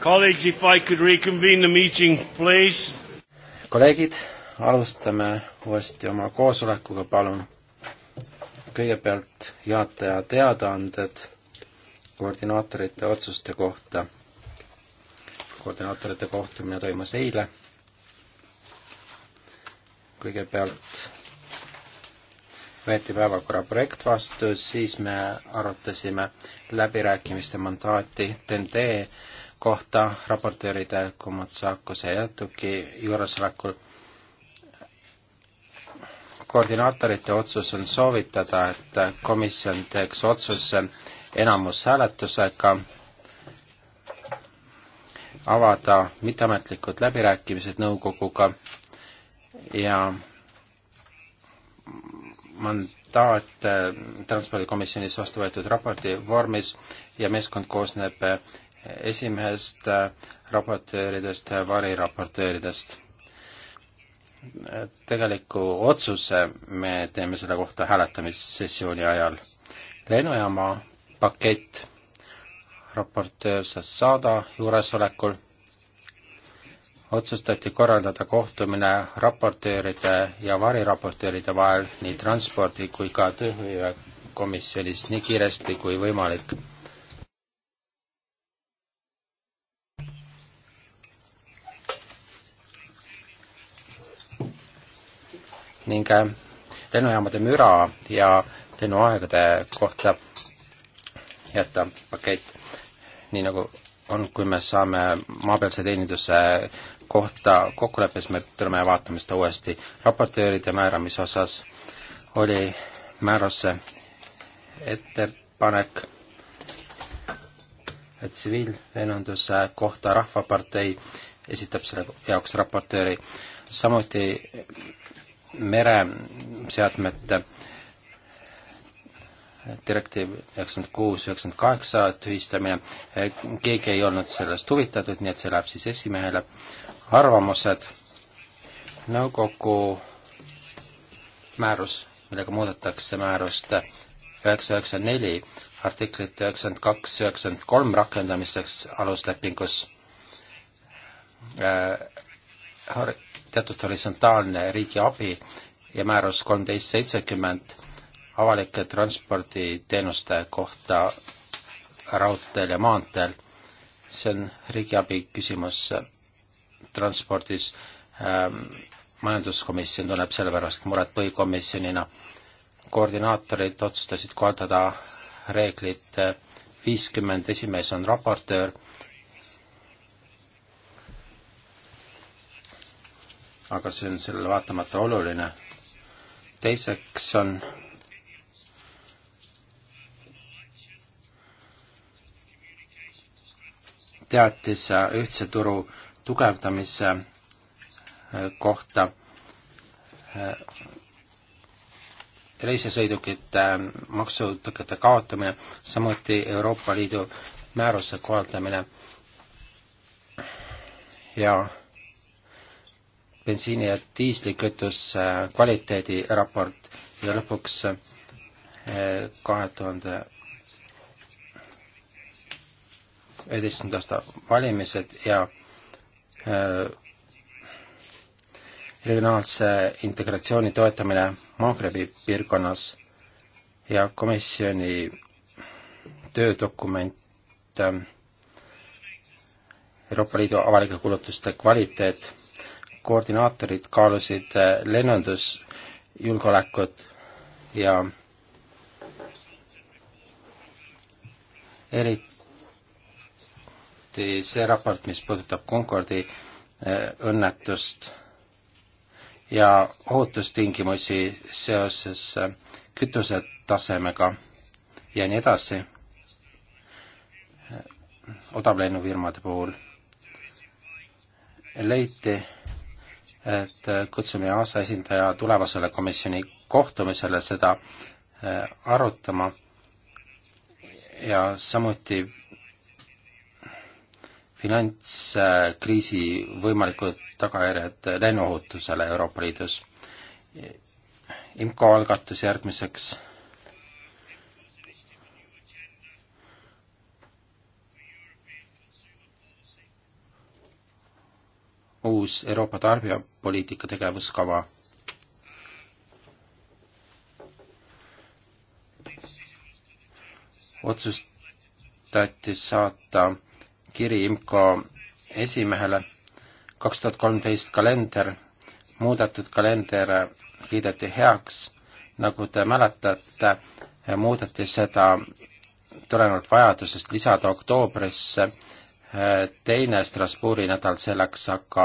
Colleagues, if I could reconvene the meeting, please. kolleegid, alustame uuesti oma koosolekuga, palun. kõigepealt juhataja teadaanded koordinaatorite otsuste kohta. koordinaatorite kohtumine toimus eile. kõigepealt võeti päevakorra projekt vastu, siis me arutasime läbirääkimiste mandaati TNT kohta raportööride Komotsakuse ja Tuki juuresolekul. koordinaatorite otsus on soovitada, et komisjon teeks otsuse enamushääletusega avada mitteametlikud läbirääkimised nõukoguga ja mandaat äh, transpordikomisjonis vastu võetud raporti vormis ja meeskond koosneb äh, esimehest raportööridest, variraportööridest. tegeliku otsuse me teeme selle kohta hääletamissessiooni ajal. lennujaama pakett raportöör Sassada juuresolekul otsustati korraldada kohtumine raportööride ja variraportööride vahel nii transpordi kui ka tööhõivekomisjonis nii kiiresti kui võimalik ning äh, lennujaamade müra ja lennuaegade kohta jätta pakett, nii nagu on, kui me saame maapealse teeninduse kohta kokkuleppe, siis me tuleme ja vaatame seda uuesti. raportööride määramise osas oli määrusse ettepanek, et tsiviillennunduse kohta Rahvapartei esitab selle jaoks raportööri. samuti mereseadmete direktiiv üheksakümmend kuus, üheksakümmend kaheksa tühistamine, keegi ei olnud sellest huvitatud, nii et see läheb siis esimehele. arvamused, nõukogu määrus, millega muudetakse määrust üheksa, üheksa, neli, artiklit üheksakümmend kaks, üheksakümmend kolm rakendamiseks aluslepingus äh, teatud horisontaalne riigiabi ja määrus kolmteist seitsekümmend avalike transporditeenuste kohta raudteel ja maanteel. see on riigiabi küsimus transpordis ähm,. majanduskomisjon tunneb selle pärast muret põhikomisjonina. koordinaatorid otsustasid kohaldada reeglit viiskümmend, esimees on raportöör aga see on sellele vaatamata oluline. teiseks on teatis ühtse turu tugevdamise eh, kohta eh, reisisõidukite eh, maksutõkete kaotamine, samuti Euroopa Liidu määruse kohaldamine ja bensiini ja diislikütuse äh, kvaliteediraport ja lõpuks äh, kahe tuhande üheteistkümnenda aasta valimised ja äh, regionaalse integratsiooni toetamine Maagrebi piirkonnas ja komisjoni töödokument Euroopa Liidu avalike kulutuste kvaliteet koordinaatorid kaalusid äh, lennundusjulgeolekut ja eriti see raport, mis puudutab Concordi äh, õnnetust ja ohutustingimusi seoses äh, kütusetasemega ja nii edasi odavlennufirmade puhul leiti, et äh, kutsume EASA esindaja tulevasele komisjoni kohtumisele seda äh, arutama ja samuti finantskriisi võimalikud tagajärjed lennuohutusele Euroopa Liidus. IMCO algatus järgmiseks uus Euroopa tarbijapoliitika tegevuskava. otsustati saata kiri IMCO esimehele, kaks tuhat kolmteist kalender, muudetud kalender kiideti heaks, nagu te mäletate, muudeti seda tulenevalt vajadusest lisada oktoobrisse äh, teine Strasbourgi nädal selleks, aga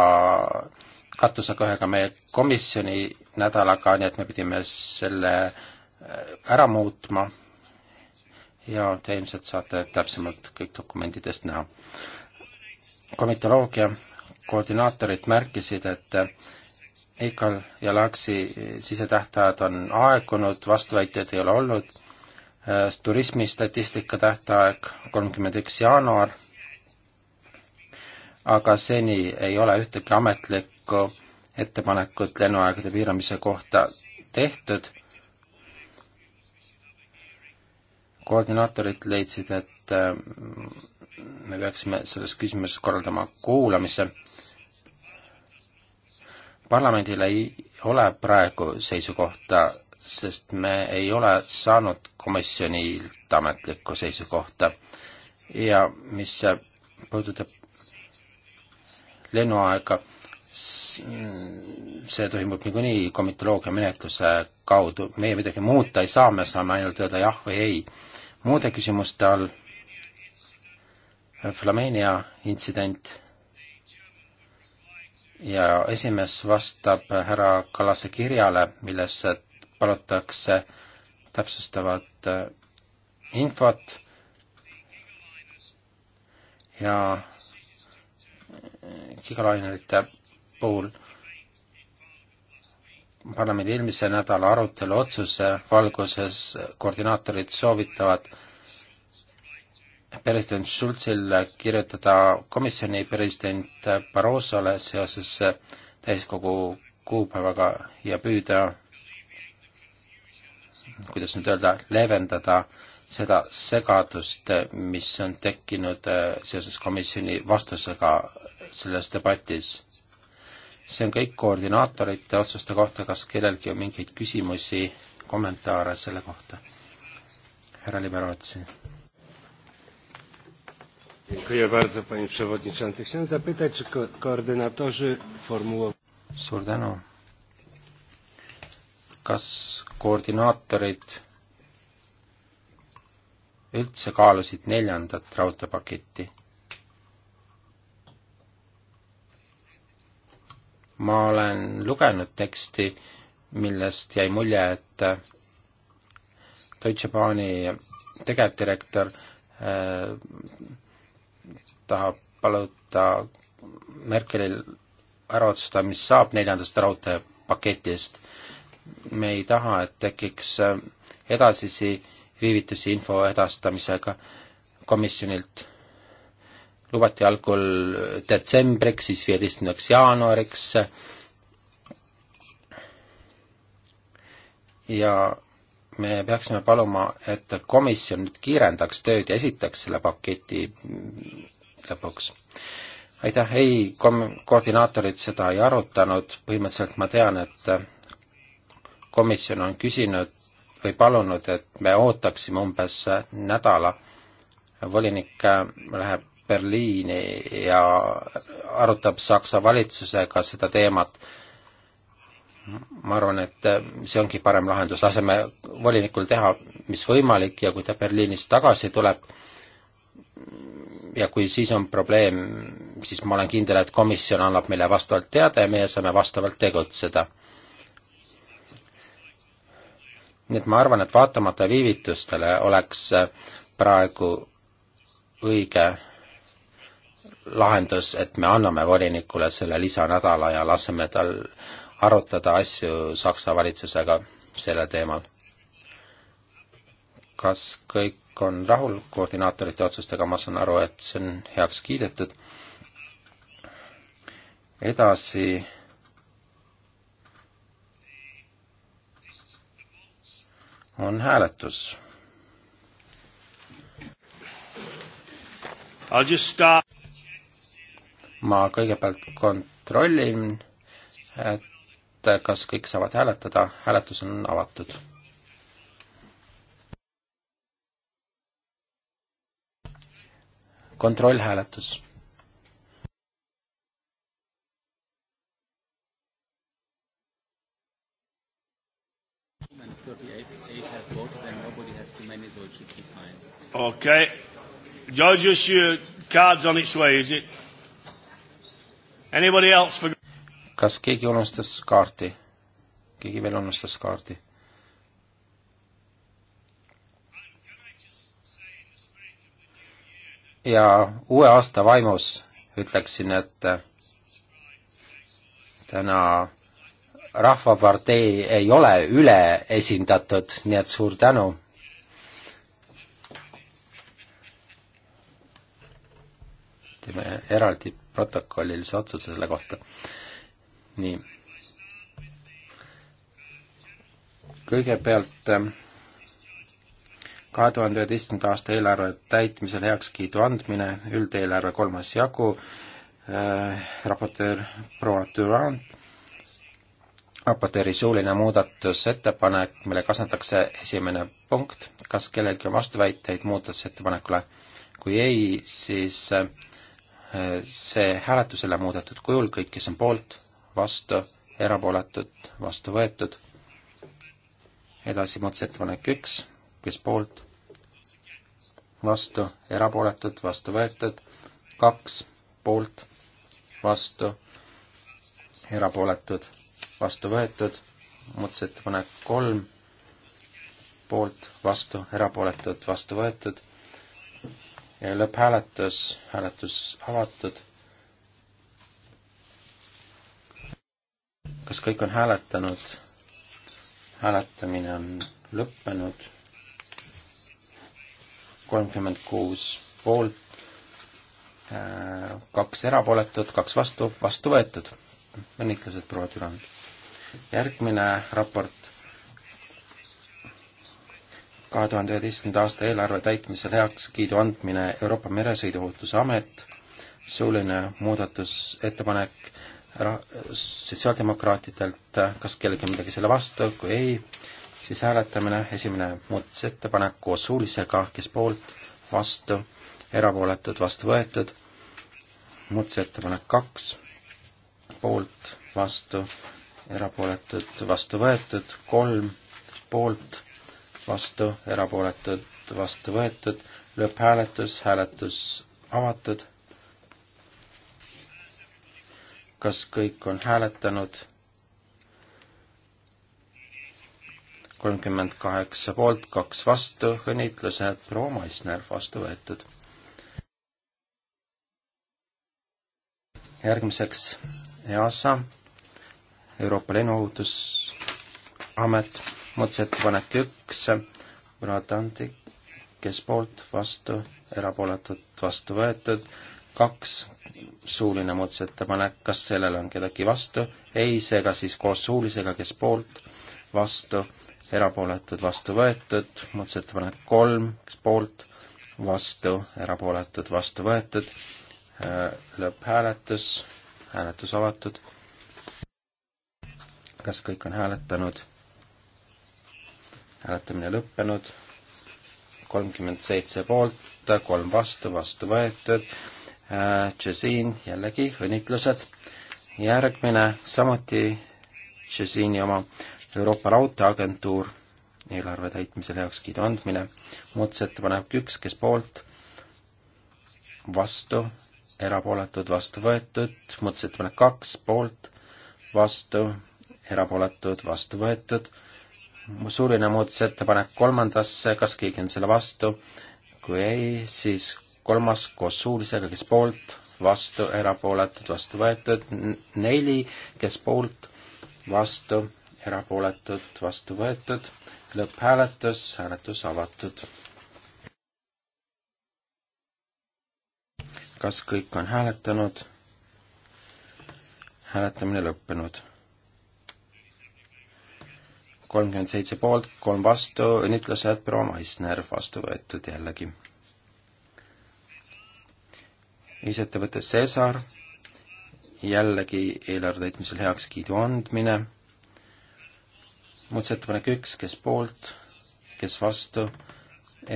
kattus aga ühega meie komisjoni nädalaga, nii et me pidime selle äh, ära muutma ja te ilmselt saate täpsemalt kõik dokumentidest näha. komitoloogia koordinaatorid märkisid, et äh, Eikal ja Laaksi sisetähtajad on aegunud, vastuväiteid ei ole olnud, äh, turismistatistika tähtaeg kolmkümmend üks jaanuar aga seni ei ole ühtegi ametlikku ettepanekut lennuaegade piiramise kohta tehtud. koordinaatorid leidsid, et äh, me peaksime selles küsimuses korraldama kuulamise. parlamendil ei ole praegu seisukohta, sest me ei ole saanud komisjonilt ametlikku seisukohta ja mis puudutab lennuaega, see toimub niikuinii komitoloogia menetluse kaudu, meie midagi muuta ei saa, me saame ainult öelda jah või ei. muude küsimuste all Flameenia intsident ja esimees vastab härra Kallase kirjale, milles palutakse täpsustavat äh, infot ja igalainete puhul parlamendi eelmise nädala arutelu otsuse valguses koordinaatorid soovitavad president Schulzil kirjutada komisjoni president Barrosole seoses täiskogu kuupäevaga ja püüda, kuidas nüüd öelda, leevendada seda segadust, mis on tekkinud seoses komisjoni vastusega selles debatis. see on kõik koordinaatorite otsuste kohta, kas kellelgi on mingeid küsimusi, kommentaare selle kohta? härra Liberatsi. suur tänu. kas koordinaatorid üldse kaalusid neljandat raudteepaketti? ma olen lugenud teksti, millest jäi mulje, et äh, Deutsche Bahni tegevdirektor äh, tahab paluda Merkelil ära otsustada, mis saab neljandast raudteepaketist. me ei taha, et tekiks äh, edasisi viivitusi info edastamisega komisjonilt lubati algul detsembriks, siis viieteistkümnendaks jaanuariks ja me peaksime paluma, et komisjon nüüd kiirendaks tööd ja esitaks selle paketi lõpuks. aitäh, ei, kom-, koordinaatorid seda ei arutanud, põhimõtteliselt ma tean, et komisjon on küsinud või palunud, et me ootaksime umbes nädala, volinik äh, läheb Berliini ja arutab Saksa valitsusega seda teemat, ma arvan, et see ongi parem lahendus, laseme volinikul teha, mis võimalik ja kui ta Berliinist tagasi tuleb ja kui siis on probleem, siis ma olen kindel, et komisjon annab meile vastavalt teada ja meie saame vastavalt tegutseda. nii et ma arvan, et vaatamata viivitustele oleks praegu õige lahendus, et me anname volinikule selle lisanädala ja laseme tal arutada asju Saksa valitsusega sellel teemal. kas kõik on rahul koordinaatorite otsustega, ma saan aru, et see on heaks kiidetud. edasi on hääletus. I'll just start ma kõigepealt kontrollin, et kas kõik saavad hääletada, hääletus on avatud. kontrollhääletus. okei okay., Georgios, your card's on its way, is it? For... kas keegi unustas kaarti? keegi veel unustas kaardi? ja uue aasta vaimus ütleksin, et täna Rahvapartei ei ole üleesindatud, nii et suur tänu samuti me eraldi protokollilise otsuse selle kohta. nii. kõigepealt ähm, kahe tuhande üheteistkümnenda aasta eelarve täitmisel heakskiidu andmine, üldeelarve kolmas jagu äh,, raportöör proua Durand, raportööri suuline muudatusettepanek, millega asendatakse esimene punkt, kas kellelgi on vastuväiteid muudatusettepanekule? kui ei, siis äh, see hääletusele muudetud kujul, kõik, kes on poolt, vastu, erapooletud, vastu võetud. edasi muudatusettepanek üks, kes poolt, vastu, erapooletud, vastu võetud, kaks, poolt, vastu, erapooletud, vastu võetud, muudatusettepanek kolm, poolt, vastu, erapooletud, vastu võetud lõpphääletus, hääletus avatud. kas kõik on hääletanud? hääletamine on lõppenud. kolmkümmend kuus poolt, äh, kaks erapooletut, kaks vastu, vastu võetud. õnnitlused, proua Türand. järgmine raport kahe tuhande üheteistkümnenda aasta eelarve täitmisel heakskiidu andmine Euroopa Meresõiduohutuse Amet, suuline muudatusettepanek ra-, sotsiaaldemokraatidelt, kas kellelgi midagi selle vastu, kui ei, siis hääletamine, esimene muudatusettepanek koos suulisega, kes poolt, vastu, erapooletud, vastu võetud, muudatusettepanek kaks, poolt, vastu, erapooletud, vastu võetud, kolm, poolt, vastu, erapooletud, vastu võetud, lõpphääletus, hääletus avatud. kas kõik on hääletanud? kolmkümmend kaheksa poolt, kaks vastu, õnnitlused, proua Maisner, vastu võetud. järgmiseks EASA, Euroopa Lennuohutusamet muudatusettepanek üks, Radanti, kes poolt, vastu, erapooletud, vastu võetud, kaks, suuline muudatusettepanek, kas sellele on kedagi vastu? ei, seega siis koos suulisega, kes poolt, vastu, erapooletud, vastu võetud, muudatusettepanek kolm, kes poolt, vastu, erapooletud, vastu võetud, äh, lõpphääletus, hääletus avatud, kas kõik on hääletanud? hääletamine lõppenud, kolmkümmend seitse poolt, kolm vastu, vastu võetud, äh, Tšesiin jällegi, õnnitlused, järgmine samuti Tšesiini oma Euroopa Raudteeagentuur, eelarve täitmisele heakskiidu andmine, muudatusettepanek üks, kes poolt, vastu, erapooletud, vastu võetud, muudatusettepanek kaks, poolt, vastu, erapooletud, vastu võetud, suuline muudatusettepanek kolmandasse, kas keegi on selle vastu? kui ei, siis kolmas koos suulisega, kes poolt, vastu, erapooletud, vastu võetud, neli, kes poolt, vastu, erapooletud, vastu võetud, lõpphääletus, hääletus avatud. kas kõik on hääletanud? hääletamine lõppenud kolmkümmend seitse poolt, kolm vastu, õnnitlused proua Maisner, vastu võetud jällegi. ühisettevõte Cesar, jällegi eelarve täitmisel heakskiidu andmine, muudatusettepanek üks, kes poolt, kes vastu,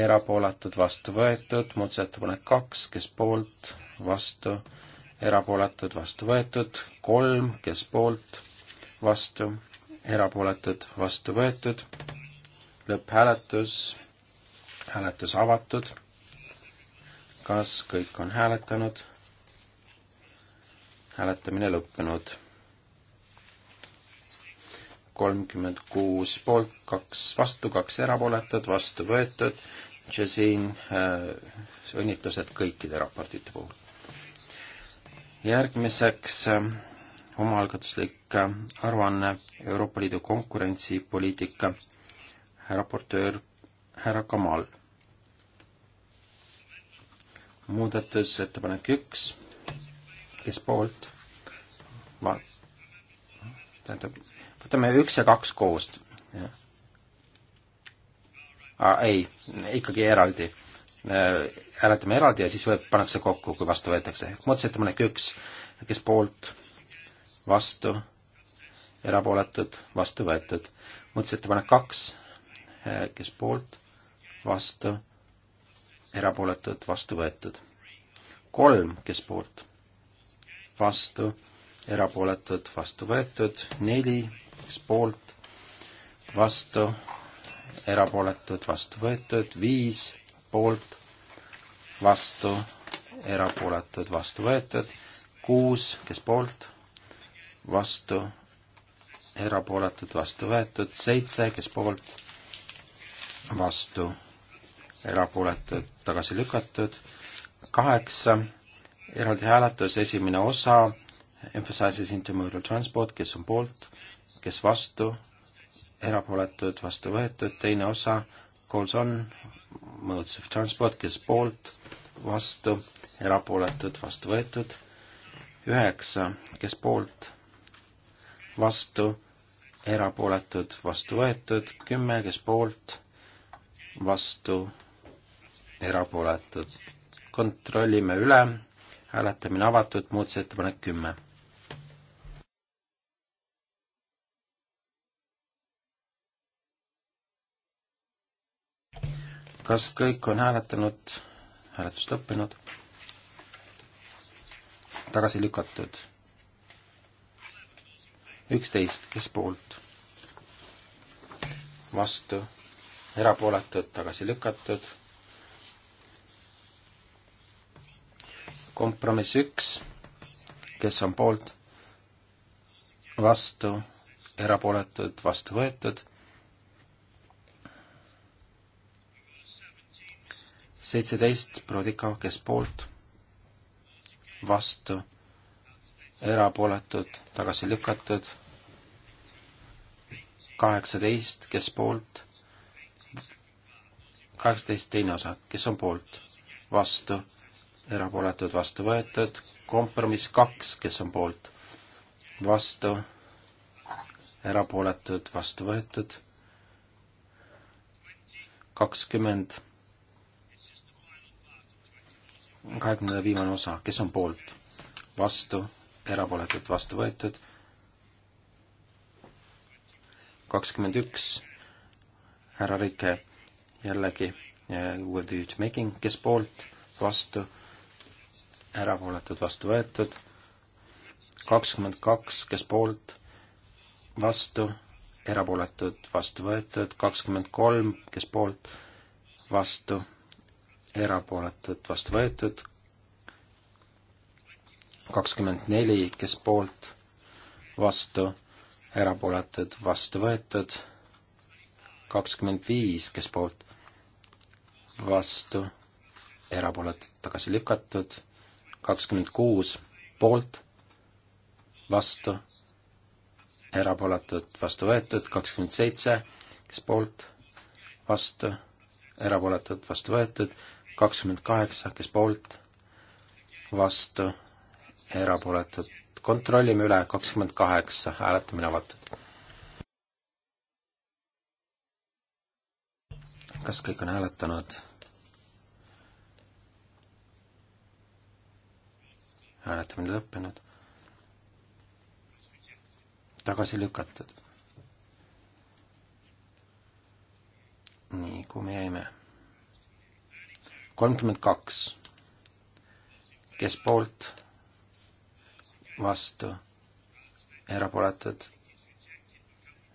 erapooletud, vastu võetud, muudatusettepanek kaks, kes poolt, vastu, erapooletud, vastu võetud, kolm, kes poolt, vastu, erapooletud, vastu võetud, lõpphääletus, hääletus avatud, kas kõik on hääletanud, hääletamine lõppenud, kolmkümmend kuus poolt, kaks vastu, kaks erapooletut, vastu võetud, Jezin äh,, õnnitlused kõikide raportite puhul. järgmiseks äh, omaalgatuslik äh, aruanne Euroopa Liidu konkurentsipoliitika, raportöör härra Kamal. muudatusettepanek üks, kes poolt? Va-, tähendab, võtame üks ja kaks koost. Ah, ei, ikkagi eraldi äh, hääletame eraldi ja siis võib, pannakse kokku, kui vastu võetakse. muudatusettepanek üks, kes poolt, vastu, erapooletud, vastu võetud. muudatusettepanek kaks, eh, kes poolt, vastu, erapooletud, vastu võetud. kolm, kes poolt, vastu, erapooletud, vastu võetud. neli, kes poolt, vastu, erapooletud, vastu võetud. viis, poolt, vastu, erapooletud, vastu võetud. kuus, kes poolt vastu, erapooletud, vastu võetud, seitse, kes poolt, vastu, erapooletud, tagasi lükatud, kaheksa, eraldi hääletus, esimene osa, emphasizes intermodal transport, kes on poolt, kes vastu, erapooletud, vastu võetud, teine osa, calls on, modes of transport, kes poolt, vastu, erapooletud, vastu võetud, üheksa, kes poolt, vastu, erapooletud, vastu võetud, kümme, kes poolt, vastu, erapooletud. kontrollime üle, hääletamine avatud, muudatusettepanek kümme. kas kõik on hääletanud, hääletus lõppenud, tagasi lükatud üksteist, kes poolt? vastu, erapooletud, tagasi lükatud. kompromiss üks, kes on poolt? vastu, erapooletud, vastu võetud. seitseteist, Prodikov, kes poolt? vastu erapooletud, tagasi lükatud. kaheksateist, kes poolt? kaheksateist teine osa, kes on poolt? vastu, erapooletud, vastu võetud. kompromiss kaks, kes on poolt? vastu, erapooletud, vastu võetud. kakskümmend kahekümne viimane osa, kes on poolt, vastu, erapooletult vastu võetud, kakskümmend üks, härra Rike jällegi with the making, kes poolt, vastu, erapooletud, vastu võetud, kakskümmend kaks, kes poolt, vastu, erapooletud, vastu võetud, kakskümmend kolm, kes poolt, vastu, erapooletud, vastu võetud, kakskümmend neli, kes poolt, vastu, erapooletud, vastu võetud, kakskümmend viis, kes poolt, vastu, erapooletud, tagasi lükatud, kakskümmend kuus, poolt, vastu, erapooletud, vastu võetud, kakskümmend seitse, kes poolt, vastu, erapooletud, vastu võetud, kakskümmend kaheksa, kes poolt, vastu, erapooletud. kontrollime üle, kakskümmend kaheksa, hääletamine avatud. kas kõik on hääletanud? hääletamine lõppenud. tagasi lükatud. nii, kuhu me jäime? kolmkümmend kaks. kes poolt? vastu, erapooletud.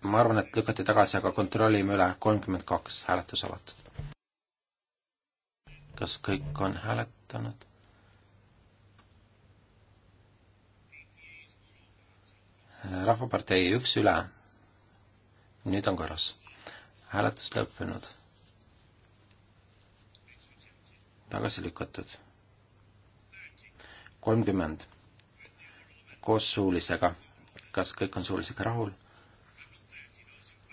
ma arvan, et lükati tagasi, aga kontrollime üle, kolmkümmend kaks hääletus avatud. kas kõik on hääletanud? rahvapartei üks üle. nüüd on korras. hääletus lõppenud. tagasi lükatud. kolmkümmend koos suulisega. kas kõik on suulisega rahul?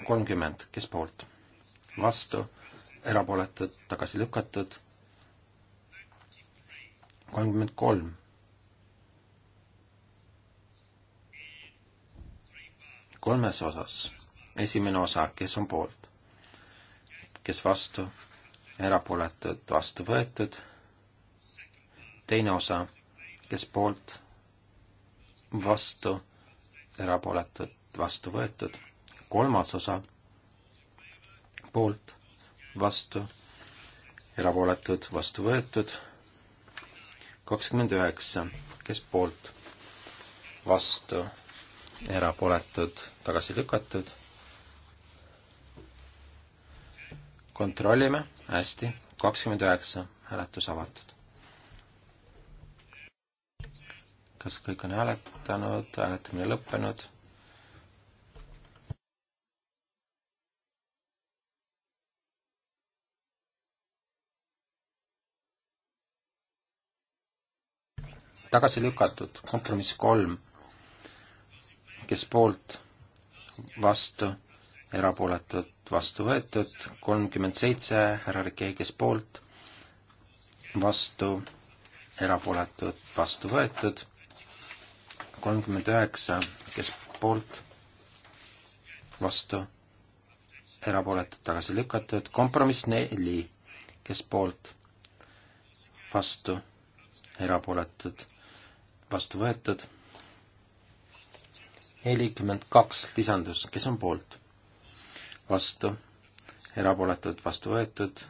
kolmkümmend, kes poolt? vastu, erapooletud, tagasi lükatud. kolmkümmend kolm. kolmes osas, esimene osa, kes on poolt, kes vastu, erapooletud, vastu võetud, teine osa, kes poolt, vastu, erapooletud, vastu võetud. kolmas osa poolt, vastu, erapooletud, vastu võetud. kakskümmend üheksa, kes poolt, vastu, erapooletud, tagasi lükatud. kontrollime, hästi, kakskümmend üheksa, hääletus avatud. kas kõik on hääletanud, hääletamine lõppenud? tagasi lükatud, kompromiss kolm, kes poolt, vastu, erapooletud, vastu võetud, kolmkümmend seitse, härra Rikei, kes poolt, vastu, erapooletud, vastu võetud kolmkümmend üheksa, kes poolt, vastu, erapooletud, tagasi lükatud, kompromiss neli, kes poolt, vastu, erapooletud, vastu võetud, nelikümmend kaks lisandus, kes on poolt, vastu, erapooletud, vastu võetud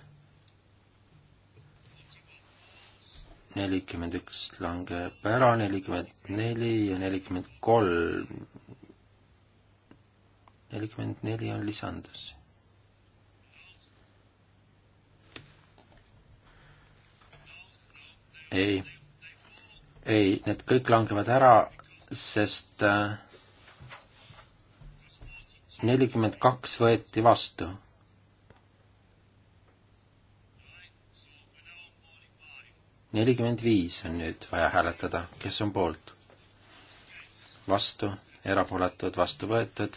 nelikümmend üks langeb ära, nelikümmend neli ja nelikümmend kolm. nelikümmend neli on lisandus. ei, ei, need kõik langevad ära, sest äh, nelikümmend kaks võeti vastu nelikümmend viis on nüüd vaja hääletada, kes on poolt? vastu, erapooletud, vastu võetud.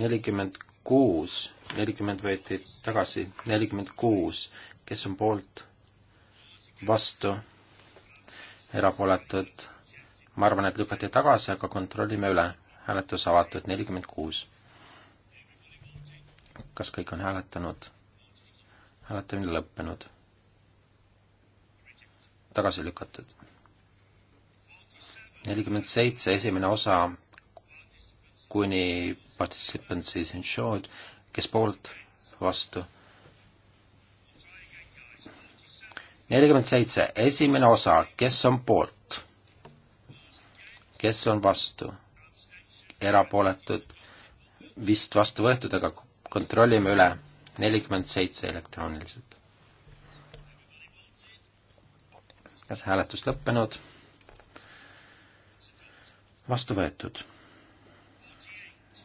nelikümmend kuus, nelikümmend võeti tagasi, nelikümmend kuus, kes on poolt, vastu, erapooletud, ma arvan, et lükati tagasi, aga kontrollime üle. hääletus avatud, nelikümmend kuus kas kõik on hääletanud? hääletamine lõppenud. tagasi lükatud. nelikümmend seitse, esimene osa kuni participants is insured, kes poolt, vastu. nelikümmend seitse, esimene osa, kes on poolt? kes on vastu? erapooletud, vist vastu võetud, aga kontrollime üle, nelikümmend seitse elektrooniliselt. kas hääletus lõppenud? vastu võetud.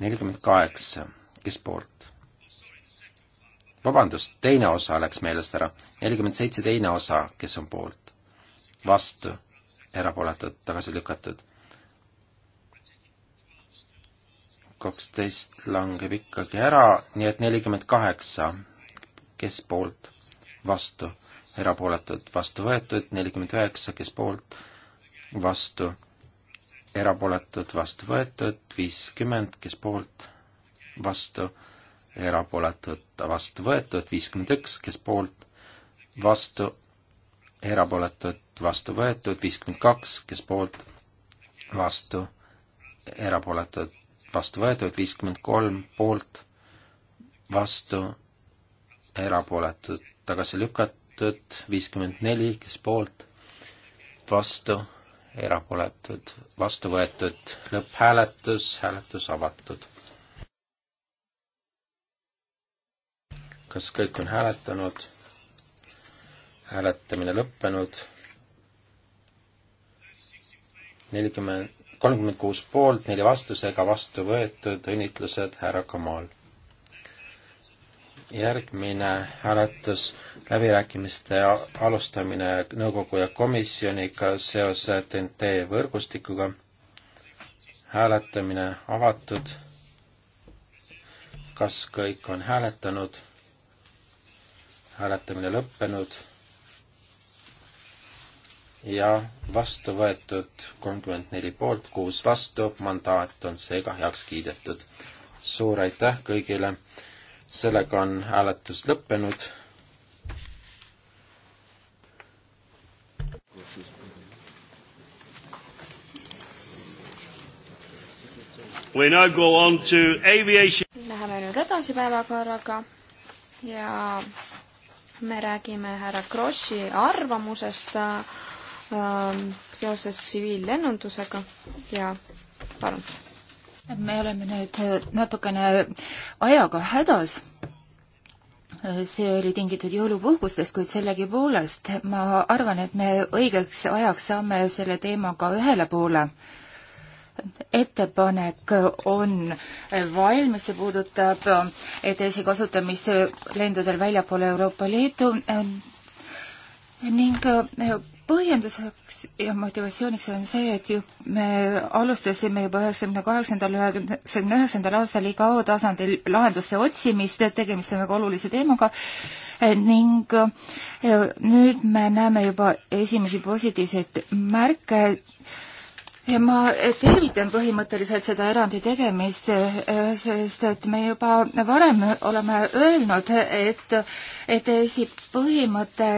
nelikümmend kaheksa, kes poolt? vabandust, teine osa läks meelest ära. nelikümmend seitse teine osa, kes on poolt? vastu, erapooletud, tagasi lükatud kaksteist langeb ikkagi ära, nii et nelikümmend kaheksa, kes poolt, vastu, erapooletud, vastu võetud, nelikümmend üheksa, kes poolt, vastu, erapooletud, vastu võetud, viiskümmend, kes poolt, vastu, erapooletud, vastu võetud, viiskümmend üks, kes poolt, vastu, erapooletud, vastu võetud, viiskümmend kaks, kes poolt, vastu, erapooletud, vastu võetud, viiskümmend kolm poolt, vastu, erapooletud, tagasi lükatud, viiskümmend neli, kes poolt, vastu, erapooletud, vastu võetud, lõpphääletus, hääletus avatud. kas kõik on hääletanud? hääletamine lõppenud nelikümmend kolmkümmend kuus poolt, neli vastusega, vastu võetud, õnnitlused härra Kamal. järgmine hääletus, läbirääkimiste alustamine nõukogu ja komisjoniga seoses TNT võrgustikuga, hääletamine avatud, kas kõik on hääletanud, hääletamine lõppenud ja vastu võetud kolmkümmend neli poolt, kuus vastu, mandaat on seega heaks kiidetud. suur aitäh kõigile, sellega on hääletus lõppenud. We now go on to aviation. Läheme nüüd edasi päevakorraga ja me räägime härra Krossi arvamusest äh, Ähm, seoses tsiviillennundusega ja palun. me oleme nüüd natukene ajaga hädas. see oli tingitud jõulupuhkustest, kuid sellegipoolest ma arvan, et me õigeks ajaks saame selle teemaga ühele poole ettepanek on valmis, see puudutab ETS-i kasutamist lendudel väljapoole Euroopa Liitu ning põhjenduseks ja motivatsiooniks on see, et ju me alustasime juba üheksakümne kaheksandal, üheksakümne üheksandal aastal IGAO tasandil lahenduste otsimist, tegemist on väga olulise teemaga eh, ning eh, nüüd me näeme juba esimesi positiivseid märke. ja ma tervitan põhimõtteliselt seda erandi tegemist, eh, sest et me juba varem oleme öelnud, et, et see põhimõte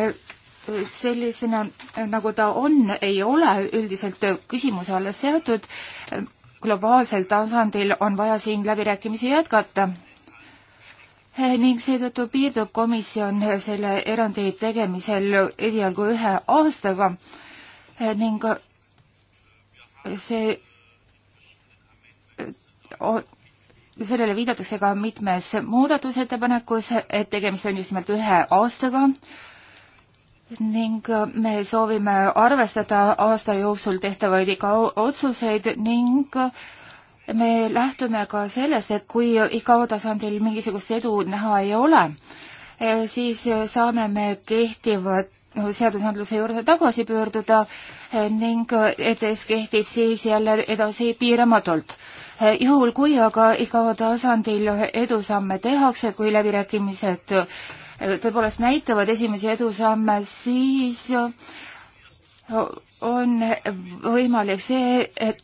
sellisena, nagu ta on, ei ole üldiselt küsimuse alla seatud. globaalsel tasandil on vaja siin läbirääkimisi jätkata ning seetõttu piirdub komisjon selle erandi tegemisel esialgu ühe aastaga ning see sellele viidatakse ka mitmes muudatusettepanekus, et tegemist on just nimelt ühe aastaga ning äh, me soovime arvestada aasta jooksul tehtavaid iga otsuseid ning äh, me lähtume ka sellest, et kui ICAO tasandil mingisugust edu näha ei ole, äh, siis saame me kehtivat seadusandluse juurde tagasi pöörduda ning ETS kehtib siis jälle edasi piiramatult. juhul, kui aga ICAO tasandil edusamme tehakse, kui läbirääkimised tõepoolest näitavad esimesi edusamme, siis äh, on võimalik see, et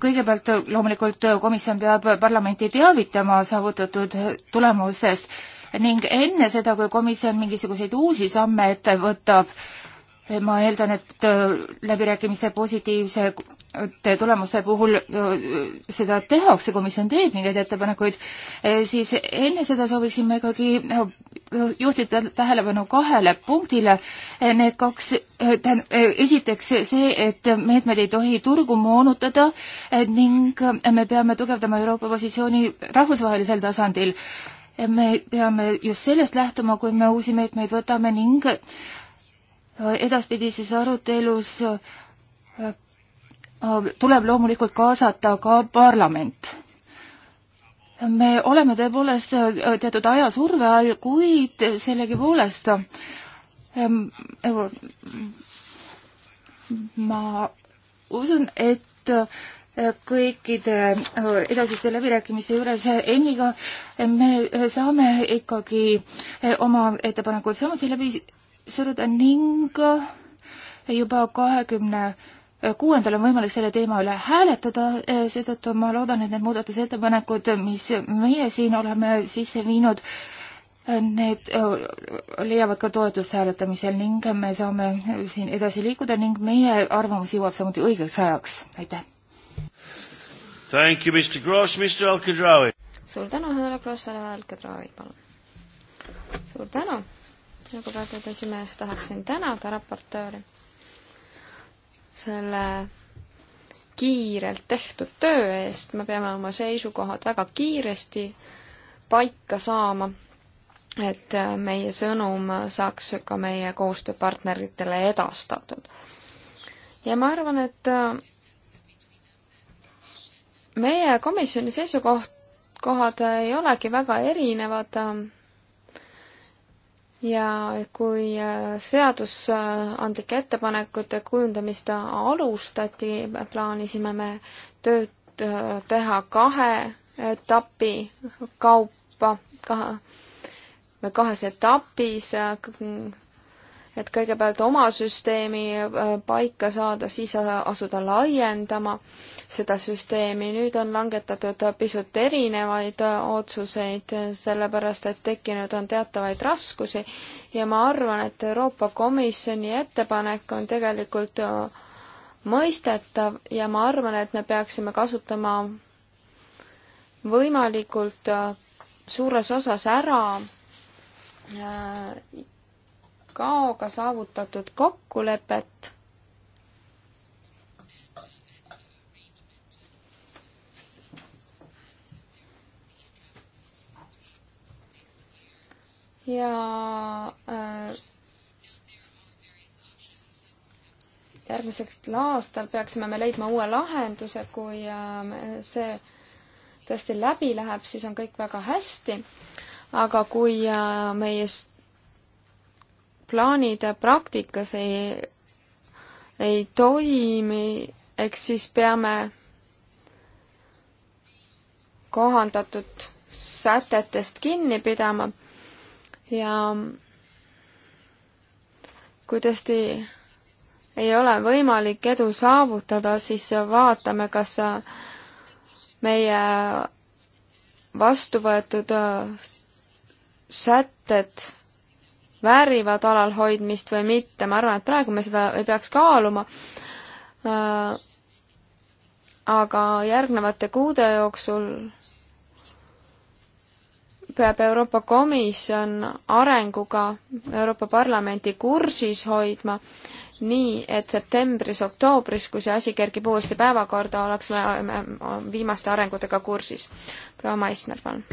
kõigepealt loomulikult komisjon peab parlamenti teavitama saavutatud tulemustest ning enne seda, kui komisjon mingisuguseid uusi samme ette võtab, ma eeldan, et äh, läbirääkimiste positiivse te tulemuste puhul äh, seda tehakse, komisjon teeb mingeid ettepanekuid, äh, siis enne seda sooviksime ikkagi äh, juhtida tähelepanu kahele punktile. Need kaks, esiteks see, et meetmed ei tohi turgu moonutada ning me peame tugevdama Euroopa positsiooni rahvusvahelisel tasandil. me peame just sellest lähtuma, kui me uusi meetmeid võtame ning edaspidises arutelus äh, Äh, tuleb loomulikult kaasata ka parlament. me oleme tõepoolest äh, teatud ajasurve all, kuid sellegipoolest ähm, äh, ma usun, et kõikide edasiste läbirääkimiste juures ENN-iga me saame ikkagi oma ettepanekud samuti läbi suruda ning juba kahekümne 20 kuuendal on võimalik selle teema üle hääletada, e, seetõttu ma loodan, et need muudatusettepanekud, mis meie siin oleme sisse viinud, e, need e, leiavad ka toetust hääletamisel ning me saame siin edasi liikuda ning meie arvamus jõuab samuti õigeks ajaks, aitäh! Thank you, Mr Gross, Mr Alcadrawi! suur tänu, härra Gross, härra Alcadrawi, palun! suur tänu, lugupeetud esimees, tahaksin tänada raportööri selle kiirelt tehtud töö eest, me peame oma seisukohad väga kiiresti paika saama, et meie sõnum saaks ka meie koostööpartneritele edastatud. ja ma arvan, et meie komisjoni seisukoht, kohad ei olegi väga erinevad ja kui äh, seadusandlike ettepanekute kujundamist alustati, plaanisime me tööd äh, teha kahe etapi kaupa, kahe, kahes etapis äh, et kõigepealt oma süsteemi äh, paika saada, siis asuda laiendama seda süsteemi. nüüd on langetatud pisut erinevaid äh, otsuseid, sellepärast et tekkinud on teatavaid raskusi ja ma arvan, et Euroopa Komisjoni ettepanek on tegelikult äh, mõistetav ja ma arvan, et me peaksime kasutama võimalikult suures osas ära ICAO-ga saavutatud kokkulepet ja äh, järgmisel aastal peaksime me leidma uue lahenduse, kui äh, see tõesti läbi läheb, siis on kõik väga hästi. aga kui äh, meie plaanid praktikas ei, ei toimi, eks siis peame kohandatud sätetest kinni pidama ja kui tõesti ei ole võimalik edu saavutada, siis vaatame, kas meie vastu võetud sätted väärivad alalhoidmist või mitte, ma arvan, et praegu me seda ei peaks kaaluma, äh, aga järgnevate kuude jooksul peab Euroopa Komisjon arenguga Euroopa Parlamenti kursis hoidma, nii et septembris-oktoobris, kui see asi kerkib uuesti päevakorda, oleks me viimaste arengutega kursis. proua Maisner, palun.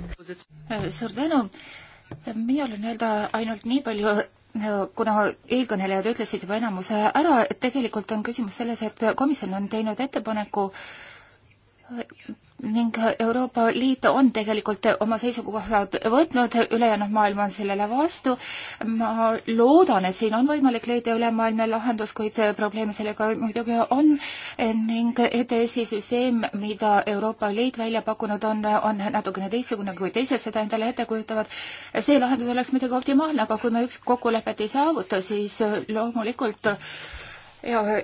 suur tänu minul on öelda ainult nii palju, kuna eelkõnelejad ütlesid juba enamuse ära, et tegelikult on küsimus selles, et komisjon on teinud ettepaneku ning Euroopa Liit on tegelikult oma seisukohad võtnud, ülejäänud maailm on sellele vastu. ma loodan, et siin on võimalik leida ülemaailmne lahendus, kuid probleeme sellega muidugi on ning ETS-i süsteem, mida Euroopa Liit välja pakkunud on, on natukene teistsugune, kui teised seda endale ette kujutavad. see lahendus oleks muidugi optimaalne, aga kui me üks kokkulepet ei saavuta, siis loomulikult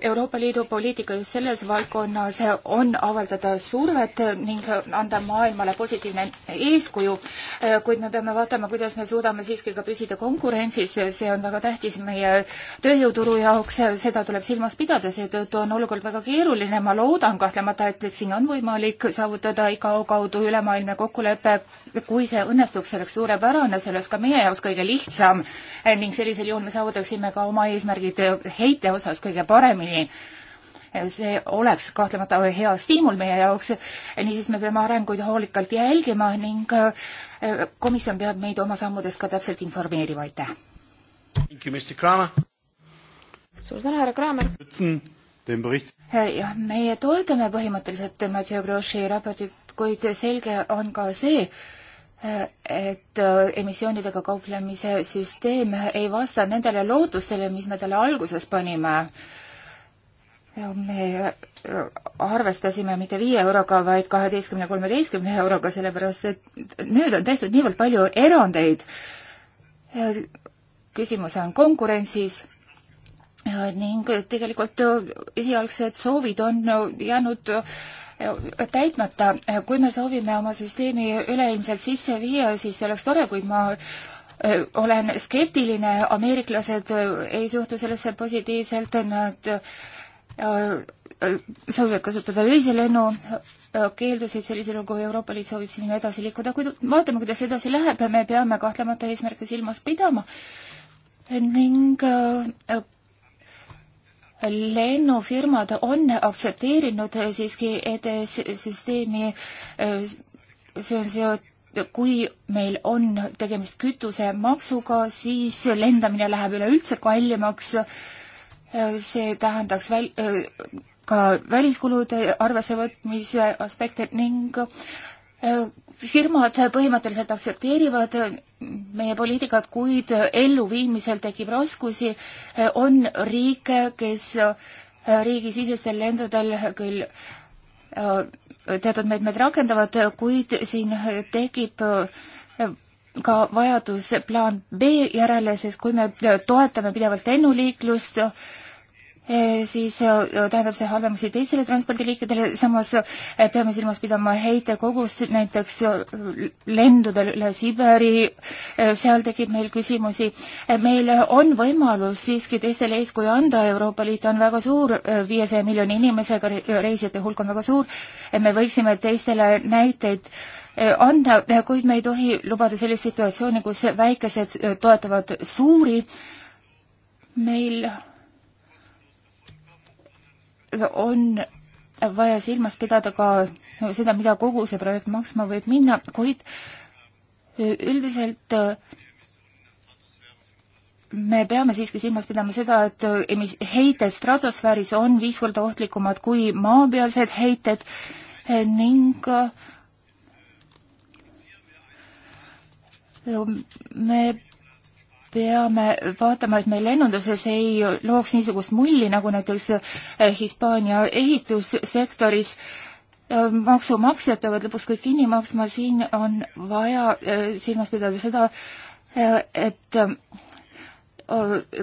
Euroopa Liidu poliitika just selles valdkonnas on avaldada survet ning anda maailmale positiivne eeskuju, kuid me peame vaatama, kuidas me suudame siiski ka püsida konkurentsis, see on väga tähtis meie tööjõuturu jaoks, seda tuleb silmas pidada, seetõttu on olukord väga keeruline, ma loodan kahtlemata, et siin on võimalik saavutada ICAO kaudu ülemaailmne kokkulepe, kui see õnnestuks, see oleks suurepärane, see oleks ka meie jaoks kõige lihtsam ning sellisel juhul me saavutaksime ka oma eesmärgid heite osas kõige meile paremini. see oleks kahtlemata hea stiimul meie jaoks, niisiis me peame arenguid hoolikalt jälgima ning eh, komisjon peab meid oma sammudest ka täpselt informeerima, aitäh! suur tänu, härra Kraamer! Eh, jah, meie toetame põhimõtteliselt Mathieu Grossi raportit, kuid selge on ka see, et äh, emissioonidega kauplemise süsteem ei vasta nendele lootustele, mis me talle alguses panime. me äh, arvestasime mitte viie euroga, vaid kaheteistkümne, kolmeteistkümne euroga, sellepärast et nüüd on tehtud niivõrd palju erandeid. küsimus on konkurentsis ning tegelikult esialgsed soovid on jäänud täitmata. kui me soovime oma süsteemi üleilmselt sisse viia, siis see oleks tore, kuid ma äh, olen skeptiline, ameeriklased äh, ei suhtu sellesse positiivselt, nad äh, soovivad kasutada öise lennu keeldusid sellisel juhul, kui Euroopa Liit soovib sinna edasi liikuda, kui vaatame, kuidas edasi läheb, me peame kahtlemata eesmärke silmas pidama ning lennufirmad on aktsepteerinud siiski ETS-süsteemi, see on seotud kui meil on tegemist kütusemaksuga, siis lendamine läheb üleüldse kallimaks. see tähendaks väl-, ka väliskulude arvesse võtmise aspekte ning firmad põhimõtteliselt aktsepteerivad meie poliitikat, kuid elluviimisel tekib raskusi, on riike, kes äh, riigisisestel lendudel küll äh, teatud meetmed rakendavad, kuid siin tekib äh, ka vajadus plaan B järele, sest kui me toetame pidevalt lennuliiklust, siis e, tähendab see halvemusi teistele transpordiliikidele, samas e, peame silmas pidama heitekogust näiteks e, lendudel üle Siberi, seal tekib meil küsimusi. meil on võimalus siiski teistele eeskuju anda, Euroopa Liit on väga suur, viiesaja miljoni inimesega reisijate hulk on väga suur, me võiksime teistele näiteid anda, kuid me ei tohi lubada sellist situatsiooni, kus väikesed toetavad suuri, meil on vaja silmas pidada ka seda, mida kogu see projekt maksma võib minna, kuid üldiselt me peame siiski silmas pidama seda, et emis-, heited stratosfääris on viis korda ohtlikumad kui maapealsed heited ning me peame vaatama, et me lennunduses ei looks niisugust mulli, nagu näiteks eh, Hispaania ehitussektoris. Eh, maksumaksjad peavad lõpuks kõik kinni maksma, siin on vaja eh, silmas pidada seda, et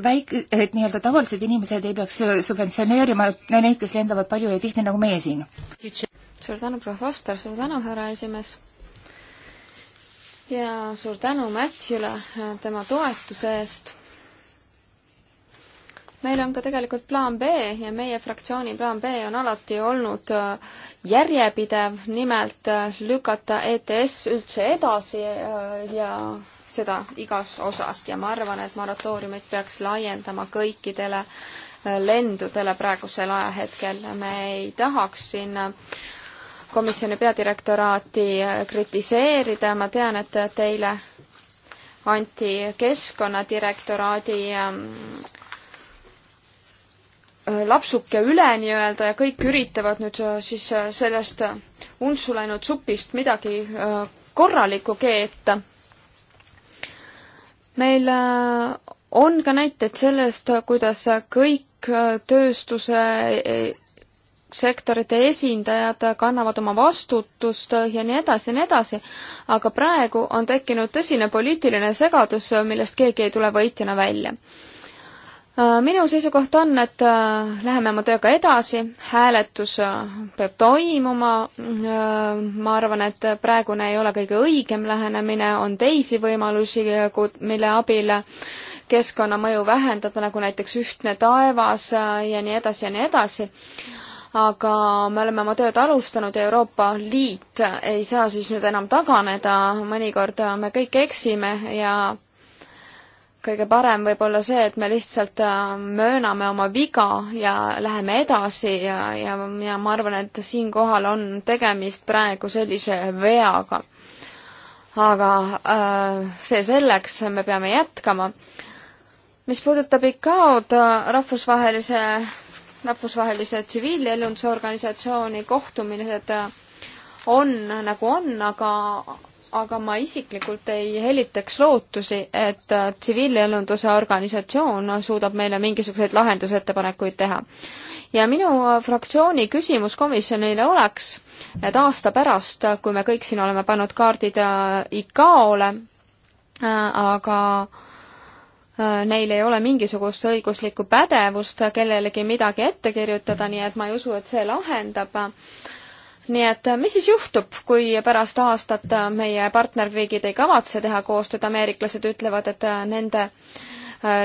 väike, et nii-öelda tavalised inimesed ei peaks subventsioneerima neid, kes lendavad palju ja tihti, nagu meie siin. suur tänu, proua Foster, suur tänu, härra esimees ja suur tänu Matthewle äh, tema toetuse eest. meil on ka tegelikult plaan B ja meie fraktsiooni plaan B on alati olnud äh, järjepidev, nimelt äh, lükata ETS üldse edasi ja seda igas osas ja ma arvan, et moratooriumit peaks laiendama kõikidele lendudele praegusel ajahetkel, me ei tahaks siin äh, komisjoni peadirektoraati kritiseerida, ma tean, et teile anti keskkonnadirektoraadi ähm, äh, lapsuke üle nii-öelda ja kõik üritavad nüüd äh, siis äh, sellest untsu läinud supist midagi korralikku keeta. meil on ka näiteid sellest, kuidas kõik tööstuse sektorite esindajad kannavad oma vastutust ja nii edasi ja nii edasi, aga praegu on tekkinud tõsine poliitiline segadus, millest keegi ei tule võitjana välja. minu seisukoht on, et äh, läheme oma tööga edasi, hääletus äh, peab toimuma, äh, ma arvan, et praegune ei ole kõige õigem lähenemine, on teisi võimalusi, mille abil keskkonnamõju vähendada, nagu näiteks ühtne taevas ja nii edasi ja nii edasi aga me oleme oma tööd alustanud ja Euroopa Liit ei saa siis nüüd enam taganeda, mõnikord me kõik eksime ja kõige parem võib olla see, et me lihtsalt äh, mööname oma viga ja läheme edasi ja, ja, ja ma arvan, et siinkohal on tegemist praegu sellise veaga. aga äh, see selleks, me peame jätkama. mis puudutab ICAO-d, äh, rahvusvahelise rahvusvahelise tsiviilelundusorganisatsiooni kohtumised äh, on nagu on, aga aga ma isiklikult ei helitaks lootusi, et äh, tsiviilelunduse organisatsioon suudab meile mingisuguseid lahendusettepanekuid teha. ja minu äh, fraktsiooni küsimus komisjonile oleks, et aasta pärast, kui me kõik siin oleme pannud kaardid ICAO-le, aga äh, Äh, neil ei ole mingisugust õiguslikku pädevust kellelegi midagi ette kirjutada, nii et ma ei usu, et see lahendab. nii et äh, mis siis juhtub, kui pärast aastat äh, meie partnerriigid ei kavatse teha koostööd, ameeriklased ütlevad, et nende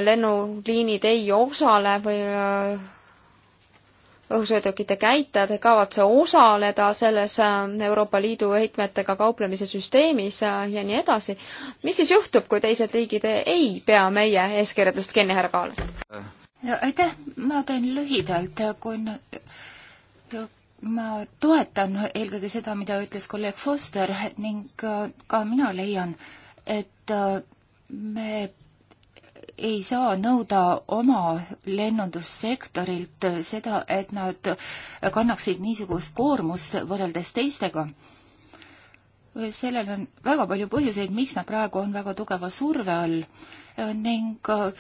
lennuliinid ei osale või õhusõidukite käitajad ei kavatse osaleda selles äh, Euroopa Liidu heitmetega kauplemise süsteemis äh, ja nii edasi. mis siis juhtub, kui teised riigid ei pea meie eeskirjadest kinni, härra Kaal? aitäh, ma teen lühidalt, äh, kui ma toetan eelkõige seda, mida ütles kolleeg Foster ning ka mina leian, et me ei saa nõuda oma lennundussektorilt seda, et nad kannaksid niisugust koormust võrreldes teistega. sellel on väga palju põhjuseid, miks nad praegu on väga tugeva surve all ning äh,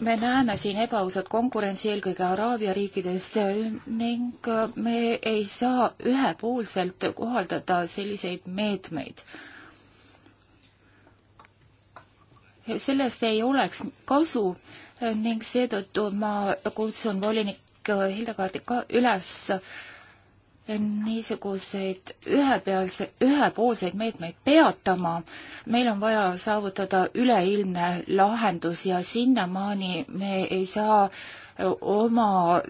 me näeme siin ebaausat konkurentsi eelkõige Araabia riikidest ning äh, me ei saa ühepoolselt kohaldada selliseid meetmeid sellest ei oleks kasu ning seetõttu ma kutsun volinik Hildegardi ka üles niisuguseid ühepealse, ühepoolseid meetmeid peatama. meil on vaja saavutada üleilmne lahendus ja sinnamaani me ei saa oma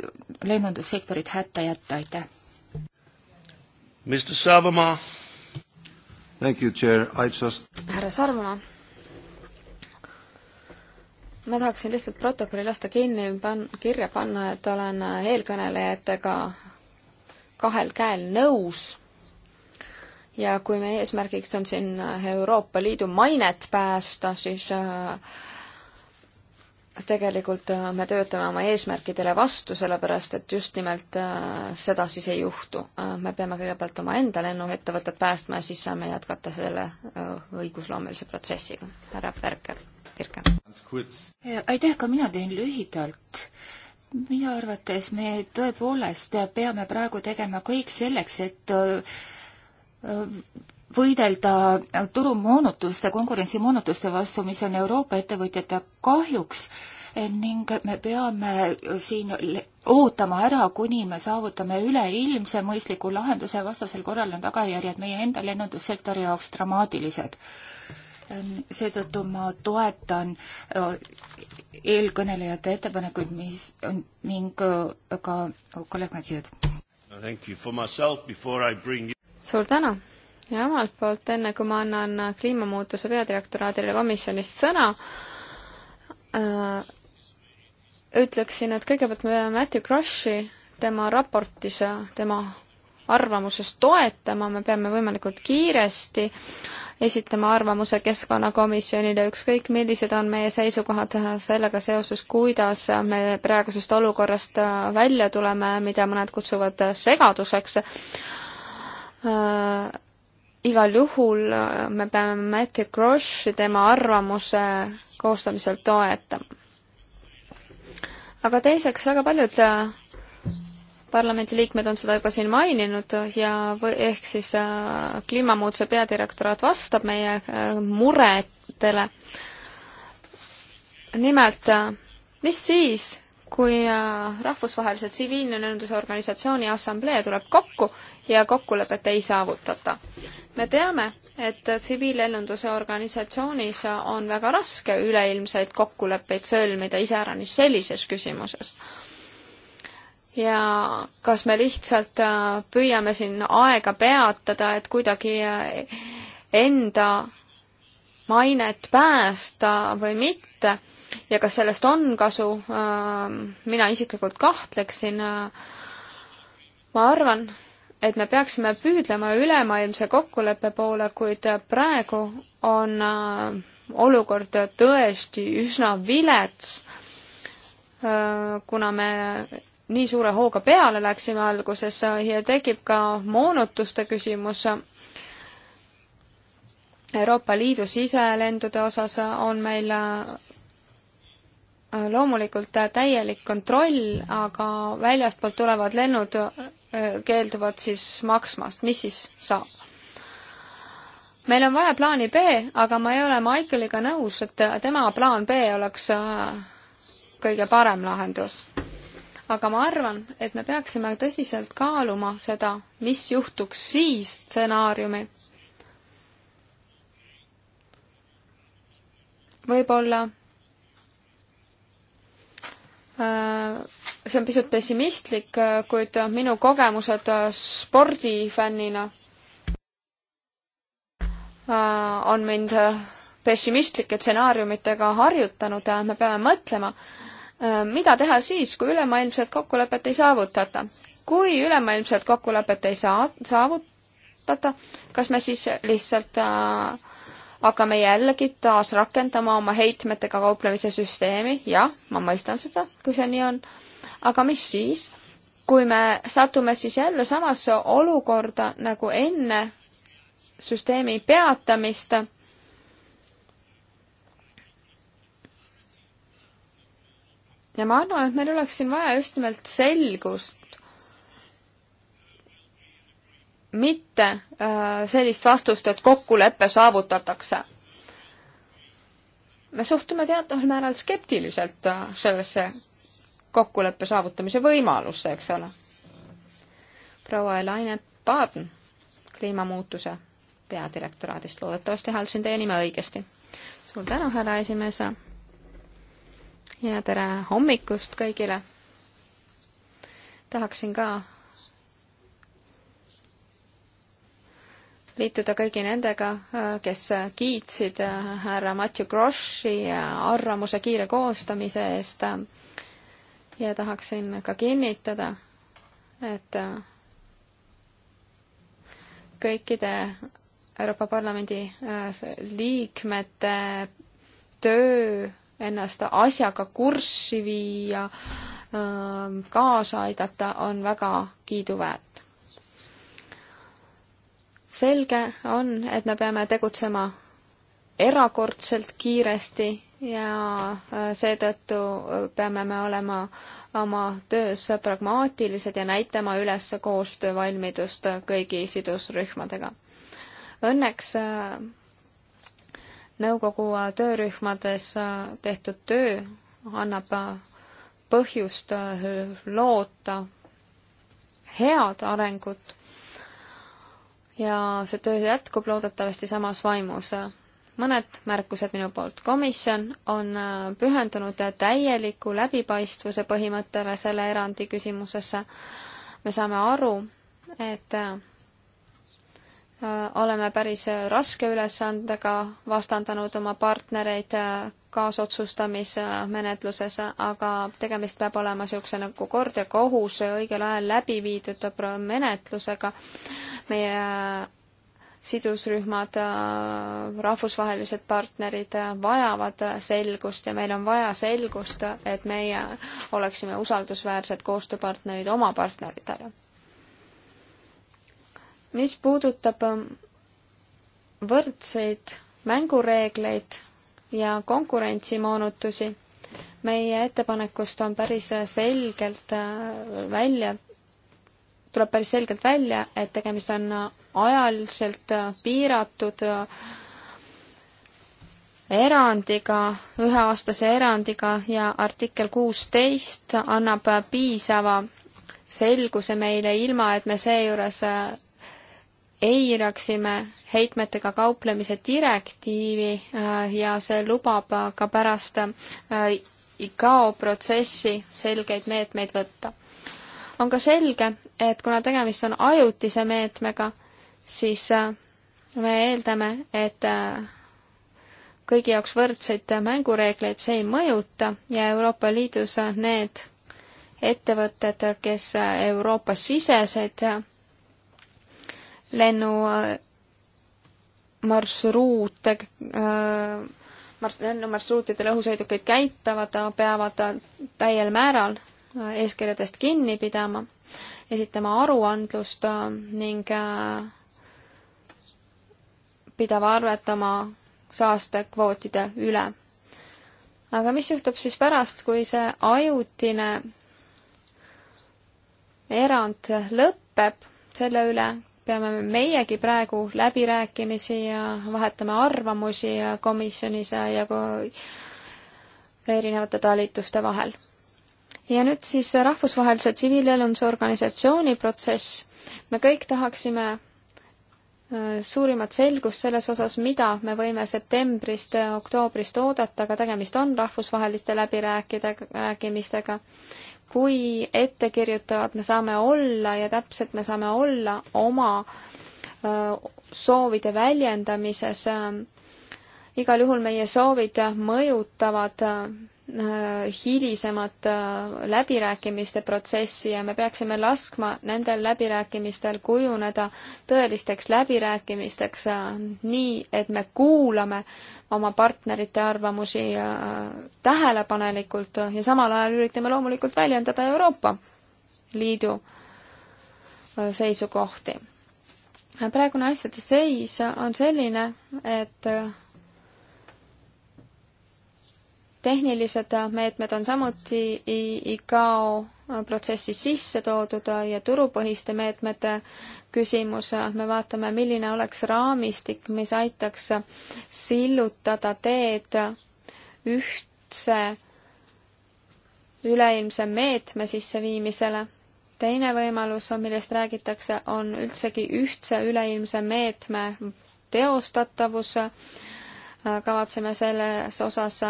lennundussektorit hätta jätta, aitäh. Mr Savamaa. Thank you, chair, I just. härra Sarvamaa ma tahaksin lihtsalt protokolli lasta kinni, pan-, kirja panna, et olen eelkõnelejatega kahel käel nõus ja kui meie eesmärgiks on siin Euroopa Liidu mainet päästa, siis äh, tegelikult äh, me töötame oma eesmärkidele vastu, sellepärast et just nimelt äh, seda siis ei juhtu. me peame kõigepealt omaenda lennuettevõtet päästma ja siis saame jätkata selle õigusloomelise protsessiga. härra Berger Kirke. aitäh, ka mina teen lühidalt minu arvates me tõepoolest peame praegu tegema kõik selleks, et äh, võidelda turumoonutuste, konkurentsimoonutuste vastu, mis on Euroopa ettevõtjate kahjuks ning me peame siin ootama ära, kuni me saavutame üleilmse mõistliku lahenduse, vastasel korral on tagajärjed meie enda lennundussektori jaoks dramaatilised seetõttu ma toetan äh, eelkõnelejate ettepanekuid, mis on ning äh, ka kolleeg Madjud. suur tänu ja omalt poolt, enne kui ma annan äh, kliimamuutuse peadirektoraadile komisjonist sõna äh,, ütleksin, et kõigepealt me Matthew Crushi, tema raportis, tema arvamuses toetama, me peame võimalikult kiiresti esitama arvamuse Keskkonnakomisjonile, ükskõik millised on meie seisukohad sellega seoses, kuidas me praegusest olukorrast välja tuleme, mida mõned kutsuvad segaduseks äh,. igal juhul me peame Matthew Groshi, tema arvamuse koostamisel toetama. aga teiseks, väga paljud parlamendiliikmed on seda juba siin maininud ja või, ehk siis äh, kliimamuutuse peadirektoraat vastab meie äh, muredele. nimelt äh,, mis siis, kui äh, rahvusvahelise tsiviilnõunduse organisatsiooni assamblee tuleb kokku ja kokkulepet ei saavutata. me teame, et tsiviilennunduse organisatsioonis on väga raske üleilmseid kokkuleppeid sõlmida, iseäranis sellises küsimuses ja kas me lihtsalt äh, püüame siin aega peatada, et kuidagi äh, enda mainet päästa või mitte ja kas sellest on kasu, ähm, mina isiklikult kahtleksin. Äh, ma arvan, et me peaksime püüdlema ülemaailmse kokkuleppe poole, kuid praegu on olukord tõesti üsna vilets, kuna me nii suure hooga peale läksime alguses ja tekib ka moonutuste küsimus. Euroopa Liidu siselendude osas on meil loomulikult täielik kontroll, aga väljastpoolt tulevad lennud keelduvad siis maksmast, mis siis saab? meil on vaja plaani B, aga ma ei ole Michaeliga nõus, et tema plaan B oleks kõige parem lahendus aga ma arvan, et me peaksime tõsiselt kaaluma seda, mis juhtuks siis stsenaariumi. võib-olla äh, see on pisut pessimistlik, äh, kuid minu kogemused äh, spordifännina on mind pessimistlike stsenaariumitega harjutanud, me peame mõtlema, Äh, mida teha siis, kui ülemaailmset kokkulepet ei saavutata? kui ülemaailmset kokkulepet ei saa, saavutata, kas me siis lihtsalt äh, hakkame jällegi taas rakendama oma heitmetega kauplemise süsteemi, jah, ma mõistan seda, kui see nii on, aga mis siis, kui me satume siis jälle samasse olukorda nagu enne süsteemi peatamist ja ma arvan, et meil oleks siin vaja just nimelt selgust, mitte äh, sellist vastust, et kokkulepe saavutatakse. me suhtume teataval määral skeptiliselt äh, sellesse kokkuleppe saavutamise võimalusse, eks ole. proua Elaine Paaden kliimamuutuse peadirektoraadist, loodetavasti hääldasin teie nime õigesti. suur tänu, härra esimees ja tere hommikust kõigile! tahaksin ka liituda kõigi nendega, kes kiitsid äh, härra Matthew Groshi arvamuse kiire koostamise eest ja tahaksin ka kinnitada, et äh, kõikide Euroopa Parlamendi äh, liikmete töö ennast asjaga kurssi viia, ähm, kaasa aidata, on väga kiiduväärt. selge on, et me peame tegutsema erakordselt kiiresti ja äh, seetõttu peame me olema oma töös pragmaatilised ja näitama üles koostöövalmidust kõigi sidusrühmadega. Õnneks äh, nõukogu äh, töörühmades äh, tehtud töö annab äh, põhjust loota head arengut ja see töö jätkub loodetavasti samas vaimus. mõned märkused minu poolt. komisjon on pühendunud täieliku läbipaistvuse põhimõttele selle erandi küsimuses. me saame aru, et Äh, oleme päris raske ülesandega vastandanud oma partnereid äh, kaasotsustamismenetluses, aga tegemist peab olema niisuguse nagu kord ja kohus õigel ajal läbi viidud menetlusega. meie äh, sidusrühmad, rahvusvahelised partnerid vajavad selgust ja meil on vaja selgust, et meie oleksime usaldusväärsed koostööpartnerid oma partneritele mis puudutab ähm, võrdseid mängureegleid ja konkurentsimoonutusi, meie ettepanekust on päris selgelt äh, välja, tuleb päris selgelt välja, et tegemist on äh, ajaliselt äh, piiratud erandiga, üheaastase erandiga ja artikkel kuusteist annab piisava selguse meile, ilma et me seejuures eiraksime heitmetega kauplemise direktiivi äh, ja see lubab ka pärast äh, ICAO protsessi selgeid meetmeid võtta. on ka selge, et kuna tegemist on ajutise meetmega, siis äh, me eeldame, et kõigi jaoks võrdseid mängureegleid see ei mõjuta ja Euroopa Liidus need ettevõtted, kes Euroopa siseseid lennumarsruute äh, äh, mars-, lennumarsruutidel õhusõidukeid käitavad, äh, peavad täiel määral eeskirjadest kinni pidama, esitama aruandlust ning pidama arvet oma saastekvootide üle. aga mis juhtub siis pärast, kui see ajutine erand lõpeb selle üle, peame meiegi praegu läbirääkimisi ja vahetame arvamusi komisjonis ja ka erinevate talituste vahel. ja nüüd siis rahvusvahelise tsiviilelundusorganisatsiooni protsess. me kõik tahaksime äh, suurimat selgust selles osas, mida me võime septembrist, äh, oktoobrist oodata, aga tegemist on rahvusvaheliste läbirääkidega, rääkimistega kui ettekirjutavad me saame olla ja täpselt me saame olla oma soovide väljendamises. igal juhul meie soovid mõjutavad Äh, hilisemat äh, läbirääkimiste protsessi ja me peaksime laskma nendel läbirääkimistel kujuneda tõelisteks läbirääkimisteks äh, nii, et me kuulame oma partnerite arvamusi tähelepanelikult ja samal ajal üritame loomulikult väljendada Euroopa Liidu seisukohti. praegune asjade seis on selline, et tehnilised meetmed on samuti ICAO protsessi sisse toodud ja turupõhiste meetmete küsimus, me vaatame, milline oleks raamistik, mis aitaks sillutada teed ühtse üleilmse meetme sisseviimisele. teine võimalus, millest räägitakse, on üldsegi ühtse üleilmse meetme teostatavus kavatseme selles osas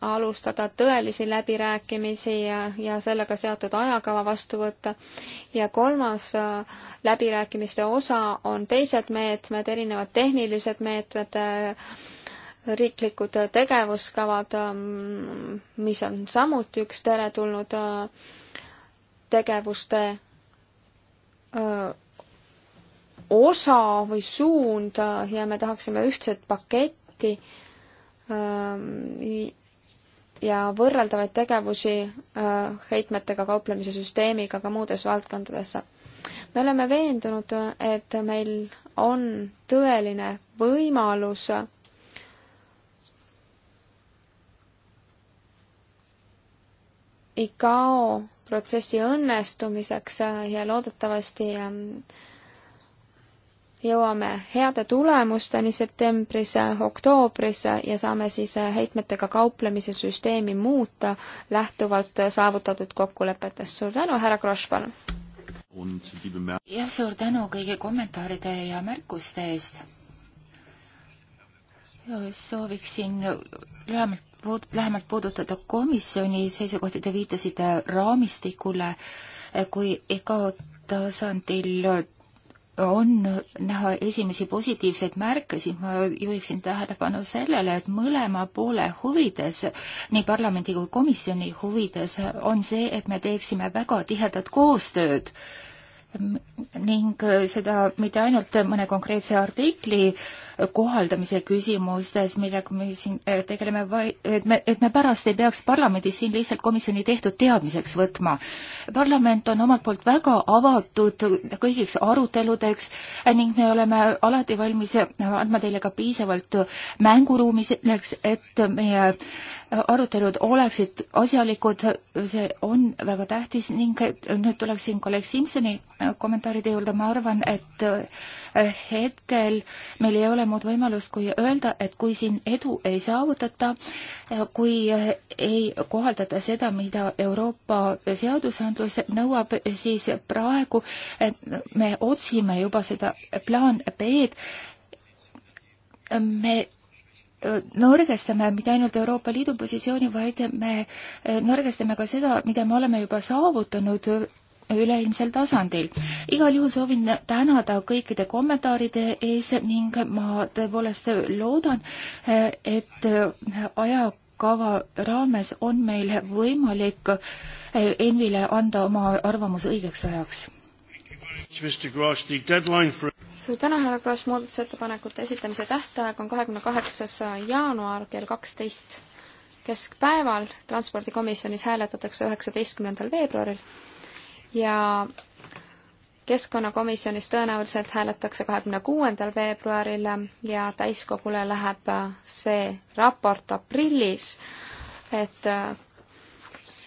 alustada tõelisi läbirääkimisi ja, ja sellega seotud ajakava vastu võtta. ja kolmas äh, läbirääkimiste osa on teised meetmed, erinevad tehnilised meetmed, äh, riiklikud tegevuskavad, ähm, mis on samuti üks teretulnud äh, tegevuste osa või suund ja me tahaksime ühtset paketti, projekti ähm, ja võrreldavaid tegevusi äh, heitmetega kauplemise süsteemiga ka muudes valdkondades. me oleme veendunud, et meil on tõeline võimalus ICAO protsessi õnnestumiseks ja loodetavasti ähm, jõuame heade tulemusteni septembris, oktoobris ja saame siis heitmetega kauplemise süsteemi muuta lähtuvalt saavutatud kokkulepetest. suur tänu, härra Kross, palun! jah, suur tänu kõigi kommentaaride ja märkuste eest. sooviksin lühemalt, lähemalt puudutada komisjoni seisukohti, te viitasite raamistikule, kui EKO tasandil on näha esimesi positiivseid märke, siis ma juhiksin tähelepanu sellele, et mõlema poole huvides, nii parlamendi kui komisjoni huvides, on see, et me teeksime väga tihedat koostööd ning seda mitte ainult mõne konkreetse artikli kohaldamise küsimustes, millega me siin äh, tegeleme, vaid et me, et me pärast ei peaks parlamendis siin lihtsalt komisjoni tehtud teadmiseks võtma. parlament on omalt poolt väga avatud kõigiks aruteludeks äh, ning me oleme alati valmis äh, andma teile ka piisavalt mänguruumi selleks, et meie arutelud oleksid asjalikud, see on väga tähtis ning nüüd tuleksin kolleeg Simsoni kommentaaride juurde, ma arvan, et hetkel meil ei ole muud võimalust, kui öelda, et kui siin edu ei saavutata, kui ei kohaldata seda, mida Euroopa seadusandlus nõuab, siis praegu me otsime juba seda plaan B-d. me nõrgestame mitte ainult Euroopa Liidu positsiooni, vaid me nõrgestame ka seda, mida me oleme juba saavutanud üleilmsel tasandil. igal juhul soovin tänada kõikide kommentaaride eest ning ma tõepoolest loodan, et ajakava raames on meil võimalik Envile anda oma arvamus õigeks ajaks. suur tänu, härra Kross, muudatusettepanekute esitamise tähtaeg on kahekümne kaheksas jaanuar kell kaksteist keskpäeval, transpordikomisjonis hääletatakse üheksateistkümnendal veebruaril ja keskkonnakomisjonis tõenäoliselt hääletakse kahekümne kuuendal veebruaril ja täiskogule läheb see raport aprillis, et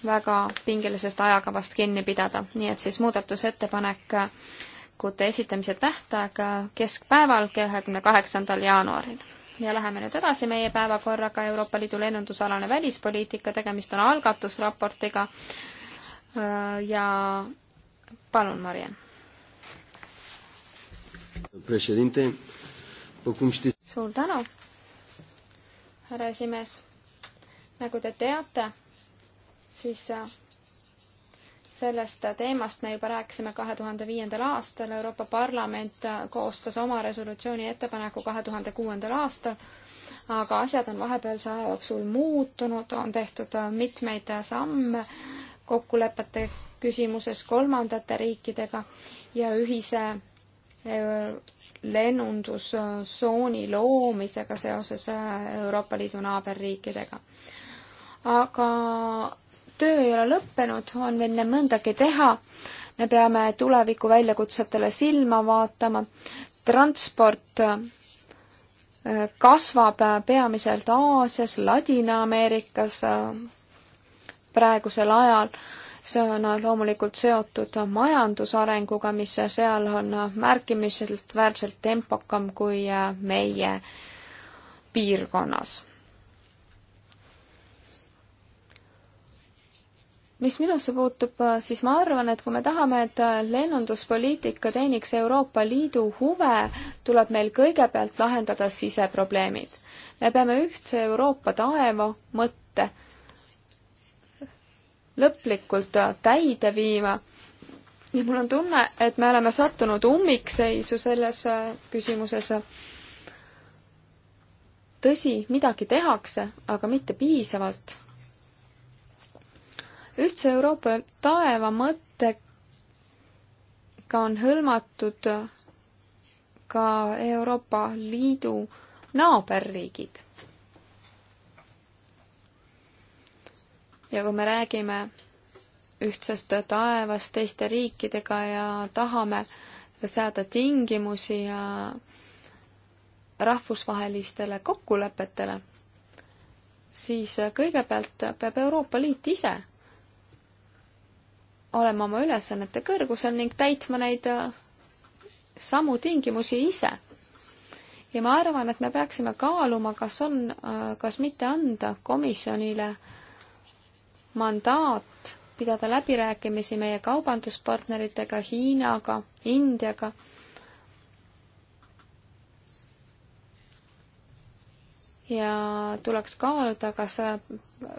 väga pingelisest ajakavast kinni pidada, nii et siis muudatusettepanekute esitamise tähtaeg keskpäeval, kahekümne kaheksandal jaanuaril. ja läheme nüüd edasi meie päevakorraga, Euroopa Liidu lennundusalane välispoliitika, tegemist on algatusraportiga, Äh, ja palun, Mariann. suur tänu, härra esimees. nagu te teate, siis äh, sellest teemast me juba rääkisime kahe tuhande viiendal aastal, Euroopa Parlament äh, koostas oma resolutsiooni ettepaneku kahe tuhande kuuendal aastal, aga asjad on vahepealse aja jooksul muutunud, on tehtud mitmeid samme kokkulepete küsimuses kolmandate riikidega ja ühise äh, lennundustsooni loomisega seoses äh, Euroopa Liidu naaberriikidega. aga töö ei ole lõppenud, on veel mõndagi teha. me peame tuleviku väljakutsetele silma vaatama. transport äh, kasvab peamiselt Aasias, Ladina-Ameerikas, praegusel ajal. see on loomulikult seotud majandusarenguga, mis seal on märkimiselt väärselt tempokam kui meie piirkonnas. mis minusse puutub, siis ma arvan, et kui me tahame, et lennunduspoliitika teeniks Euroopa Liidu huve, tuleb meil kõigepealt lahendada siseprobleemid. me peame ühtse Euroopa taeva mõtte lõplikult äh, täide viima. ja mul on tunne, et me oleme sattunud ummikseisu selles äh, küsimuses. tõsi, midagi tehakse, aga mitte piisavalt. ühtse Euroopa taeva mõttega on hõlmatud ka Euroopa Liidu naaberriigid ja kui me räägime ühtsest taevast teiste riikidega ja tahame seada tingimusi ja rahvusvahelistele kokkulepetele, siis kõigepealt peab Euroopa Liit ise olema oma ülesannete kõrgusel ning täitma neid samu tingimusi ise. ja ma arvan, et me peaksime kaaluma, kas on, kas mitte anda komisjonile äh, mandaat pidada läbirääkimisi meie kaubanduspartneritega, Hiinaga, Indiaga. ja tuleks kaaluda, kas,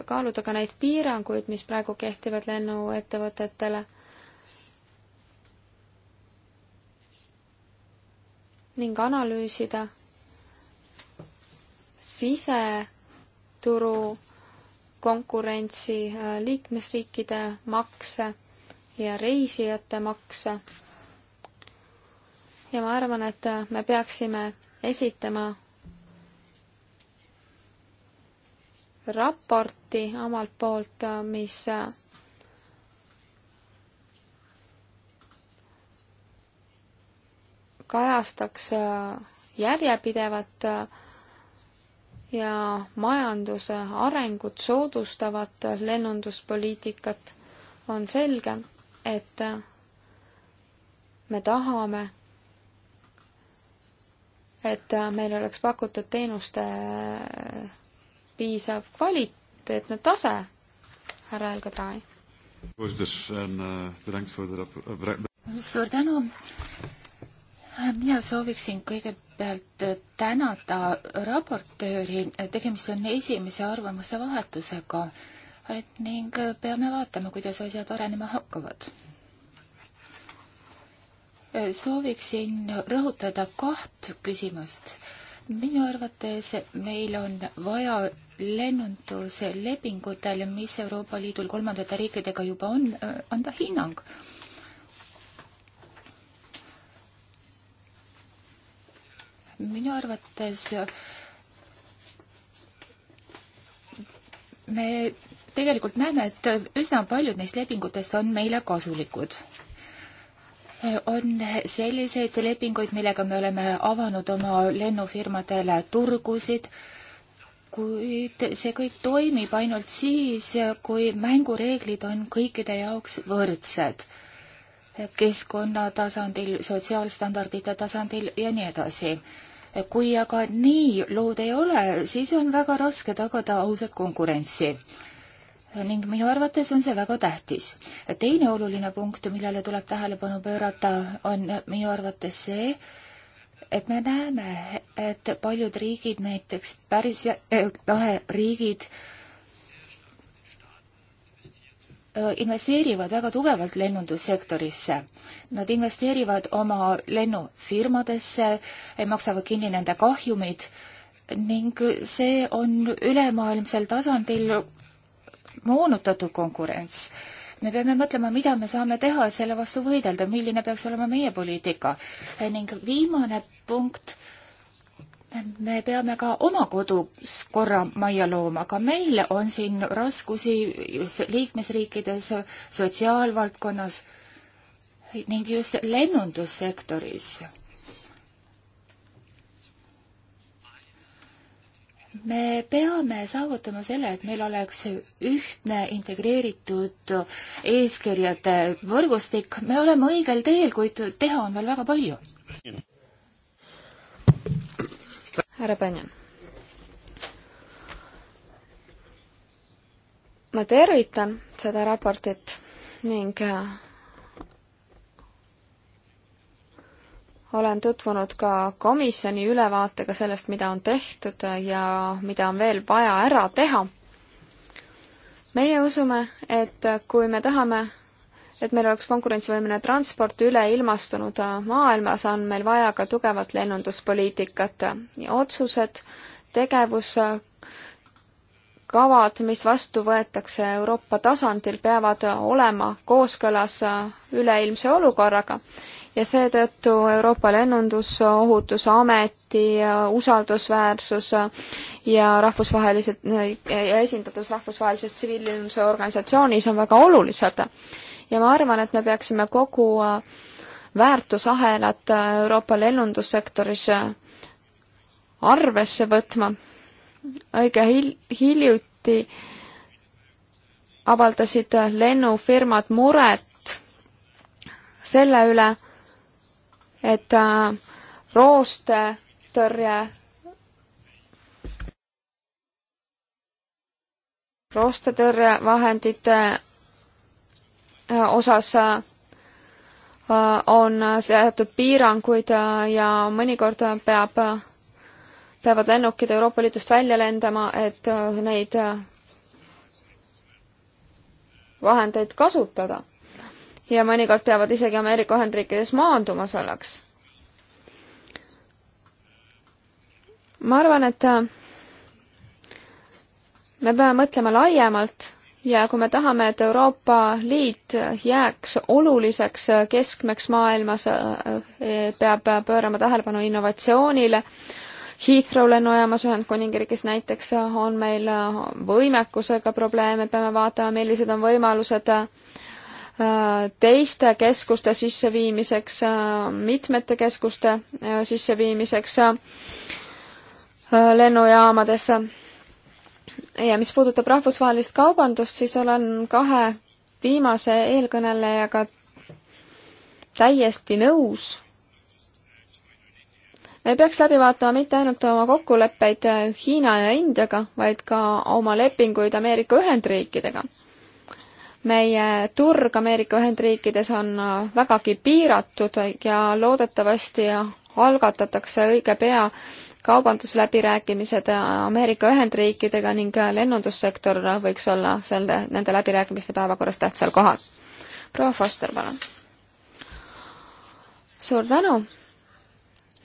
kaaluda ka neid piiranguid, mis praegu kehtivad lennuettevõtetele ning analüüsida siseturu konkurentsi äh, liikmesriikide makse ja reisijate makse. ja ma arvan, et äh, me peaksime esitama raporti omalt poolt, äh, mis kajastaks järjepidevat ja majanduse arengut soodustavat lennunduspoliitikat, on selge, et me tahame, et meil oleks pakutud teenuste piisav kvaliteetne tase, härra Elga Traai. Eh, suur tänu, Äh, mina sooviksin kõigepealt äh, tänada raportööri, äh, tegemist on esimese arvamuste vahetusega et ning peame vaatama, kuidas asjad arenema hakkavad. sooviksin rõhutada kaht küsimust. minu arvates meil on vaja lennunduslepingutel, mis Euroopa Liidul kolmandate riikidega juba on, anda hinnang minu arvates äh, me tegelikult näeme, et üsna paljud neist lepingutest on meile kasulikud. Äh, on selliseid lepinguid, millega me oleme avanud oma lennufirmadele turgusid, kuid see kõik toimib ainult siis, kui mängureeglid on kõikide jaoks võrdsed keskkonna tasandil, sotsiaalstandardite tasandil ja nii edasi kui aga nii lood ei ole, siis on väga raske tagada ausat konkurentsi ning minu arvates on see väga tähtis. teine oluline punkt, millele tuleb tähelepanu pöörata, on minu arvates see, et me näeme, et paljud riigid, näiteks päris lahe eh, riigid äh, investeerivad väga tugevalt lennundussektorisse. Nad investeerivad oma lennufirmadesse, maksavad kinni nende kahjumid ning see on ülemaailmsel tasandil moonutatud konkurents. me peame mõtlema, mida me saame teha, et selle vastu võidelda, milline peaks olema meie poliitika. ning viimane punkt me peame ka oma kodus korra majja looma, aga meil on siin raskusi just liikmesriikides sotsiaalvaldkonnas ning just lennundussektoris. me peame saavutama selle, et meil oleks ühtne integreeritud eeskirjade võrgustik, me oleme õigel teel, kuid teha on veel väga palju härra Benjan. ma tervitan seda raportit ning äh, olen tutvunud ka komisjoni ülevaatega sellest, mida on tehtud ja mida on veel vaja ära teha. meie usume, et kui me tahame et meil oleks konkurentsivõimeline transport üle ilmastunud maailmas, on meil vaja ka tugevat lennunduspoliitikat ja otsused, tegevus, kavad, mis vastu võetakse Euroopa tasandil, peavad olema kooskõlas üleilmse olukorraga ja seetõttu Euroopa Lennundusohutusameti äh, usaldusväärsus äh, ja rahvusvahelised äh, ja esindatus rahvusvahelises tsiviillennunduse organisatsioonis on väga olulised. ja ma arvan, et me peaksime kogu väärtusahelat Euroopa lennundussektoris arvesse võtma. õige hil-, hiljuti avaldasid lennufirmad muret selle üle, et äh, roostetõrje roostetõrjevahendite äh, osas äh, on seatud piiranguid ja mõnikord peab, peavad lennukid Euroopa Liidust välja lendama, et neid vahendeid kasutada ja mõnikord peavad isegi Ameerika Ühendriikides maanduma selleks. ma arvan, et äh, me peame mõtlema laiemalt ja kui me tahame, et Euroopa Liit jääks oluliseks äh, keskmeks maailmas, äh, peab pöörama tähelepanu innovatsioonile. Heathrow lennujaamas Ühendkuningriigis näiteks on meil võimekusega probleeme, peame vaatama, millised on võimalused äh, Äh, teiste keskuste sisseviimiseks, äh, mitmete keskuste äh, sisseviimiseks lennujaamadesse. ja mis puudutab rahvusvahelist kaubandust, siis olen kahe viimase eelkõnelejaga täiesti nõus. me peaks läbi vaatama mitte ainult oma kokkuleppeid Hiina ja Indiaga, vaid ka oma lepinguid Ameerika Ühendriikidega meie turg Ameerika Ühendriikides on äh, vägagi piiratud ja loodetavasti äh, algatatakse õige pea kaubandusläbirääkimised äh, Ameerika Ühendriikidega ning lennundussektor võiks olla selle, nende läbirääkimiste päevakorras tähtsal kohal. proua Foster, palun. suur tänu,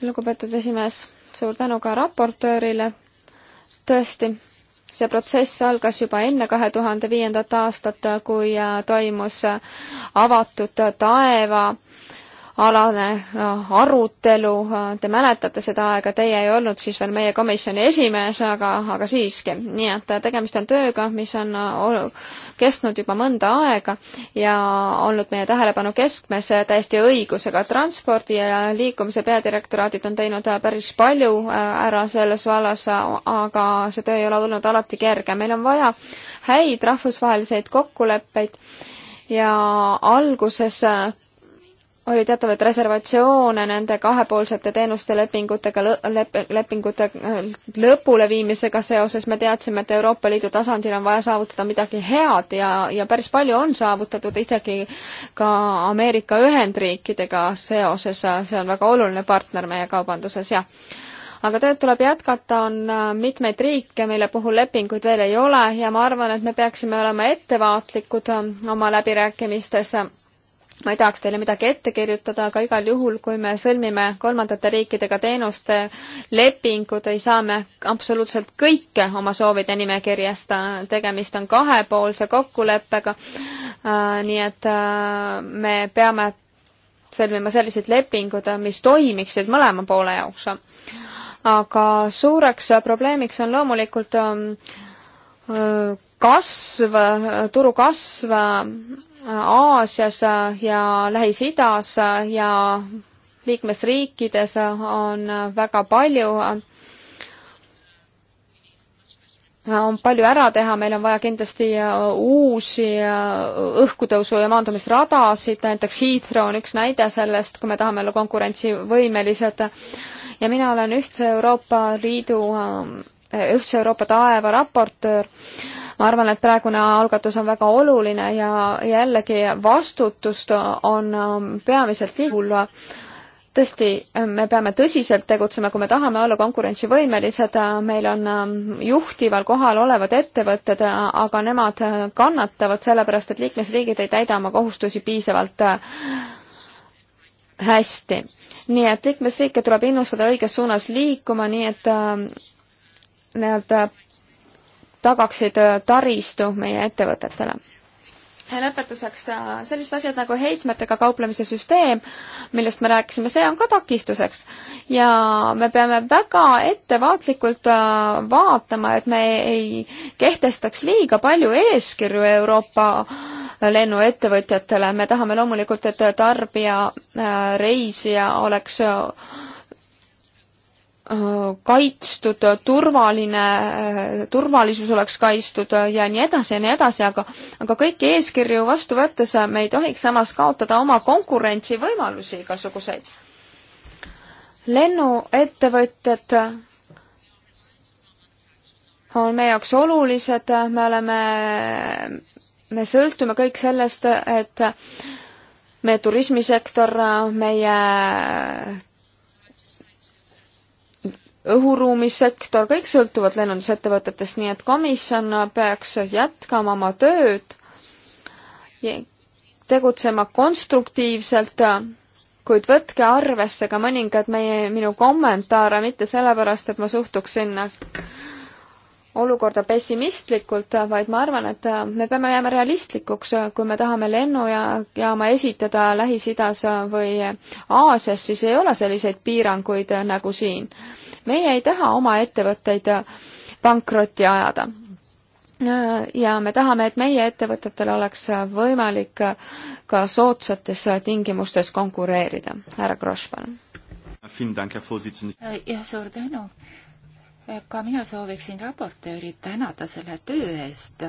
lugupeetud esimees, suur tänu ka raportöörile, tõesti see protsess algas juba enne kahe tuhande viiendat aastat, kui toimus avatud taeva alane äh, arutelu, äh, te mäletate seda aega, teie ei olnud siis veel meie komisjoni esimees, aga, aga siiski. nii et äh, tegemist on tööga, mis on kestnud juba mõnda aega ja olnud meie tähelepanu keskmes täiesti õigusega. transpordi ja liikumise peadirektoraadid on teinud päris palju ära selles vallas, aga see töö ei ole olnud alati kerge. meil on vaja häid rahvusvahelisi rahvusvaheliseid kokkuleppeid ja alguses oli teatavaid reservatsioone nende kahepoolsete teenuste lepingutega lep,, lepingute äh, lõpuleviimisega seoses, me teadsime, et Euroopa Liidu tasandil on vaja saavutada midagi head ja, ja päris palju on saavutatud isegi ka Ameerika Ühendriikidega seoses, see on väga oluline partner meie kaubanduses, jah aga tööd tuleb jätkata, on äh, mitmeid riike, mille puhul lepinguid veel ei ole ja ma arvan, et me peaksime olema ettevaatlikud äh, oma läbirääkimistes ma ei tahaks teile midagi ette kirjutada, aga igal juhul, kui me sõlmime kolmandate riikidega teenuste lepingud, ei saa me absoluutselt kõike oma soovide nimekirjast, tegemist on kahepoolse kokkuleppega, äh, nii et äh, me peame sõlmima sellised lepingud, mis toimiksid mõlema poole jaoks. aga suureks probleemiks on loomulikult ähm, äh, kasv, turu kasv Aasias ja Lähis-Idas ja liikmesriikides on väga palju on palju ära teha, meil on vaja kindlasti uusi õhkutõusu ja maandumisradasid, näiteks Heathrow on üks näide sellest, kui me tahame olla konkurentsivõimelised. ja mina olen Ühtse Euroopa Liidu, Ühtse Euroopa taeva raportöör ma arvan, et praegune algatus on väga oluline ja jällegi vastutust on ähm, peamiselt liigul tõesti, ähm, me peame tõsiselt tegutsema, kui me tahame olla konkurentsivõimelised, äh, meil on ähm, juhtival kohal olevad ettevõtted, äh, aga nemad äh, kannatavad sellepärast, et liikmesriigid ei täida oma kohustusi piisavalt hästi. nii et liikmesriike tuleb innustada õiges suunas liikuma, nii et need tagaksid äh, taristu meie ettevõtetele ja lõpetuseks äh, sellised asjad nagu heitmetega kauplemise süsteem, millest me rääkisime, see on ka takistuseks. ja me peame väga ettevaatlikult äh, vaatama, et me ei kehtestaks liiga palju eeskirju Euroopa lennuettevõtjatele, me tahame loomulikult, et tarbija, reisija oleks Äh, kaitstud, äh, turvaline, äh, turvalisus oleks kaitstud ja nii edasi ja nii edasi, aga aga kõiki eeskirju vastu võttes me ei tohiks samas kaotada oma konkurentsivõimalusi igasuguseid. lennuettevõtjad on meie jaoks olulised, me oleme, me sõltume kõik sellest, et meie turismisektor, meie õhuruumisektor, kõik sõltuvad lennundusettevõtetest, nii et komisjon peaks jätkama oma tööd, tegutsema konstruktiivselt, kuid võtke arvesse ka mõningad meie, minu kommentaare, mitte sellepärast, et ma suhtuksin olukorda pessimistlikult, vaid ma arvan, et me peame jääma realistlikuks, kui me tahame lennujaama esitada Lähis-Idas või Aasias, siis ei ole selliseid piiranguid nagu siin meie ei taha oma ettevõtteid äh, pankrotti ajada äh, ja me tahame, et meie ettevõtetel oleks äh, võimalik ka soodsates tingimustes konkureerida. härra Kross, palun. jah, suur tänu. ka mina sooviksin raportööri tänada selle töö eest.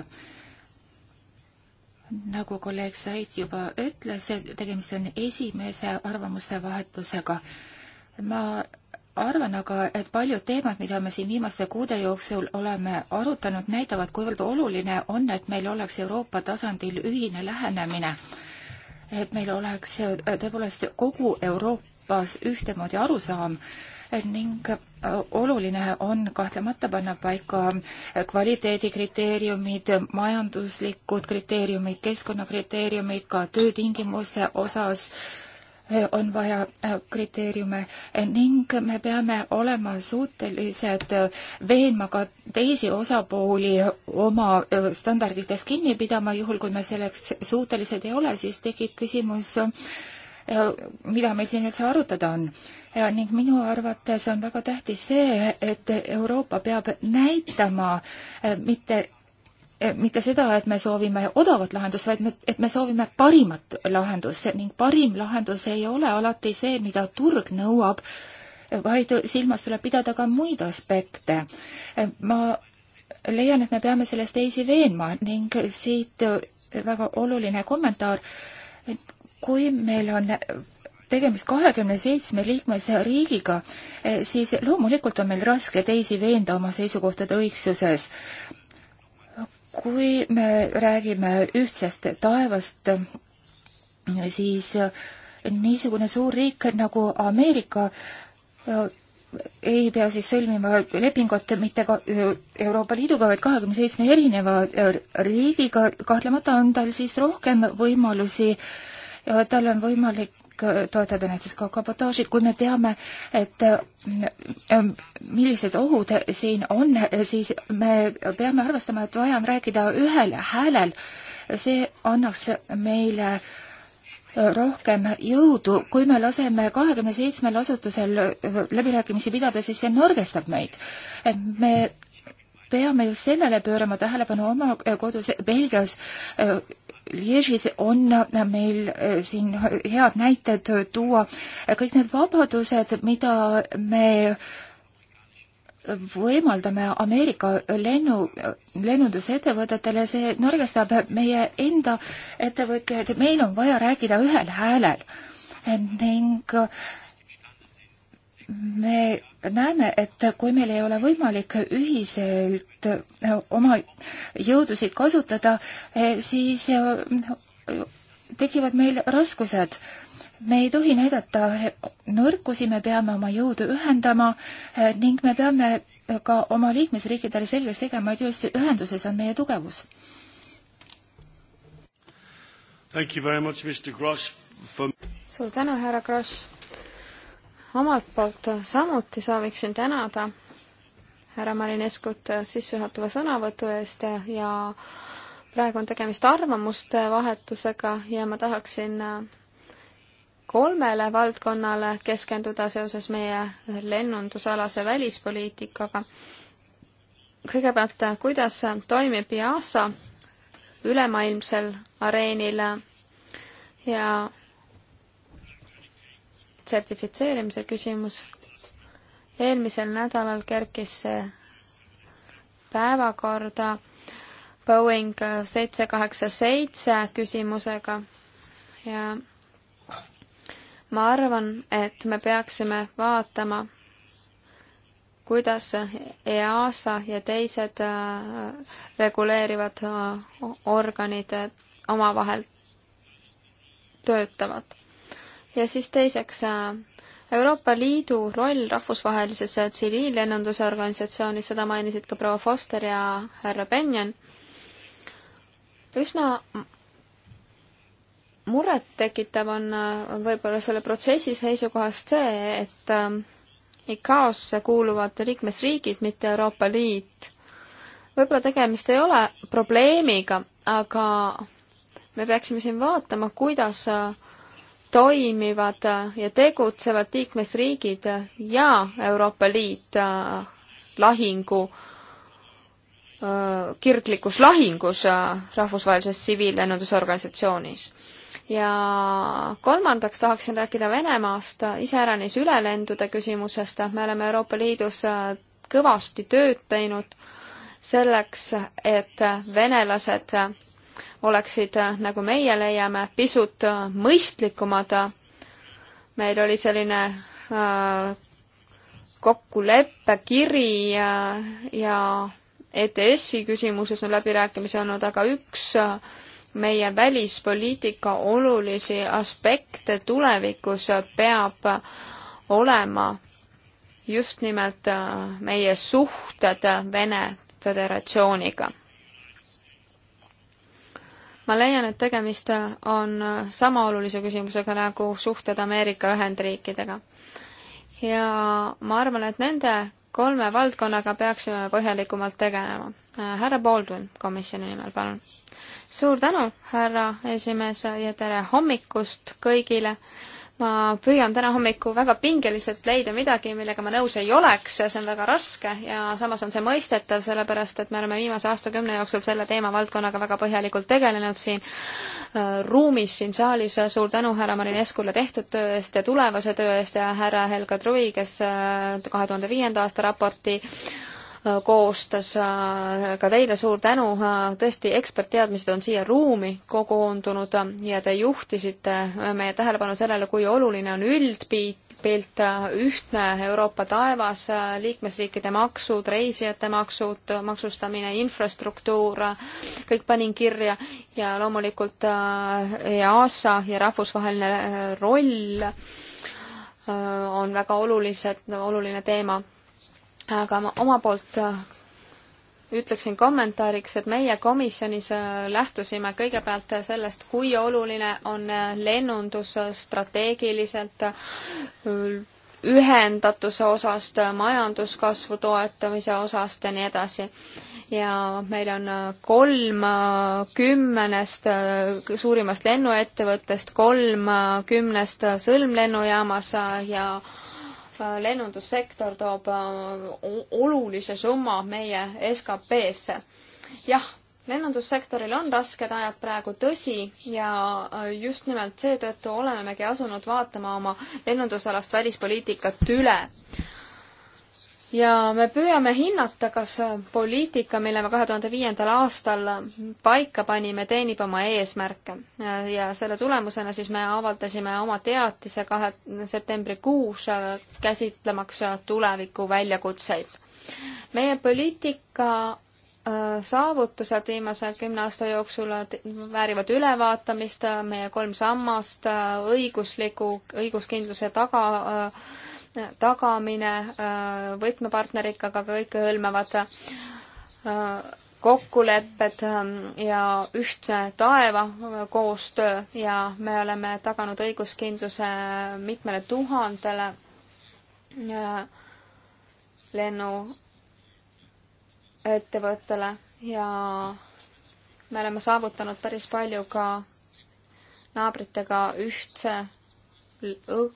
nagu kolleeg Said juba ütles, tegemist on esimese arvamuste vahetusega. ma arvan aga, et paljud teemad, mida me siin viimaste kuude jooksul oleme arutanud, näitavad, kuivõrd oluline on, et meil oleks Euroopa tasandil ühine lähenemine. et meil oleks äh, tõepoolest kogu Euroopas ühtemoodi arusaam ning äh, oluline on kahtlemata panna paika äh, kvaliteedikriteeriumid, majanduslikud kriteeriumid, keskkonnakriteeriumid ka töötingimuste osas on vaja äh, kriteeriume ning me peame olema suutelised äh, veenma ka teisi osapooli oma äh, standarditest kinni pidama, juhul kui me selleks suutelised ei ole, siis tekib küsimus, mida meil siin üldse arutada on. ning minu arvates on väga tähtis see, et Euroopa peab näitama mitte Eh, mitte seda, et me soovime odavat lahendust, vaid me, et me soovime parimat lahendust ning parim lahendus ei ole alati see, mida turg nõuab, vaid silmas tuleb pidada ka muid aspekte. Eh, ma leian, et me peame selles teisi veenma ning siit eh, väga oluline kommentaar, et kui meil on tegemist kahekümne seitsme liikmesriigiga, siis loomulikult on meil raske teisi veenda oma seisukohtade õigsuses kui me räägime ühtsest taevast, siis niisugune suur riik nagu Ameerika äh, ei pea siis sõlmima lepingut mitte ka äh, Euroopa Liiduga, vaid kahekümne seitsme erineva äh, riigiga, kahtlemata on tal siis rohkem võimalusi, tal on võimalik toetada näiteks ka kabotaaži, kui me teame, et ähm, millised ohud siin on, siis me peame arvestama, et vaja on rääkida ühel häälel. see annaks meile rohkem jõudu, kui me laseme kahekümne seitsmel asutusel läbirääkimisi pidada, siis see nõrgestab meid. me peame just sellele pöörama tähelepanu oma kodus Belgias äh, Liežis on äh, meil äh, siin head näited äh, tuua. kõik need vabadused, mida me võimaldame Ameerika lennu, lennundusettevõtetele, see nõrgestab meie enda ettevõtjaid, meil on vaja rääkida ühel häälel ning äh, me näeme, et kui meil ei ole võimalik ühiselt äh, oma jõudusid kasutada, äh, siis äh, tekivad meil raskused. me ei tohi näidata nõrkusi, me peame oma jõudu ühendama ning me peame ka oma liikmesriikidele selgeks tegema, et just ühenduses on meie tugevus. For... suur tänu, härra Grosch omalt poolt samuti sooviksin tänada härra Marineskut sissejuhatava sõnavõtu eest ja praegu on tegemist arvamuste vahetusega ja ma tahaksin äh, kolmele valdkonnale keskenduda seoses meie lennundusalase välispoliitikaga. kõigepealt, äh, kuidas toimib EASA ülemaailmsel areenil ja sertifitseerimise küsimus. eelmisel nädalal kerkis see päevakorda Boeing seitse kaheksa seitse küsimusega ja ma arvan, et me peaksime vaatama, kuidas EASA ja teised äh, reguleerivad äh, organid äh, omavahel töötavad ja siis teiseks äh, Euroopa Liidu roll rahvusvahelises äh, tsiviillennunduse organisatsioonis, seda mainisid ka proua Foster ja härra Benjon, üsna murettekitav äh, on võib-olla selle protsessi seisukohast see, et ICAO-sse kuuluvad liikmesriigid, mitte Euroopa Liit. võib-olla tegemist ei ole probleemiga, aga me peaksime siin vaatama, kuidas äh, toimivad ja tegutsevad liikmesriigid ja Euroopa Liit äh, lahingu, äh, kirglikus lahingus äh, rahvusvahelises tsiviillennundusorganisatsioonis. ja kolmandaks tahaksin rääkida Venemaast, iseäranis ülelendude küsimusest, me oleme Euroopa Liidus kõvasti tööd teinud selleks, et venelased oleksid, äh, nagu meie leiame, pisut äh, mõistlikumad. meil oli selline äh, kokkuleppekiri ja, ja ETS-i küsimuses on läbirääkimisi olnud aga üks meie välispoliitika olulisi aspekte tulevikus peab olema just nimelt meie suhted Vene Föderatsiooniga ma leian, et tegemist on sama olulise küsimusega nagu suhted Ameerika Ühendriikidega. ja ma arvan, et nende kolme valdkonnaga peaksime põhjalikumalt tegelema. härra Baldwin komisjoni nimel, palun. suur tänu, härra esimees ja tere hommikust kõigile ma püüan täna hommikul väga pingeliselt leida midagi, millega ma nõus ei oleks ja see on väga raske ja samas on see mõistetav, sellepärast et me oleme viimase aastakümne jooksul selle teemavaldkonnaga väga põhjalikult tegelenud siin äh, ruumis, siin saalis. suur tänu härra Marineskule tehtud töö eest ja tulevase töö eest ja härra Helga Truvi, kes äh, kahe tuhande viienda aasta raporti äh, koostas. Äh, ka teile suur tänu, äh, tõesti ekspertteadmised on siia ruumi kogunenud äh, ja te juhtisite meie tähelepanu sellele, kui oluline on üldpilt, pilt ühtne Euroopa taevas, liikmesriikide maksud, reisijate maksud, maksustamine, infrastruktuur, kõik panin kirja ja loomulikult EASA ja rahvusvaheline roll on väga olulised, oluline teema aga ma oma poolt äh, ütleksin kommentaariks, et meie komisjonis äh, lähtusime kõigepealt sellest, kui oluline on äh, lennundus strateegiliselt ühendatuse osast, majanduskasvu toetamise osast ja nii edasi. ja meil on kolm kümnest suurimast lennuettevõttest, kolm kümnest sõlmlennujaamas ja lennundussektor toob äh, olulise summa meie SKP-sse. jah, lennundussektoril on rasked ajad praegu, tõsi, ja äh, just nimelt seetõttu olemegi asunud vaatama oma lennundusalast välispoliitikat üle ja me püüame hinnata, kas poliitika, mille me kahe tuhande viiendal aastal paika panime, teenib oma eesmärke. ja selle tulemusena siis me avaldasime oma teatise kahe, septembrikuus käsitlemaks tuleviku väljakutseid. meie poliitika äh, saavutused viimase kümne aasta jooksul väärivad ülevaatamist, meie kolm sammast, õigusliku, õiguskindluse taga äh, tagamine äh, võtmepartneriga, aga kõikehõlmavad äh, kokkulepped ähm, ja ühtse taeva äh, koostöö ja me oleme taganud õiguskindluse mitmele tuhandele lennuettevõttele ja me oleme saavutanud päris palju ka naabritega ühtse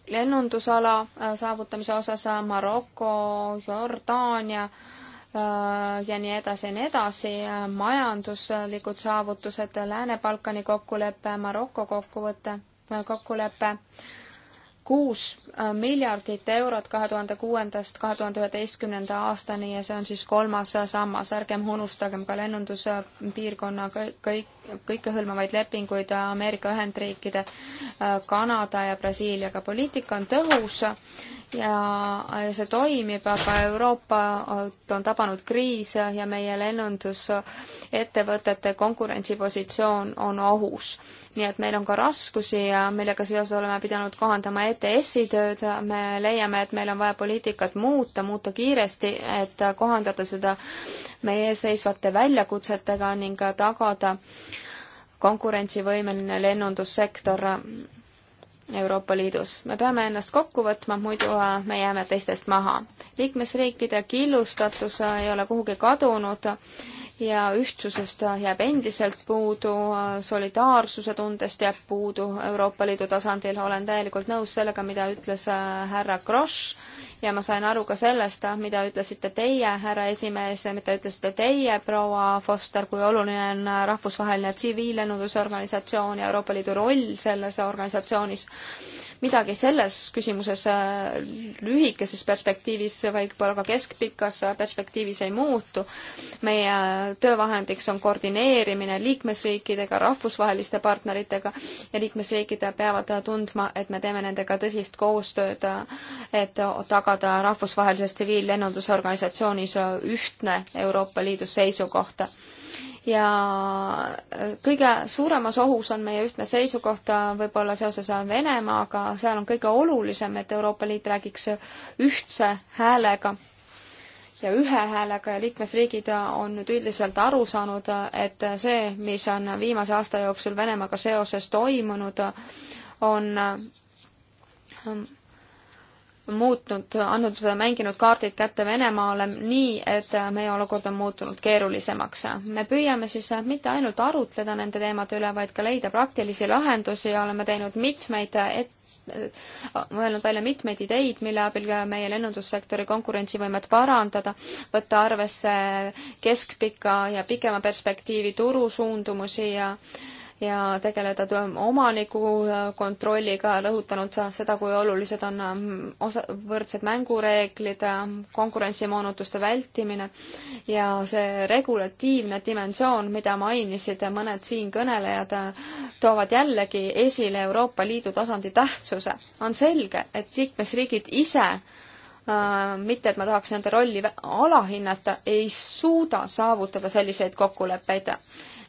lennundusala äh, saavutamise osas äh, Maroko, Jordaania äh, ja nii edasi ja nii edasi, majanduslikud saavutused, Lääne-Balkani kokkulepe, Maroko kokkuvõte, kokkulepe, kokkulepe kuus äh, miljardit eurot kahe tuhande kuuendast kahe tuhande üheteistkümnenda aastani ja see on siis kolmas äh, sammas, ärgem unustagem ka lennunduspiirkonna kõik, kõikehõlmavaid lepinguid äh, Ameerika Ühendriikide, Kanada ja Brasiiliaga. poliitika on tõhus ja see toimib, aga Euroopat on tabanud kriis ja meie lennundusettevõtete konkurentsipositsioon on ohus. nii et meil on ka raskusi ja millega seoses oleme pidanud kohandama ETS-i tööd, me leiame, et meil on vaja poliitikat muuta, muuta kiiresti, et kohandada seda meie ees seisvate väljakutsetega ning tagada konkurentsivõimeline lennundussektor Euroopa Liidus. me peame ennast kokku võtma, muidu äh, me jääme teistest maha. liikmesriikide killustatus äh, ei ole kuhugi kadunud ja ühtsusest jääb endiselt puudu, solidaarsuse tundest jääb puudu Euroopa Liidu tasandil, olen täielikult nõus sellega, mida ütles äh, härra Grosch ja ma sain aru ka sellest, mida ütlesite teie, härra esimees, mida ütlesite teie, proua Foster, kui oluline on rahvusvaheline tsiviillennundusorganisatsioon ja Euroopa Liidu roll selles organisatsioonis midagi selles küsimuses äh, lühikeses perspektiivis, võib-olla ka keskpikas äh, perspektiivis ei muutu. meie äh, töövahendiks on koordineerimine liikmesriikidega, rahvusvaheliste partneritega ja liikmesriigid peavad tundma, et me teeme nendega tõsist koostööd, et tagada rahvusvahelises tsiviillennundusorganisatsioonis ühtne Euroopa Liidu seisukoht ja äh, kõige suuremas ohus on meie ühtne seisukoht äh, võib-olla seoses äh, Venemaaga, seal on kõige olulisem, et Euroopa Liit räägiks ühtse häälega ja ühe häälega ja liikmesriigid on nüüd üldiselt aru saanud, et see, mis on viimase aasta jooksul Venemaaga seoses toimunud, on muutnud, andnud, mänginud kaardid kätte Venemaale nii, et meie olukord on muutunud keerulisemaks. me püüame siis mitte ainult arutleda nende teemade üle, vaid ka leida praktilisi lahendusi ja oleme teinud mitmeid et-, mõelnud välja mitmeid ideid, mille abil ka meie lennundussektori konkurentsivõimet parandada, võtta arvesse keskpika ja pikema perspektiivi turusuundumusi ja äh, ja tegeleda omaniku äh, kontrolliga, rõhutanud seda, kui olulised on ähm, osa, võrdsed mängureeglid, ähm, konkurentsimoonutuste vältimine ja see regulatiivne dimensioon, mida mainisid mõned siinkõnelejad, äh, toovad jällegi esile Euroopa Liidu tasandi tähtsuse. on selge, et liikmesriigid ise äh, mitte et ma tahaks nende rolli alahinnata, ei suuda saavutada selliseid kokkuleppeid.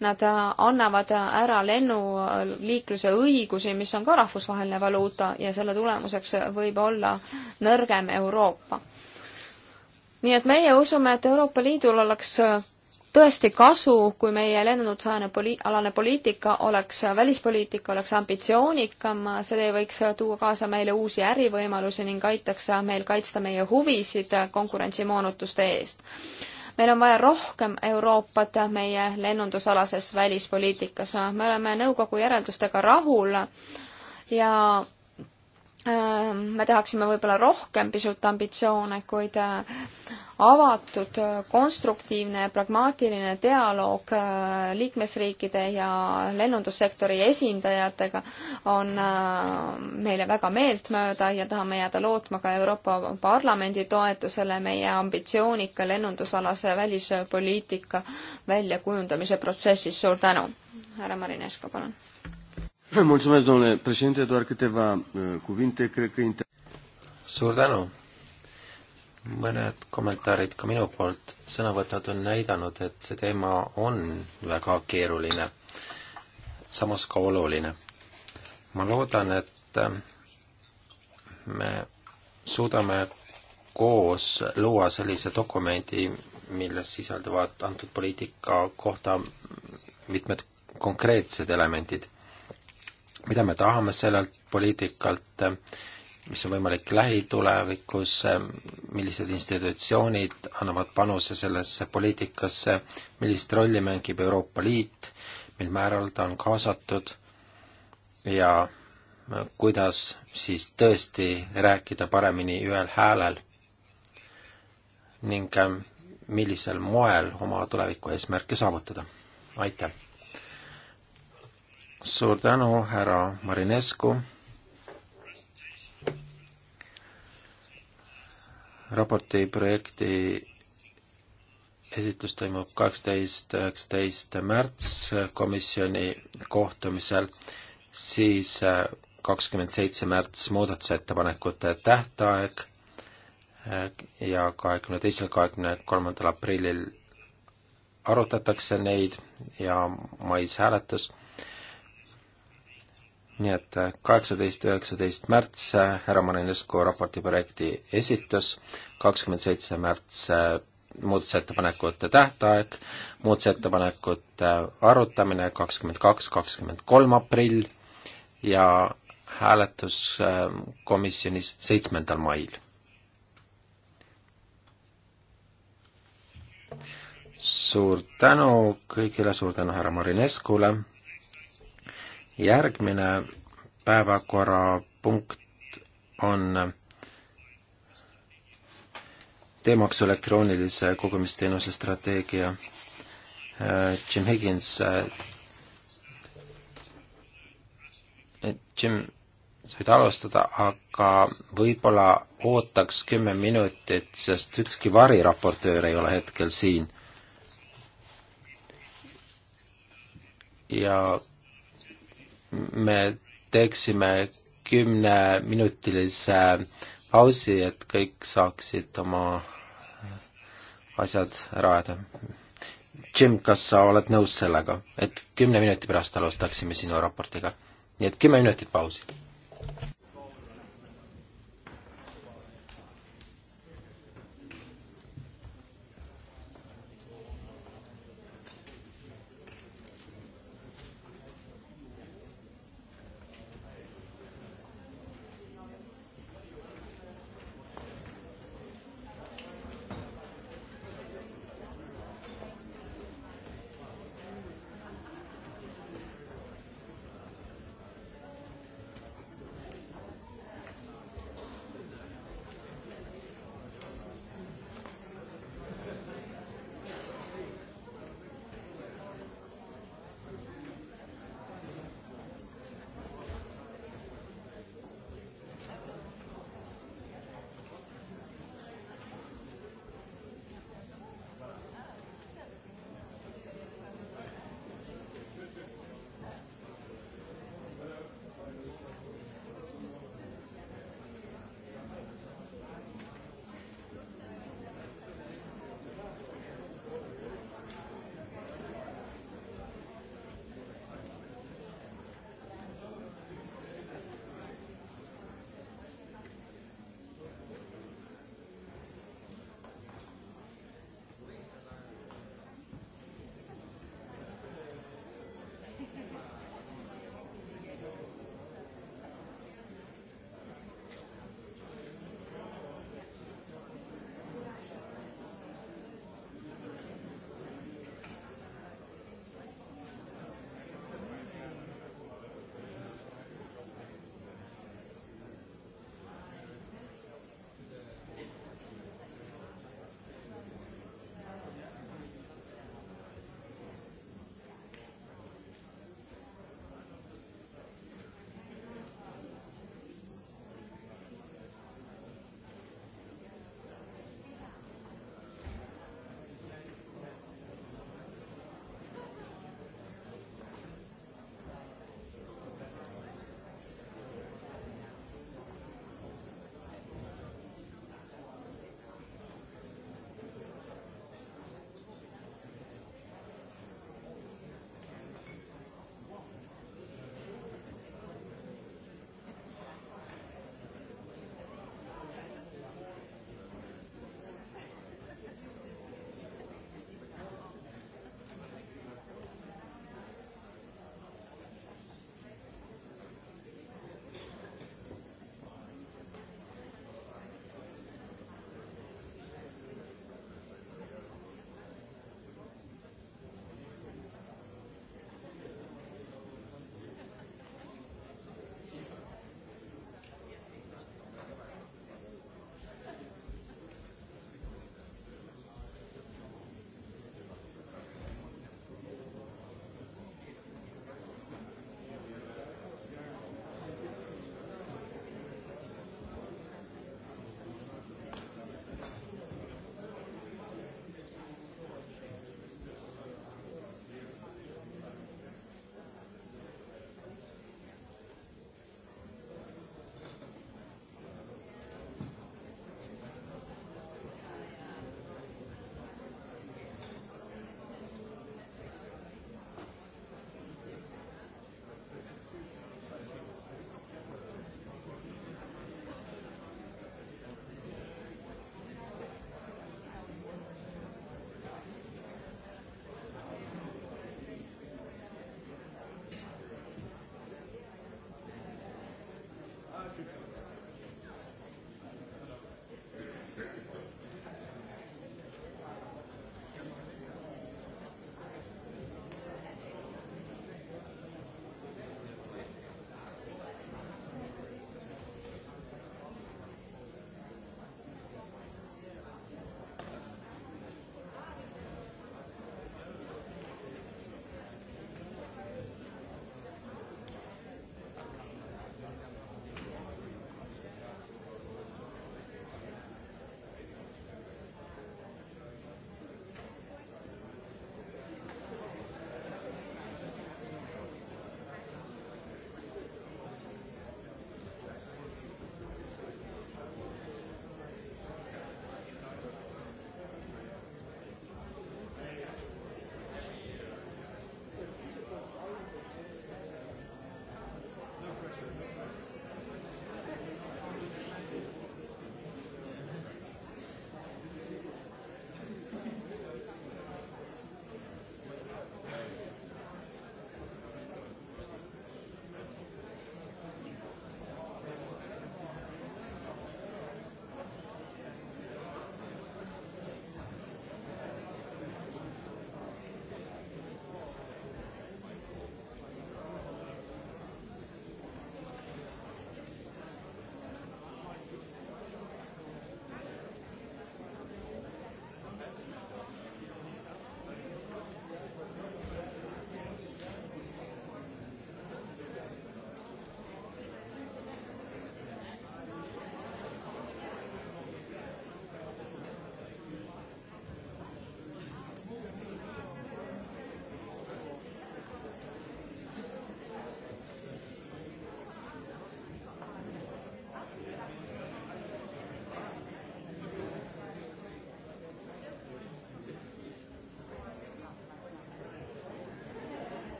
Nad äh, annavad ära lennuliikluse õigusi, mis on ka rahvusvaheline valuuta ja selle tulemuseks võib olla nõrgem Euroopa. nii et meie usume, et Euroopa Liidul oleks tõesti kasu, kui meie lennundusalane poli-, alane poliitika oleks, välispoliitika oleks ambitsioonikam, see võiks tuua kaasa meile uusi ärivõimalusi ning aitaks meil kaitsta meie huvisid konkurentsimoonutuste eest meil on vaja rohkem Euroopat meie lennundusalases välispoliitikas. me oleme nõukogu järeldustega rahul ja Äh, me tahaksime võib-olla rohkem pisut ambitsioone, kuid äh, avatud, äh, konstruktiivne ja pragmaatiline dialoog liikmesriikide ja lennundussektori esindajatega on meile väga meeltmööda ja tahame jääda lootma ka Euroopa Parlamendi toetusele meie ambitsioonika lennundusalase välispoliitika väljakujundamise protsessis. suur tänu, härra Marinesko, palun! Mulțumesc, domnule președinte, doar câteva uh, cuvinte, cred că... Inter... suur tänu! mõned kommentaarid ka minu poolt, sõnavõtjad on näidanud, et see teema on väga keeruline, samas ka oluline. ma loodan, et uh, me suudame koos luua sellise dokumendi, milles sisalduvad antud poliitika kohta mitmed konkreetsed elemendid mida me tahame sellelt poliitikalt, mis on võimalik lähitulevikus, millised institutsioonid annavad panuse sellesse poliitikasse, millist rolli mängib Euroopa Liit, mil määral ta on kaasatud ja kuidas siis tõesti rääkida paremini ühel häälel ning millisel moel oma tuleviku eesmärke saavutada. aitäh! suur tänu, härra Marinescu. raporti projekti esitlus toimub kaksteist, üheksateist märts komisjoni kohtumisel, siis kakskümmend seitse märts muudatusettepanekute tähtaeg ja kahekümne teisel, kahekümne kolmandal aprillil arutatakse neid ja mais hääletus nii et äh, kaheksateist, üheksateist märts äh, härra Marinesko raporti projekti esitus, kakskümmend seitse märts äh, muudatusettepanekute tähtaeg, muudatusettepanekute arutamine kakskümmend kaks, kakskümmend kolm aprill ja hääletus komisjonis seitsmendal mail. suur tänu kõigile, suur tänu härra Marineskule järgmine päevakorrapunkt on teemaks elektroonilise kogumisteenuse strateegia. Jim Higgins, eh, Jim, sa võid alustada, aga võib-olla ootaks kümme minutit, sest ükski variraportöör ei ole hetkel siin. ja me teeksime kümneminutilise pausi, et kõik saaksid oma asjad ära ajada. Jim, kas sa oled nõus sellega, et kümne minuti pärast alustaksime sinu raportiga? nii et kümme minutit pausi.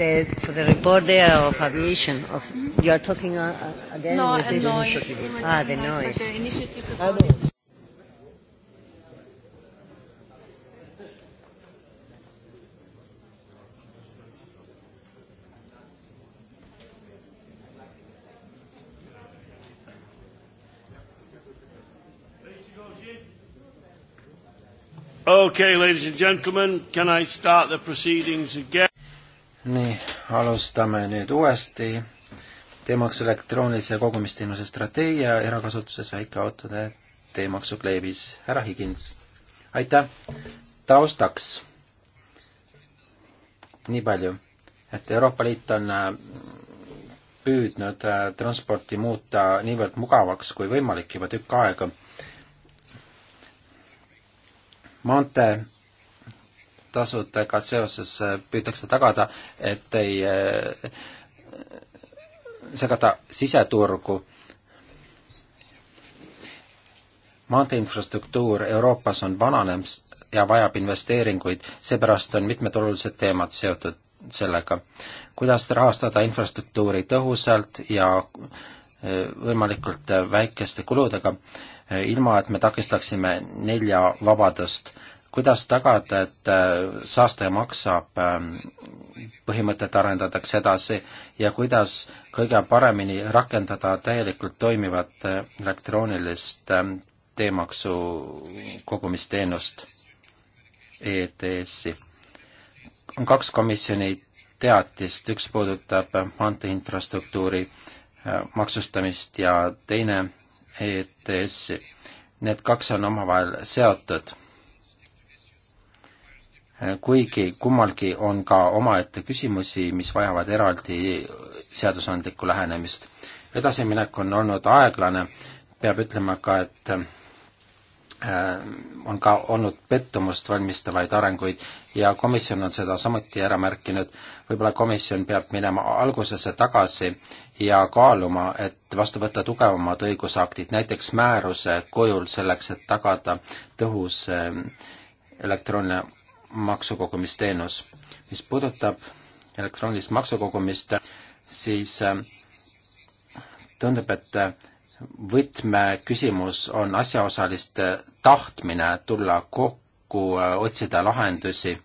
the, for the report there of aviation. Of, you are talking uh, uh again no, with uh, this noise. initiative. Ah, the noise. The initiative ah, no. Okay, ladies and gentlemen, can I start the proceedings again? alustame nüüd uuesti teemaks elektroonilise kogumisteenuse strateegia erakasutuses väikeautode teemaksu kleebis. härra Higins, aitäh! taustaks nii palju, et Euroopa Liit on äh, püüdnud äh, transporti muuta niivõrd mugavaks kui võimalik juba tükk aega. maantee tasudega seoses äh, püütakse tagada, et ei äh, segada siseturgu. maanteeinfrastruktuur Euroopas on vananemas ja vajab investeeringuid, seepärast on mitmed olulised teemad seotud sellega. kuidas rahastada infrastruktuuri tõhusalt ja äh, võimalikult väikeste kuludega, ilma et me takistaksime nelja vabadust kuidas tagada, et äh, saastaja maksab ähm, põhimõtet arendatakse edasi ja kuidas kõige paremini rakendada täielikult toimivat äh, elektroonilist ähm, teemaksu kogumisteenust ETS-i? on kaks komisjoni teatist, üks puudutab äh, maanteeinfrastruktuuri maksustamist ja teine ETS-i. Need kaks on omavahel seotud Äh, kuigi kummalgi on ka omaette küsimusi, mis vajavad eraldi seadusandlikku lähenemist. edasiminek on olnud aeglane, peab ütlema ka, et äh, on ka olnud pettumust valmistavaid arenguid ja komisjon on seda samuti ära märkinud. võib-olla komisjon peab minema algusesse tagasi ja kaaluma, et vastu võtta tugevamad õigusaktid, näiteks määruse kujul selleks, et tagada tõhus äh, elektrooniline maksukogumisteenus. mis puudutab elektroonilist maksukogumist, siis äh, tundub, et äh, võtmeküsimus on asjaosaliste tahtmine tulla kokku, äh, otsida lahendusi,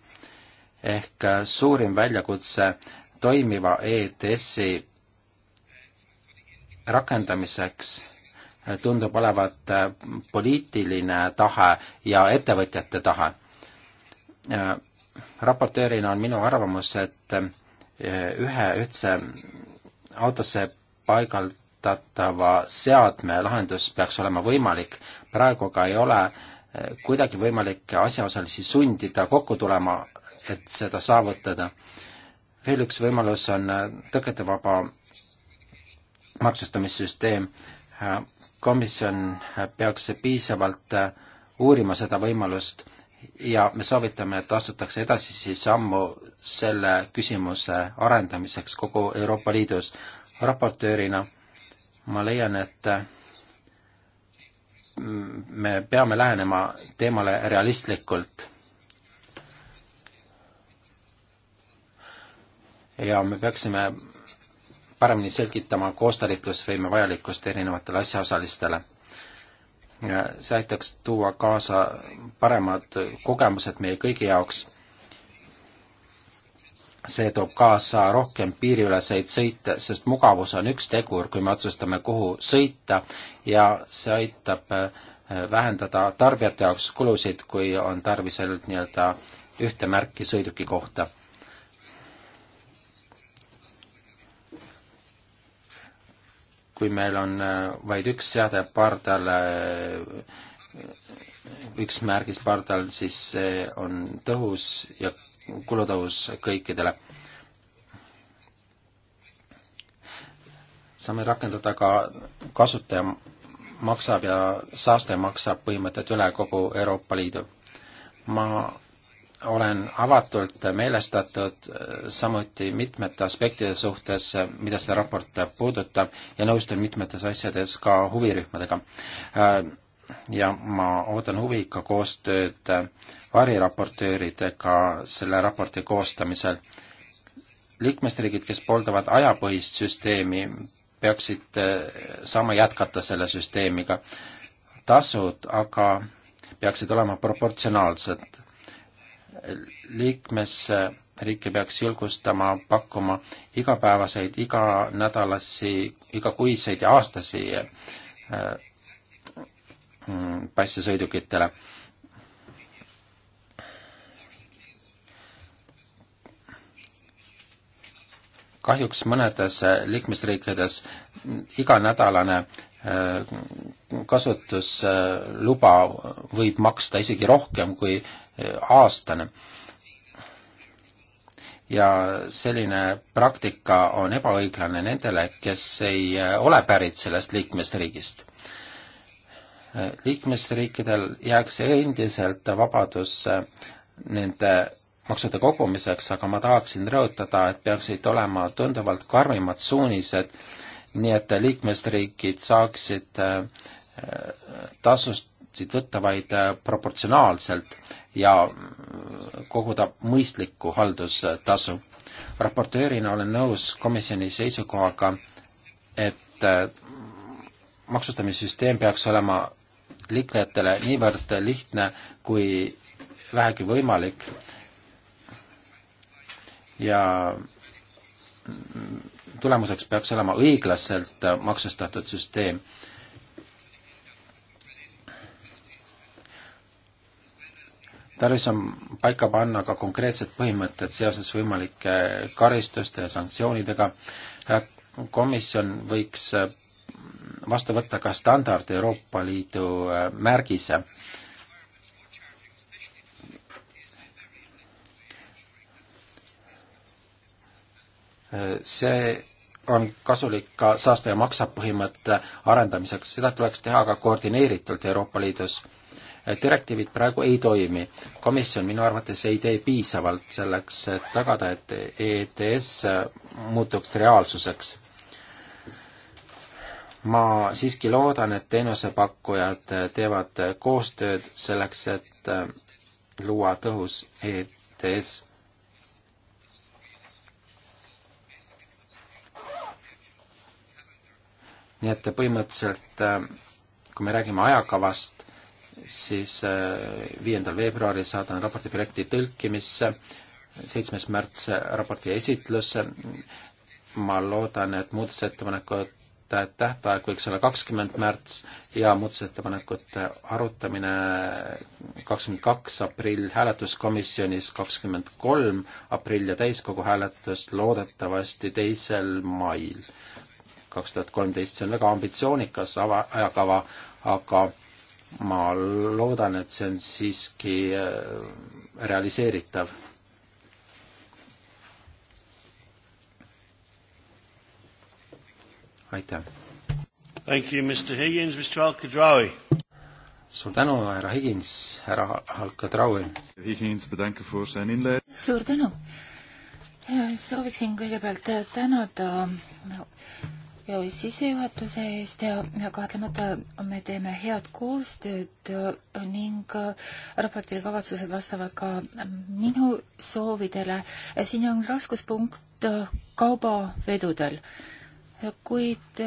ehk suurim väljakutse toimiva EETS-i rakendamiseks tundub olevat poliitiline tahe ja ettevõtjate tahe Äh, raporteerina on minu arvamus, et äh, ühe ühtse autosse paigaldatava seadme lahendus peaks olema võimalik, praegu aga ei ole äh, kuidagi võimalik asjaosalisi sundida kokku tulema, et seda saavutada. veel üks võimalus on tõketevaba maksustamissüsteem. komisjon peaks piisavalt uurima seda võimalust ja me soovitame, et astutakse edasisi sammu selle küsimuse arendamiseks kogu Euroopa Liidus. raportöörina ma leian, et mm, me peame lähenema teemale realistlikult. ja me peaksime paremini selgitama koostalitlusvõime vajalikkust erinevatele asjaosalistele see aitaks tuua kaasa paremad kogemused meie kõigi jaoks. see toob kaasa rohkem piiriüleseid sõite, sest mugavus on üks tegur, kui me otsustame, kuhu sõita ja see aitab äh, vähendada tarbijate jaoks kulusid, kui on tarvis ainult nii-öelda ühte märki sõiduki kohta. kui meil on äh, vaid üks seade pardal, üks märgis pardal, siis see on tõhus ja kulutõhus kõikidele. saame rakendada ka kasutaja maksab ja saaste maksab põhimõtet üle kogu Euroopa Liidu. ma olen avatult meelestatud äh, samuti mitmete aspektide suhtes, äh, mida see raport puudutab ja nõustun mitmetes asjades ka huvirühmadega. Äh, ja ma ootan huviga koostööd variraportööridega selle raporti koostamisel. liikmesriigid, kes pooldavad ajapõhist süsteemi, peaksid saama jätkata selle süsteemiga. tasud aga peaksid olema proportsionaalsed liikmesriike peaks julgustama pakkuma igapäevaseid, iganädalasi, igakuiseid ja aastasi äh, passe sõidukitele. kahjuks mõnedes liikmesriikides iganädalane äh, Äh, kasutusluba võib maksta isegi rohkem kui äh, aastane. ja selline praktika on ebaõiglane nendele, kes ei äh, ole pärit sellest liikmesriigist. liikmesriikidel jääks endiselt vabadus nende maksude kogumiseks, aga ma tahaksin rõhutada, et peaksid olema tunduvalt karmimad suunised äh, nii et äh, liikmesriigid saaksid äh, äh, tasusid võtta vaid proportsionaalselt ja koguda mõistlikku haldustasu. raportöörina olen nõus komisjoni seisukohaga, et maksustamissüsteem peaks olema liiklejatele niivõrd lihtne kui vähegi võimalik ja mm, tulemuseks peaks olema õiglaselt äh, maksustatud süsteem. tarvis on paika panna ka konkreetsed põhimõtted seoses võimalike karistuste ja sanktsioonidega. komisjon võiks äh, vastu võtta ka standard Euroopa Liidu äh, märgise see on kasulik ka saastaja maksab põhimõtte arendamiseks, seda tuleks teha aga koordineeritult Euroopa Liidus. direktiivid praegu ei toimi. komisjon minu arvates ei tee piisavalt selleks, et tagada, et EETS muutuks reaalsuseks ma siiski loodan, et teenusepakkujad teevad koostööd selleks, et luua tõhus ETS. nii et põhimõtteliselt äh, kui me räägime ajakavast, siis äh, viiendal veebruaril saadan raporti projekti tõlkimisse, seitsmes märts raporti esitlusse, ma loodan, et muudatusettepanekute tähtaeg võiks olla kakskümmend märts ja muudatusettepanekute arutamine kakskümmend kaks aprill hääletuskomisjonis, kakskümmend kolm aprill ja täiskogu hääletus loodetavasti teisel mail kaks tuhat kolmteist, see on väga ambitsioonikas ava, ajakava, aga ma loodan, et see on siiski äh, realiseeritav. aitäh! Thank you, Mr Higins, Mr Al-Kadrawi. suur tänu, härra Higins, härra Al-Kadrawi. Higins, bedanke for sein inle-. suur tänu. sooviksin kõigepealt tänada no, sissejuhatuse eest ja kahtlemata me teeme head koostööd äh, ning äh, raportil kavatsused vastavad ka äh, minu soovidele. siin on raskuspunkt kaubavedudel, kuid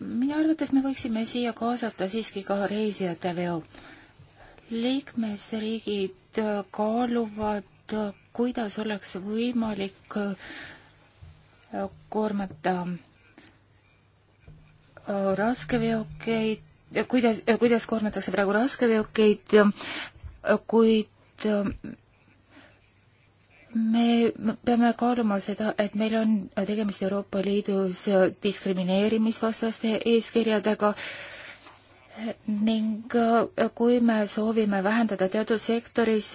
minu arvates me võiksime siia kaasata siiski ka reisijate veo. liikmesriigid kaaluvad, kuidas oleks võimalik koormata äh, raskeveokeid, kuidas, kuidas koormatakse praegu raskeveokeid, äh, kuid äh, me peame kaaluma seda, et meil on tegemist Euroopa Liidus diskrimineerimisvastaste eeskirjadega ning kui me soovime vähendada teatud sektoris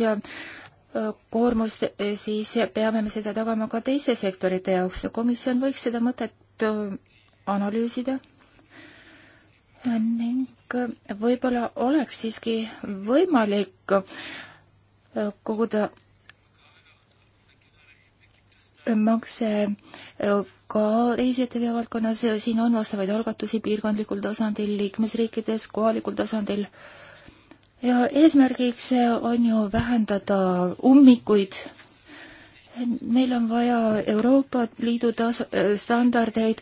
koormust, siis peame me seda tagama ka teiste sektorite jaoks. komisjon võiks seda mõtet analüüsida ning võib-olla oleks siiski võimalik koguda makse ka reisijateveo valdkonnas, siin on vastavaid algatusi piirkondlikul tasandil, liikmesriikides, kohalikul tasandil äh, ja eesmärgiks on ju vähendada ummikuid. meil on vaja Euroopa Liidu tas-, standardeid,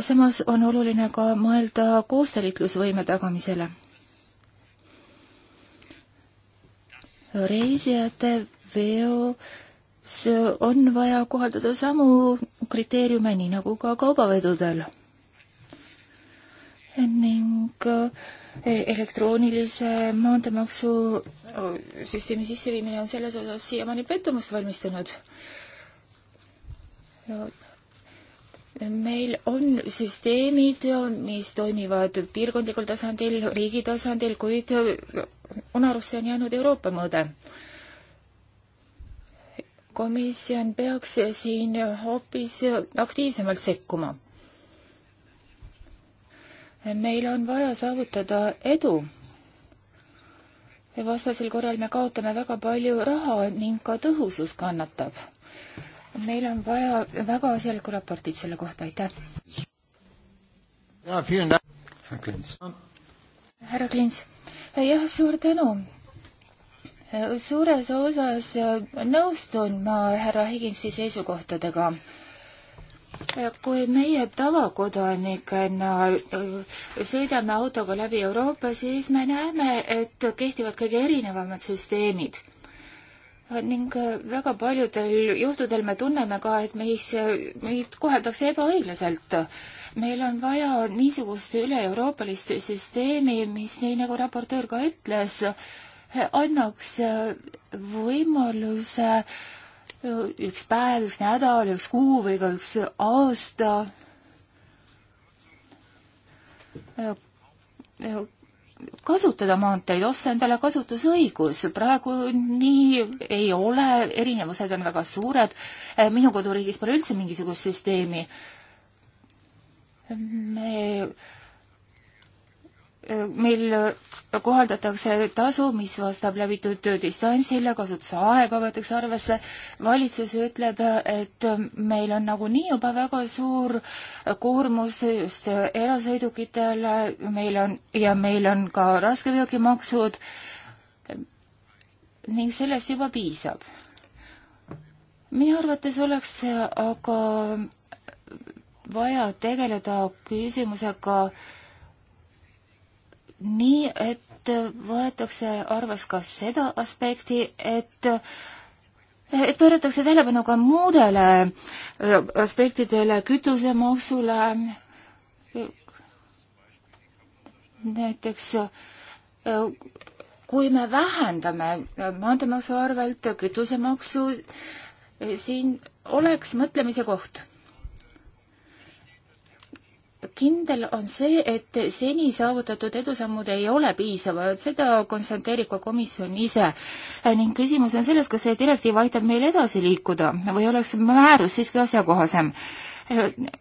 samas on oluline ka mõelda koostalitlusvõime tagamisele. reisijate veos on vaja kohaldada samu kriteeriume, nii nagu ka kaubavedudel. ning äh, elektroonilise maanteemaksu oh, süsteemi sisseviimine on selles osas siiamaani pettumust valmistanud. meil on süsteemid, mis toimivad piirkondlikul tasandil, riigi tasandil, kuid unarusse on jäänud Euroopa mõõde komisjon peaks siin hoopis aktiivsemalt sekkuma meil on vaja saavutada edu. vastasel korral me kaotame väga palju raha ning ka tõhusus kannatab. meil on vaja väga asjalikku raportit selle kohta, aitäh. härra Klints. härra Klints, jah, suur tänu suures osas nõustun ma härra Higinsi seisukohtadega kui meie tavakodanikena äh, sõidame autoga läbi Euroopa, siis me näeme, et kehtivad kõige erinevamad süsteemid. ning äh, väga paljudel juhtudel me tunneme ka, et meis, äh, meid koheldakse ebaõiglaselt. meil on vaja niisugust üle-euroopalist süsteemi, mis nii nagu raportöör ka ütles, annaks võimaluse äh, üks päev, üks nädal, üks kuu või ka üks aasta. kasutada maanteid, osta endale kasutusõigus, praegu nii ei ole, erinevused on väga suured. minu koduriigis pole üldse mingisugust süsteemi. me mil kohaldatakse tasu, mis vastab läbitud töödistantsile, kasutuse aega võetakse arvesse. valitsus ütleb, et meil on nagunii juba väga suur koormus just erasõidukitele, meil on ja meil on ka raskeveokimaksud ning sellest juba piisab. minu arvates oleks aga vaja tegeleda küsimusega äh, nii, et võetakse arves ka seda aspekti, et et pööratakse tähelepanu ka muudele äh, aspektidele, kütusemaksule, näiteks äh, kui me vähendame maanteemaksu arvelt kütusemaksu, siin oleks mõtlemise koht kindel on see, et seni saavutatud edusammud ei ole piisavad, seda konstateerib ka komisjon ise. ning küsimus on selles, kas see direktiiv aitab meil edasi liikuda või oleks määrus siiski asjakohasem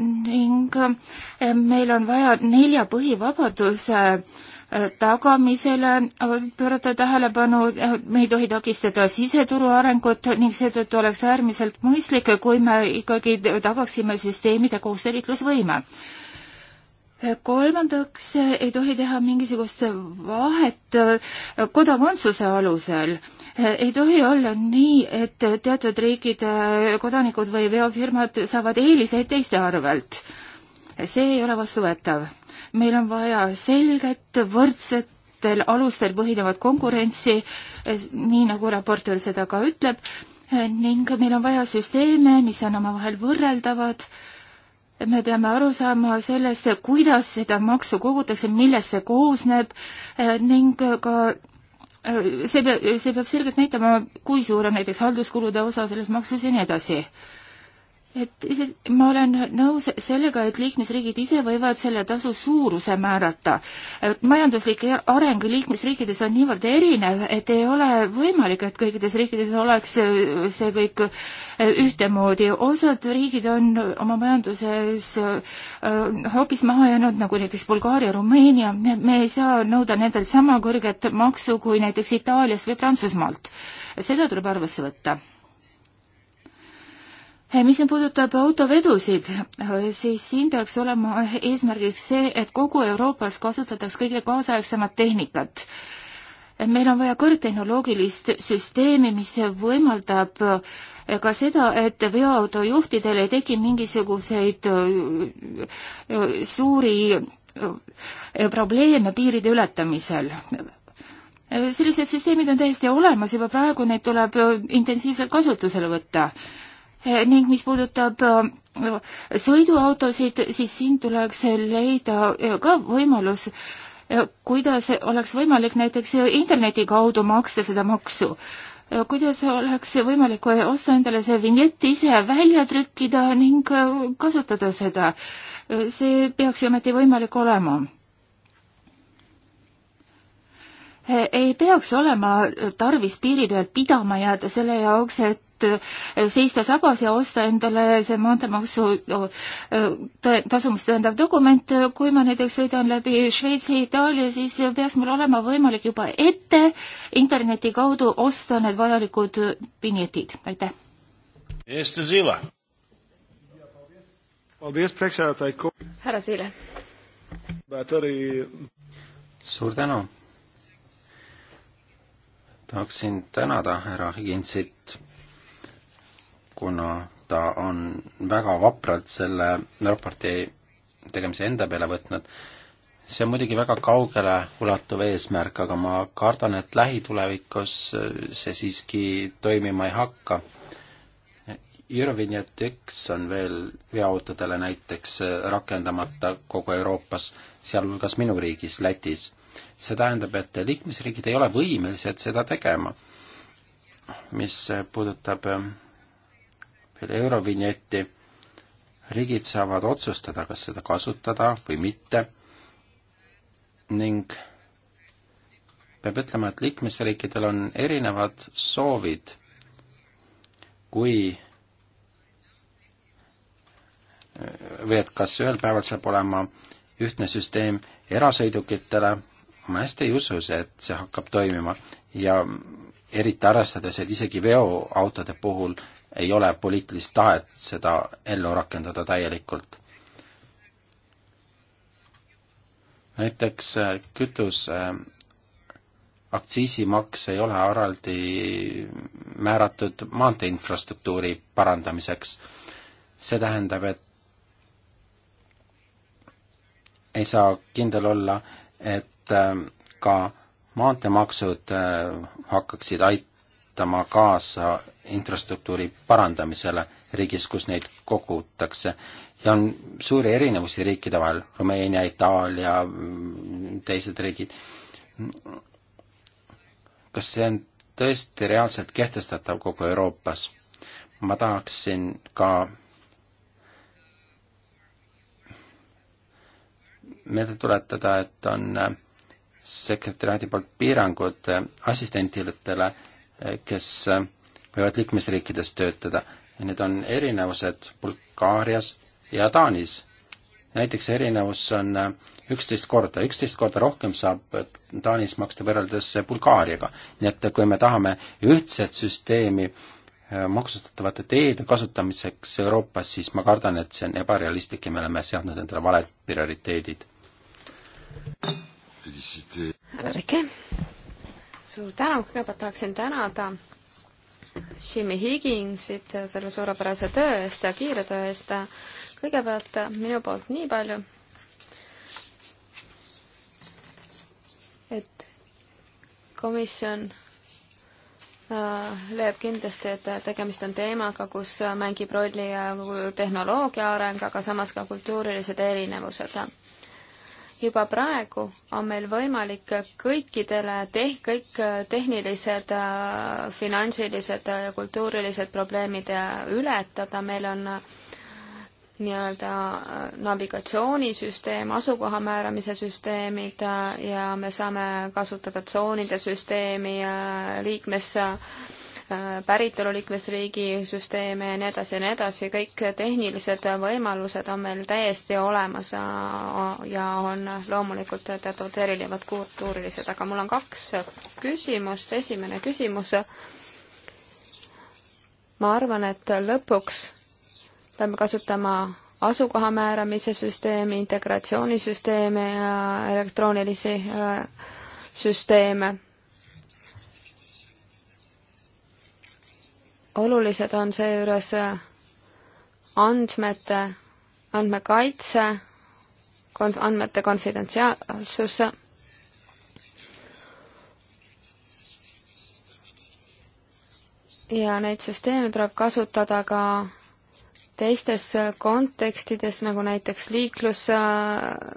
ning meil on vaja nelja põhivabaduse tagamisele pöörata tähelepanu, me ei tohi takistada siseturu arengut ning seetõttu oleks äärmiselt mõistlik, kui me ikkagi tagaksime süsteemide koos tervitlusvõime kolmandaks ei tohi teha mingisugust vahet eh, kodakondsuse alusel. Eh, ei tohi olla nii, et teatud riikide kodanikud või veofirmad saavad eeliseid teiste arvelt. see ei ole vastuvõetav. meil on vaja selget, võrdset alustel põhinevat konkurentsi, eh, nii nagu raportöör seda ka ütleb, ning meil on vaja süsteeme, mis on omavahel võrreldavad äh, me peame aru saama sellest, kuidas seda maksu kogutakse, millest see koosneb eh, ning ka eh, see peab, see peab selgelt näitama, kui suur on näiteks halduskulude osa selles maksus ja nii edasi et ma olen nõus sellega, et liikmesriigid ise võivad selle tasu suuruse määrata. majanduslik areng liikmesriikides on niivõrd erinev, et ei ole võimalik, et kõikides riikides oleks see kõik ühtemoodi. osad riigid on oma majanduses äh, hoopis maha jäänud, nagu näiteks Bulgaaria, Rumeenia. me ei saa nõuda nendelt sama kõrget maksu kui näiteks Itaaliast või Prantsusmaalt. seda tuleb arvesse võtta Eh, mis nüüd puudutab autovedusid, eh, siis siin peaks olema eesmärgiks see, et kogu Euroopas kasutataks kõige kaasaegsemat tehnikat. Eh, meil on vaja kõrgtehnoloogilist süsteemi, mis võimaldab ka seda, et veoautojuhtidel ei teki mingisuguseid suuri probleeme piiride ületamisel sellised süsteemid on täiesti olemas, juba praegu neid tuleb intensiivselt kasutusele võtta. Eh, ning mis puudutab eh, sõiduautosid, siis siin tuleks leida eh, ka võimalus, kuidas oleks võimalik näiteks interneti kaudu maksta seda maksu kuidas oleks võimalik osta endale see vinjett ise välja trükkida ning kasutada seda. see peaks ju ometi võimalik olema. ei peaks olema tarvis piiri peal pidama jääda selle jaoks, et Äh, seista sabas ja osta endale see maanteemaksu äh, tasumust tõendav dokument. kui ma näiteks sõidan läbi Šveitsi, Itaalia, siis peaks mul olema võimalik juba ette interneti kaudu osta need vajalikud vinjetid. Äh, aitäh. Eesti Zila. härra Zile. suur tänu tahaksin tänada härra Higinsit kuna ta on väga vapralt selle raporti tegemise enda peale võtnud. see on muidugi väga kaugele ulatuv eesmärk, aga ma kardan, et lähitulevikus see siiski toimima ei hakka. Eurovinjet üks on veel veoautodele näiteks rakendamata kogu Euroopas, sealhulgas minu riigis, Lätis. see tähendab, et liikmesriigid ei ole võimelised seda tegema. mis puudutab veel Eurovinjetti, riigid saavad otsustada, kas seda kasutada või mitte ning peab ütlema, et liikmesriikidel on erinevad soovid, kui või et kas ühel päeval saab olema ühtne süsteem erasõidukitele, ma hästi ei usu see, et see hakkab toimima ja eriti arvestades, et isegi veoautode puhul ei ole poliitilist tahet seda ellu rakendada täielikult. näiteks äh, kütus äh, aktsiisimaks ei ole eraldi määratud maanteeinfrastruktuuri parandamiseks. see tähendab, et ei saa kindel olla, et äh, ka maanteemaksud hakkaksid ait-, aitama kaasa infrastruktuuri parandamisele riigis, kus neid kogutakse. ja on suuri erinevusi riikide vahel, Rumeenia, Itaalia, mm, teised riigid. kas see on tõesti reaalselt kehtestatav kogu Euroopas? ma tahaksin ka meelde tuletada, et on äh, sekretäriaadi poolt piirangud äh, assistentidele kes äh, võivad liikmesriikides töötada ja need on erinevused Bulgaarias ja Taanis. näiteks erinevus on äh, üksteist korda, üksteist korda rohkem saab Taanis maksta võrreldes äh, Bulgaariaga. nii et kui me tahame ühtset süsteemi maksustatavate teede kasutamiseks Euroopas, siis ma kardan, et see on ebarealistlik ja me oleme seadnud endale valed prioriteedid. härra Rike suur tänu, kõigepealt tahaksin tänada Jimmy Higginsit selle suurepärase töö eest ja kiire töö eest. kõigepealt minu poolt nii palju, et komisjon äh, leiab kindlasti, et tegemist on teemaga, kus mängib rolli tehnoloogia areng, aga samas ka kultuurilised erinevused juba praegu on meil võimalik kõikidele teh-, kõik äh, tehnilised, äh, finantsilised ja kultuurilised probleemid äh, ületada, meil on nii-öelda navigatsioonisüsteem, asukoha määramise süsteemid ja me saame kasutada tsoonide süsteemi liikmes- Äh, päritolu liikmesriigi süsteeme ja nii edasi ja nii edasi, kõik tehnilised võimalused on meil täiesti olemas äh, ja on loomulikult teatud erinevad kultuurilised, aga mul on kaks küsimust, esimene küsimus, ma arvan, et lõpuks peame kasutama asukoha määramise süsteemi, integratsioonisüsteeme ja elektroonilisi äh, süsteeme olulised on seejuures andmete, andmekaitse, andmete konfidentsiaalsus ja neid süsteeme tuleb kasutada ka teistes kontekstides, nagu näiteks liiklus äh,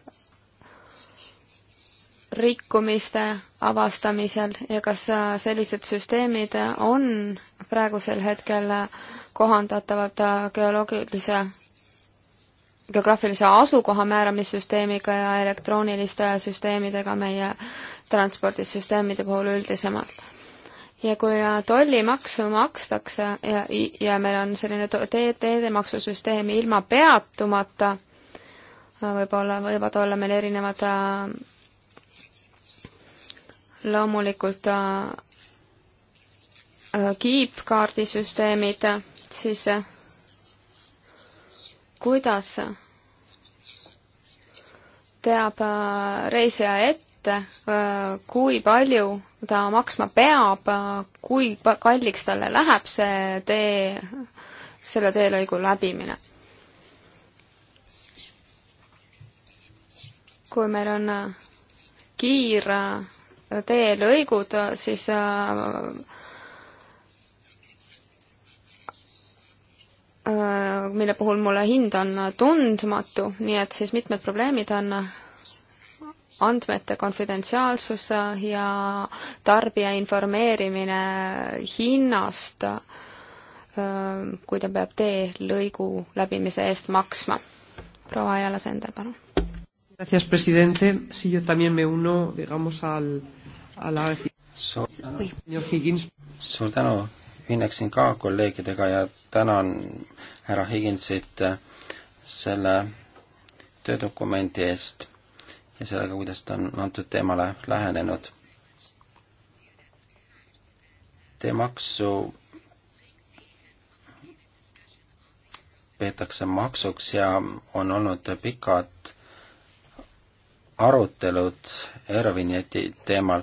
rikkumiste avastamisel ja kas äh, sellised süsteemid on praegusel hetkel kohandatavad äh, geoloogilise, geograafilise asukoha määramissüsteemiga ja elektrooniliste süsteemidega meie transpordisüsteemide puhul üldisemalt. ja kui äh, tollimaksu makstakse ja, ja meil on selline teede, teedemaksusüsteem ilma peatumata, võib-olla, võivad olla meil erinevad loomulikult äh, äh, kiipkaardisüsteemid, siis äh, kuidas teab reisija ette, kui palju ta maksma peab, kui kalliks talle läheb see tee, selle teelõigu läbimine. kui meil on kiir teelõigud, siis äh, äh, mille puhul mulle hind on tundmatu, nii et siis mitmed probleemid on andmete konfidentsiaalsus ja tarbija informeerimine hinnast, äh, kui ta peab teelõigu läbimise eest maksma. proua Ajala Sender, palun. Gracias, presidente. Si yo también me uno, digamos, al suur tänu, suur tänu, ühineksin ka kolleegidega ja tänan härra Higinsit äh, selle töödokumendi eest ja sellega, kuidas ta on antud teemale lähenenud. teemaksu peetakse maksuks ja on olnud pikad arutelud Eurovinjeti teemal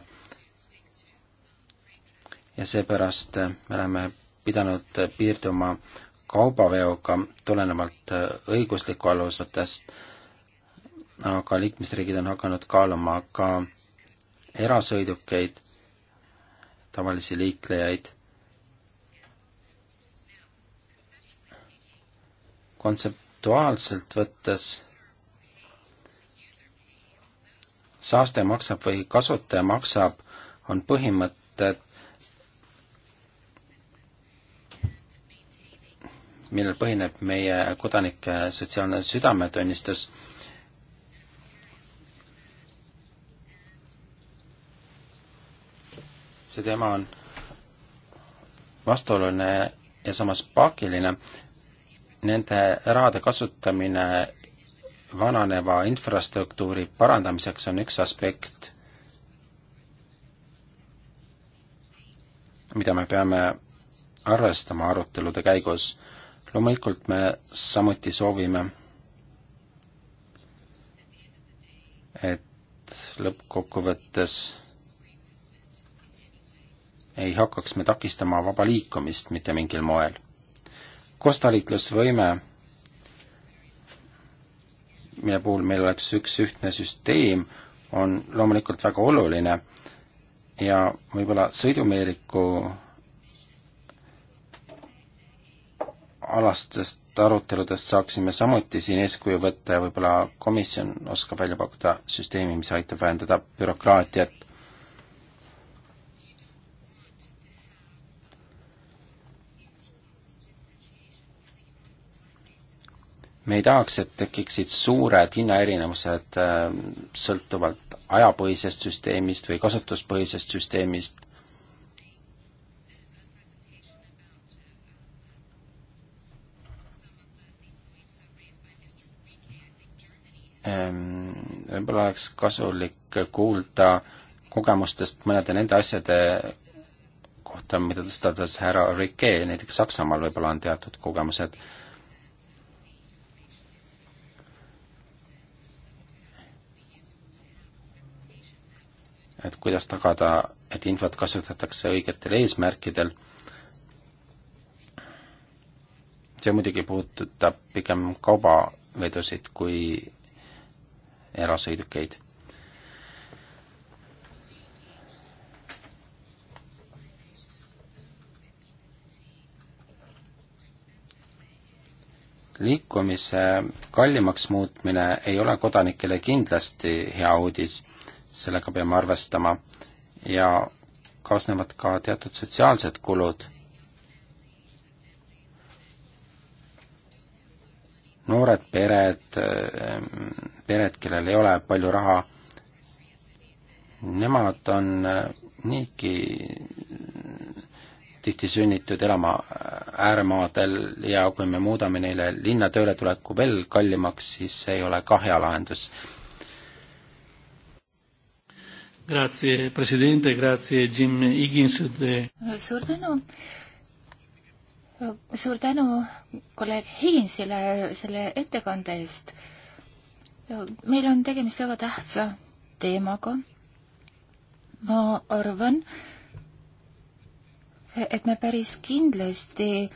ja seepärast äh, me oleme pidanud äh, piirduma kaubaveoga tulenevalt äh, õigusliku alusest, aga liikmesriigid on hakanud kaaluma ka erasõidukeid, tavalisi liiklejaid. kontseptuaalselt võttes saaste maksab või kasutaja maksab, on põhimõtted, millel põhineb meie kodanike sotsiaalne südametunnistus. see teema on vastuoluline ja samas paakiline. Nende rahade kasutamine vananeva infrastruktuuri parandamiseks on üks aspekt, mida me peame arvestama arutelude käigus loomulikult me samuti soovime, et lõppkokkuvõttes ei hakkaks me takistama vaba liikumist mitte mingil moel. kostaliitlusvõime, mille puhul meil oleks üks ühtne süsteem, on loomulikult väga oluline ja võib-olla sõidumeeriku alastest aruteludest saaksime samuti siin eeskuju võtta ja võib-olla komisjon oskab välja pakkuda süsteemi, mis aitab vähendada bürokraatiat. me ei tahaks, et tekiksid suured hinnaerinevused äh, sõltuvalt ajapõhisest süsteemist või kasutuspõhisest süsteemist Ehm, võib-olla oleks kasulik kuulda kogemustest mõnede nende asjade kohta, mida tõstatas härra Rike, näiteks Saksamaal võib-olla on teatud kogemused. et kuidas tagada, et infot kasutatakse õigetel eesmärkidel see muidugi puudutab pigem kaubavedusid kui erasõidukeid. liikumise kallimaks muutmine ei ole kodanikele kindlasti hea uudis, sellega peame arvestama, ja kaasnevad ka teatud sotsiaalsed kulud noored pered, pered, kellel ei ole palju raha, nemad on niigi tihti sunnitud elama ääremaadel ja kui me muudame neile linna tööletuleku veel kallimaks, siis see ei ole ka hea lahendus. suur tänu suur tänu kolleeg Higinsile selle ettekande eest. meil on tegemist väga tähtsa teemaga. ma arvan, et me päris kindlasti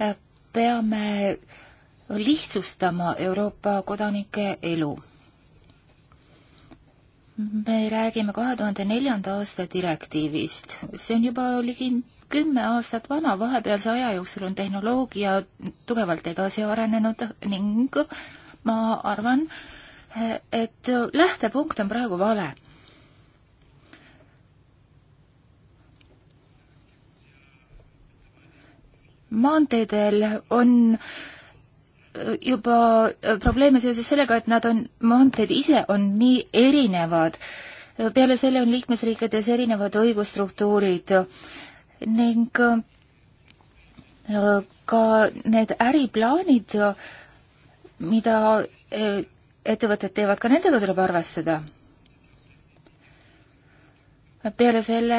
äh, peame lihtsustama Euroopa kodanike elu. me räägime kahe tuhande neljanda aasta direktiivist, see on juba ligi kümme aastat vana, vahepealse aja jooksul on tehnoloogia tugevalt edasi arenenud ning ma arvan, et lähtepunkt on praegu vale maanteedel on juba probleeme seoses sellega, et nad on, maanteed ise on nii erinevad. peale selle on liikmesriikides erinevad õigusstruktuurid ning äh, ka need äriplaanid, mida äh, ettevõtted teevad, ka nendega tuleb arvestada. peale selle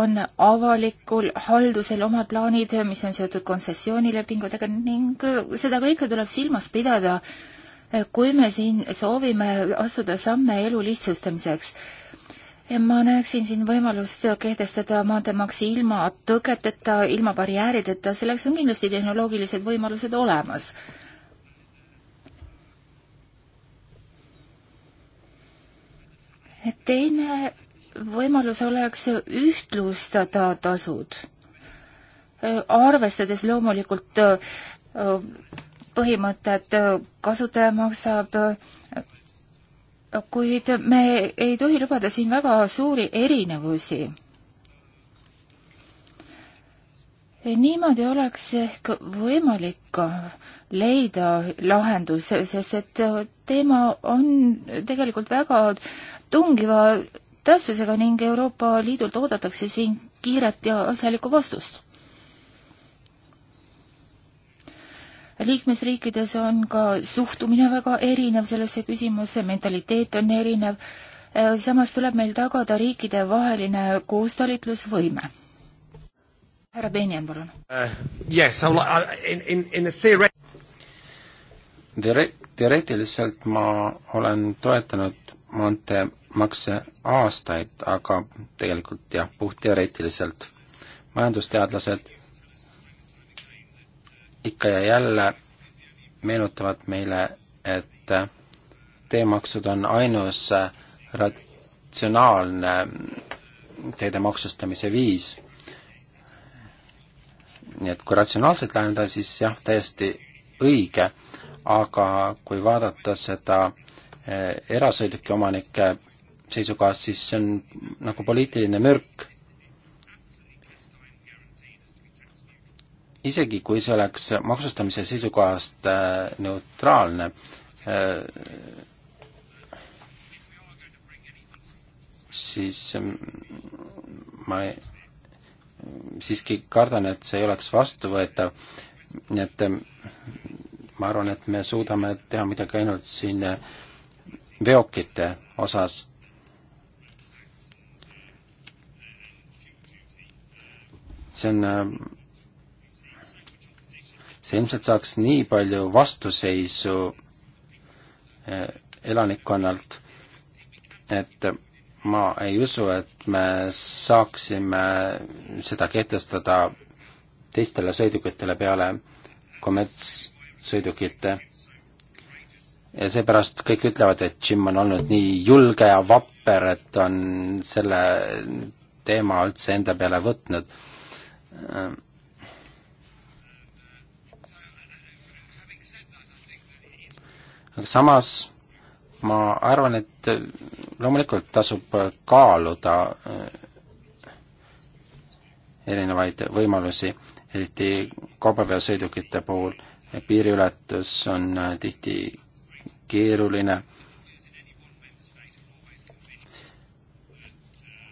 on avalikul haldusel omad plaanid, mis on seotud kontsessioonilepingutega ning seda kõike tuleb silmas pidada, kui me siin soovime astuda samme elu lihtsustamiseks ma näeksin siin võimalust kehtestada maanteemaksi ilma tõketeta, ilma barjäärideta, selleks on kindlasti tehnoloogilised võimalused olemas. teine võimalus oleks ühtlustada tasud, arvestades loomulikult äh, põhimõtet kasutaja maksab kuid me ei tohi lubada siin väga suuri erinevusi. niimoodi oleks ehk võimalik leida lahendus, sest et teema on tegelikult väga tungiva tähtsusega ning Euroopa Liidult oodatakse siin kiiret ja asjalikku vastust liikmesriikides on ka suhtumine väga erinev sellesse küsimusse, mentaliteet on erinev, äh, samas tuleb meil tagada riikidevaheline koostalitlusvõime. härra Benjan, palun uh,. Yes, uh, in, in, in theoret-... Teore-, teoreetiliselt ma olen toetanud maanteemakse aastaid, aga tegelikult jah, puhtteoreetiliselt. majandusteadlased ikka ja jälle meenutavad meile, et teemaksud on ainus ratsionaalne teede maksustamise viis. nii et kui ratsionaalselt läheneda, siis jah, täiesti õige, aga kui vaadata seda eh, erasõidukiomanike seisukohast, siis see on nagu poliitiline mürk isegi kui see oleks maksustamise seisukohast äh, neutraalne, äh, siis ähm, ma siiski kardan, et see ei oleks vastuvõetav, nii et ähm, ma arvan, et me suudame teha midagi ainult siin äh, veokite osas. see on ähm, see ilmselt saaks nii palju vastuseisu eh, elanikkonnalt, et ma ei usu, et me saaksime seda kehtestada teistele sõidukitele peale kommertssõidukite. ja seepärast kõik ütlevad, et Jim on olnud nii julge ja vapper, et on selle teema üldse enda peale võtnud ehm, aga samas ma arvan, et loomulikult tasub kaaluda äh, erinevaid võimalusi, eriti kaubaveosõidukite puhul piiriületus on äh, tihti keeruline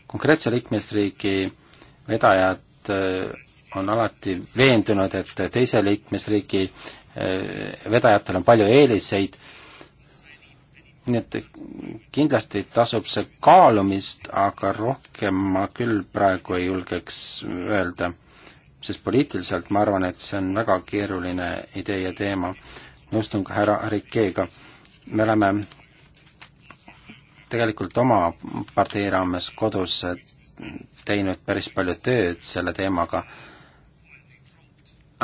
konkreetse liikmesriigi vedajad äh, on alati veendunud, et teise liikmesriigi Äh, vedajatel on palju eeliseid, nii et kindlasti tasub see kaalumist, aga rohkem ma küll praegu ei julgeks öelda, sest poliitiliselt ma arvan, et see on väga keeruline idee ja teema. nõustun ka härra Rikeega, me oleme tegelikult oma partei raames kodus teinud päris palju tööd selle teemaga,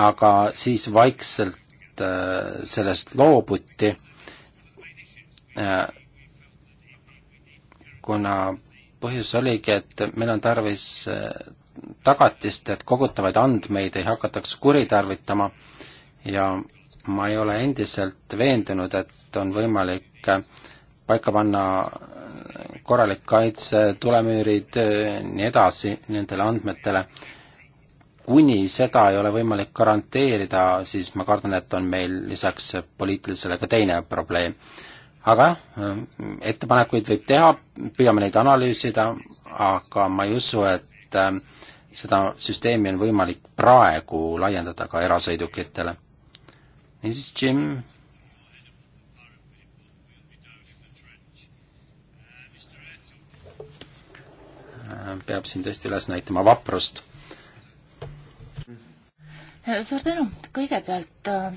aga siis vaikselt et äh, sellest loobuti, äh, kuna põhjus oligi, et meil on tarvis äh, tagatist, et kogutavaid andmeid ei hakataks kuritarvitama ja ma ei ole endiselt veendunud, et on võimalik paika panna korralik kaitse, tulemüürid, nii edasi nendele andmetele kuni seda ei ole võimalik garanteerida, siis ma kardan, et on meil lisaks poliitilisele ka teine probleem. aga jah, äh, ettepanekuid võib teha, püüame neid analüüsida, aga ma ei usu, et äh, seda süsteemi on võimalik praegu laiendada ka erasõidukitele. niisiis, Jim, äh, peab siin tõesti üles näitama vaprust suur tänu, kõigepealt äh,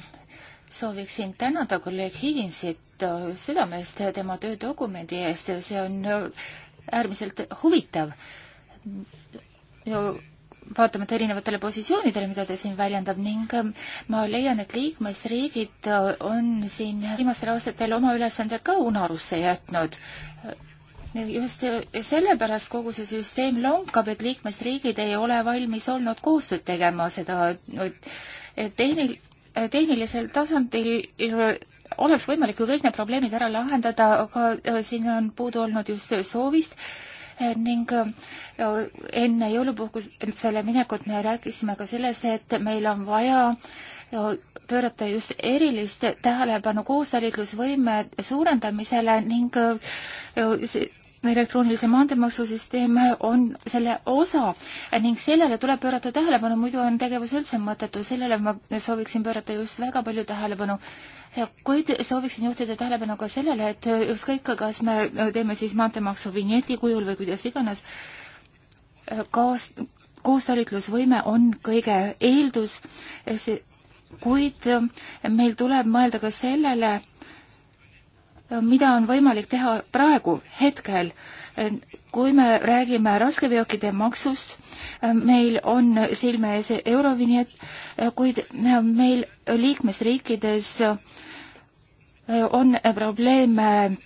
sooviksin tänada kolleeg Higinsit äh, südamest tema töödokumendi eest, see on äh, äärmiselt huvitav. vaatamata erinevatele positsioonidele, mida ta siin väljendab ning ma leian, et liikmesriigid on siin viimastel aastatel oma ülesanded ka unarusse jätnud just sellepärast kogu see süsteem lonkab, et liikmesriigid ei ole valmis olnud koostööd tegema seda tehnil-, tehnilisel tasandil oleks võimalik ju kõik need probleemid ära lahendada, aga äh, siin on puudu olnud just soovist ning äh, enne jõulupuhkusele minekut me rääkisime ka sellest, et meil on vaja äh, pöörata just erilist tähelepanu koostalitlusvõime suurendamisele ning elektroonilise maanteemaksusüsteem on selle osa ning sellele tuleb pöörata tähelepanu, muidu on tegevus üldse mõttetu, sellele ma sooviksin pöörata just väga palju tähelepanu. kuid sooviksin juhtida tähelepanu ka sellele, et ükskõik, kas me teeme siis maanteemaksu vinjeti kujul või kuidas iganes, kaas-, koostalitlusvõime on kõige eeldus, kuid meil tuleb mõelda ka sellele, mida on võimalik teha praegu, hetkel. kui me räägime raskeveokite maksust, meil on silme ees Eurovinjet, kuid meil liikmesriikides on probleeme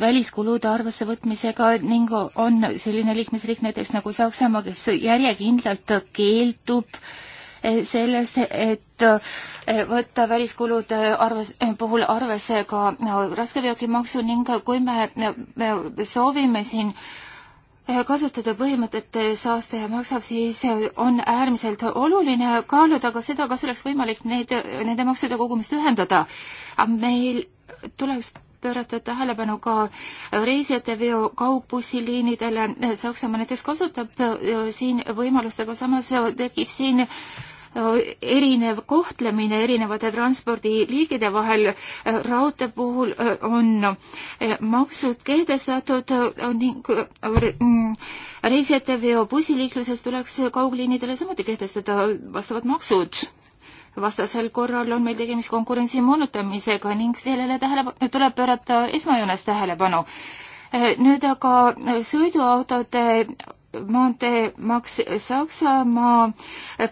väliskulude arvessevõtmisega ning on selline liikmesriik näiteks nagu Saksamaa, kes järjekindlalt keeldub äh, sellest, et eh, võtta väliskulude eh, arves, eh, puhul arvesse ka raskeveokimaksu ning kui me, me soovime siin kasutada põhimõtet saastaja maksab, siis on äärmiselt oluline kaaluda ka seda, kas oleks võimalik neid, nende maksude kogumist ühendada. meil tuleks pöörata tähelepanu ka reisijate veo kaugbussiliinidele. Saksamaa näiteks kasutab siin võimalust, aga samas tekib siin erinev kohtlemine erinevate transpordiliigide vahel. raudtee puhul äh, on äh, maksud kehtestatud äh, ning mm, reisijate veo bussiliikluses tuleks kaugliinidele samuti kehtestada vastavad maksud vastasel korral on meil tegemist konkurentsi moonutamisega ning sellele tähelepanu, tuleb pöörata esmajoones tähelepanu. nüüd aga sõiduautode maanteemaks Saksamaa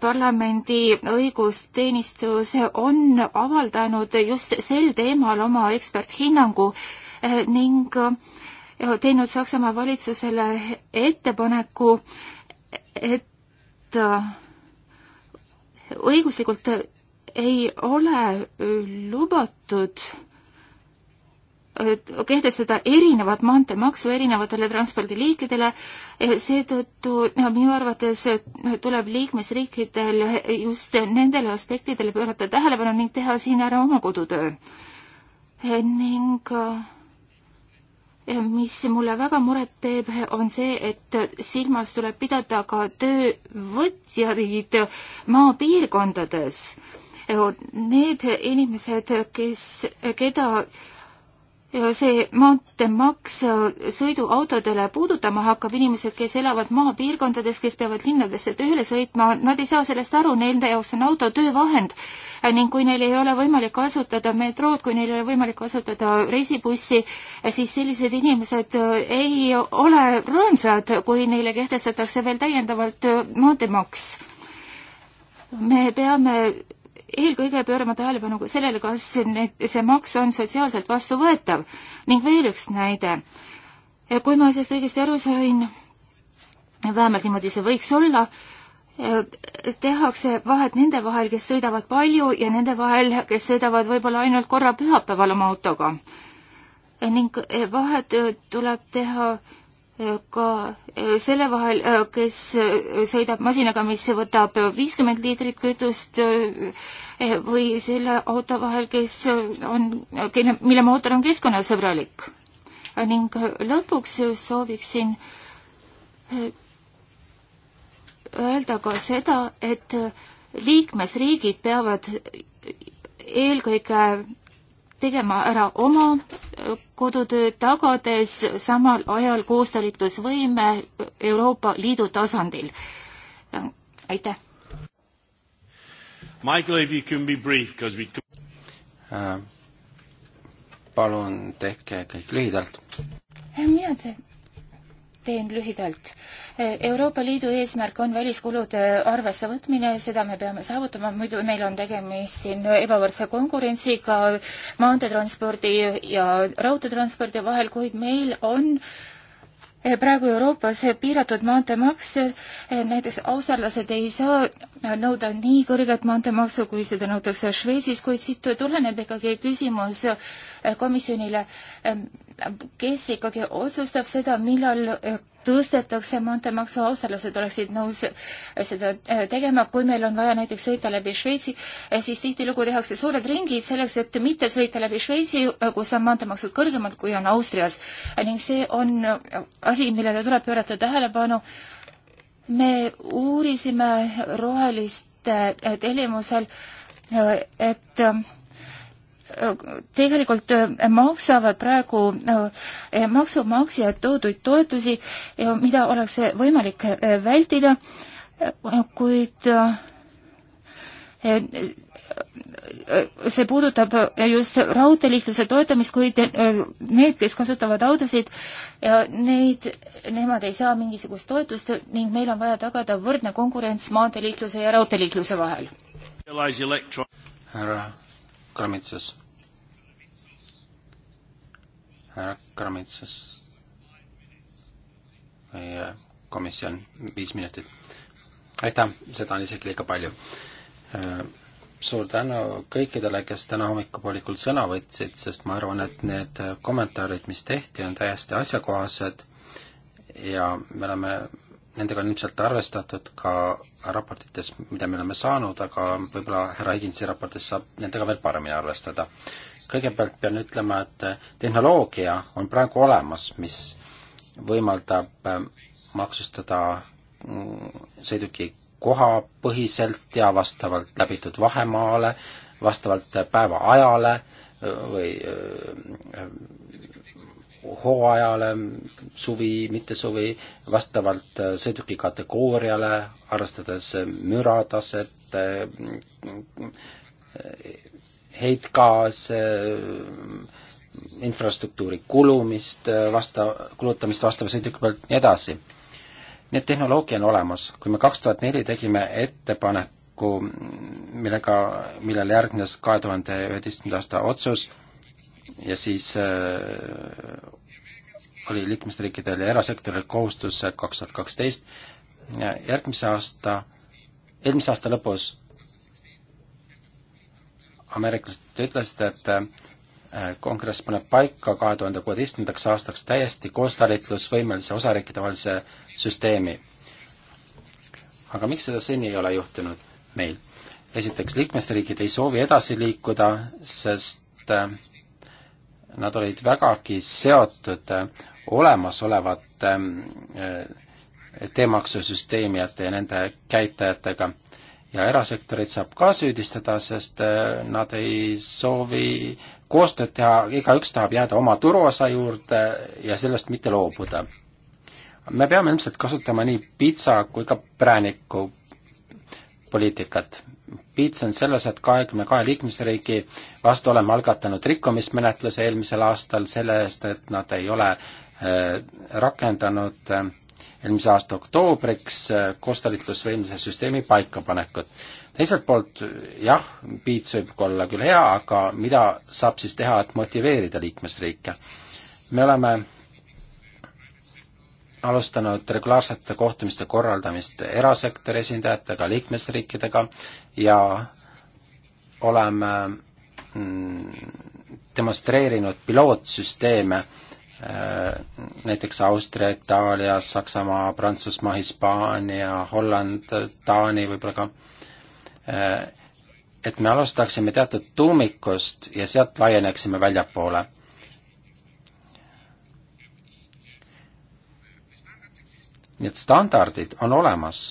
parlamendi õigusteenistus on avaldanud just sel teemal oma eksperthinnangu eh, ning eh, teinud Saksamaa valitsusele ettepaneku, et eh, õiguslikult ei ole lubatud kehtestada erinevat maanteemaksu erinevatele transpordiliikidele, seetõttu no, minu arvates tuleb liikmesriikidel just nendele aspektidele pöörata tähelepanu ning teha siin ära oma kodutöö. ning mis mulle väga muret teeb, on see, et silmas tuleb pidada ka töövõtjaid maapiirkondades. Need inimesed, kes, keda see maanteemaks sõiduautodele puudutama hakkab, inimesed, kes elavad maapiirkondades, kes peavad linnadesse tööle sõitma, nad ei saa sellest aru, nende jaoks on auto töövahend ning kui neil ei ole võimalik kasutada metrood, kui neil ei ole võimalik kasutada reisibussi, siis sellised inimesed äh, ei ole rõõmsad, kui neile kehtestatakse veel täiendavalt äh, maanteemaks. me peame eelkõige pöörama tähelepanu sellele, kas need, see maks on sotsiaalselt vastuvõetav. ning veel üks näide. kui ma asjast õigesti aru sain, vähemalt niimoodi see võiks olla, tehakse vahet nende vahel, kes sõidavad palju ja nende vahel, kes sõidavad võib-olla ainult korra pühapäeval oma autoga. ning eh, vahet tuleb teha ka eh, selle vahel, eh, kes eh, sõidab masinaga, mis võtab viiskümmend liitrit kütust või selle auto vahel, kes on, kelle, mille mootor on keskkonnasõbralik. ning lõpuks sooviksin öelda ka seda, et liikmesriigid peavad eelkõige tegema ära oma kodutöö tagades samal ajal koostalitusvõime Euroopa Liidu tasandil. aitäh! Michael, if you can be brief, because we uh, palun tehke kõik lühidalt. mina teen teen lühidalt. Euroopa Liidu eesmärk on väliskulude arvesse võtmine, seda me peame saavutama, muidu meil on tegemist siin ebavõrdse konkurentsiga maanteetranspordi ja raudteetranspordi vahel, kuid meil on praegu Euroopas piiratud maanteemaks, näiteks austerlased ei saa nõuda nii kõrget maanteemaksu, kui seda nõutakse Šveitsis, kuid siit tuleneb ikkagi küsimus komisjonile, kes ikkagi otsustab seda, millal eh, tõstetakse maanteemaksu, austerlased oleksid nõus eh, seda eh, tegema, kui meil on vaja näiteks sõita läbi Šveitsi, siis tihtilugu tehakse suured ringid selleks, et mitte sõita läbi Šveitsi, kus on maanteemaksud kõrgemad, kui on Austrias. ning see on asi, millele tuleb pöörata tähelepanu. me uurisime roheliste tellimusel, et tegelikult äh, maksavad praegu äh, äh, maksumaksjad toodud toetusi, mida oleks võimalik vältida, kuid see puudutab just raudteeliikluse toetamist, kuid need, kes kasutavad autosid, neid, nemad ei saa mingisugust toetust ning meil on vaja tagada võrdne konkurents maanteeliikluse ja raudteeliikluse vahel. härra Krammitsas härra Karamitsas meie komisjon, viis minutit. aitäh, seda on isegi liiga palju. Äh, suur tänu kõikidele, kes täna hommikupoolikul sõna võtsid, sest ma arvan, et need kommentaarid, mis tehti, on täiesti asjakohased ja me oleme nendega on ilmselt arvestatud ka raportites, mida me oleme saanud, aga võib-olla härra Higginsi raportis saab nendega veel paremini arvestada. kõigepealt pean ütlema, et tehnoloogia on praegu olemas, mis võimaldab ähm, maksustada mm, sõiduki kohapõhiselt ja vastavalt läbitud vahemaale, vastavalt päeva ajale äh, või äh, hooajale, suvi, mittesuvi, vastavalt äh, sõiduki kategooriale, arvestades äh, mürataset, äh, heitgaase, infrastruktuuri kulumist, vasta, kulutamist vastava sõiduki pealt, nii edasi. nii et tehnoloogia on olemas, kui me kaks tuhat neli tegime ettepaneku, millega, millele järgnes kahe tuhande üheteistkümnenda aasta otsus, ja siis äh, oli liikmesriikidel ja erasektoril kohustus kaks tuhat kaksteist, järgmise aasta, eelmise aasta lõpus ameeriklased ütlesid, et äh, kongress paneb paika kahe tuhande kuueteistkümnendaks aastaks täiesti koostalitlusvõimelise osariikide vahelise süsteemi. aga miks seda seni ei ole juhtunud meil? esiteks, liikmesriigid ei soovi edasi liikuda, sest äh, nad olid vägagi seotud olemasolevate eh, teemaksusüsteemijate ja nende käitajatega. ja erasektorit saab ka süüdistada, sest eh, nad ei soovi koostööd teha, igaüks tahab jääda oma turuosa juurde ja sellest mitte loobuda. me peame ilmselt kasutama nii pitsa kui ka prääniku poliitikat piits on selles, et kahekümne kahe liikmesriigi vastu oleme algatanud rikkumismenetluse eelmisel aastal selle eest, et nad ei ole äh, rakendanud äh, eelmise aasta oktoobriks äh, koostalitlusvõimse süsteemi paikapanekut. teiselt poolt jah, piits võib olla küll hea, aga mida saab siis teha, et motiveerida liikmesriike? me oleme alustanud regulaarsete kohtumiste korraldamist erasektori esindajatega, liikmesriikidega ja oleme mm, demonstreerinud pilootsüsteeme äh, näiteks Austria, Itaalia, Saksamaa, Prantsusmaa, Hispaania, Holland, Taani võib-olla ka, äh, et me alustaksime teatud tuumikust ja sealt laieneksime väljapoole. nii et standardid on olemas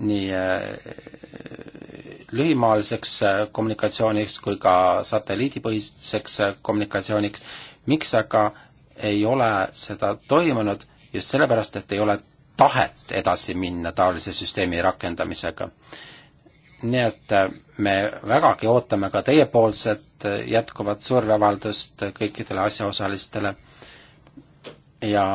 nii äh, lühimaaliseks äh, kommunikatsiooniks kui ka satelliidipõhiseks äh, kommunikatsiooniks. miks aga ei ole seda toimunud? just sellepärast, et ei ole tahet edasi minna taolise süsteemi rakendamisega. nii et me vägagi ootame ka teiepoolset jätkuvat surveavaldust kõikidele asjaosalistele ja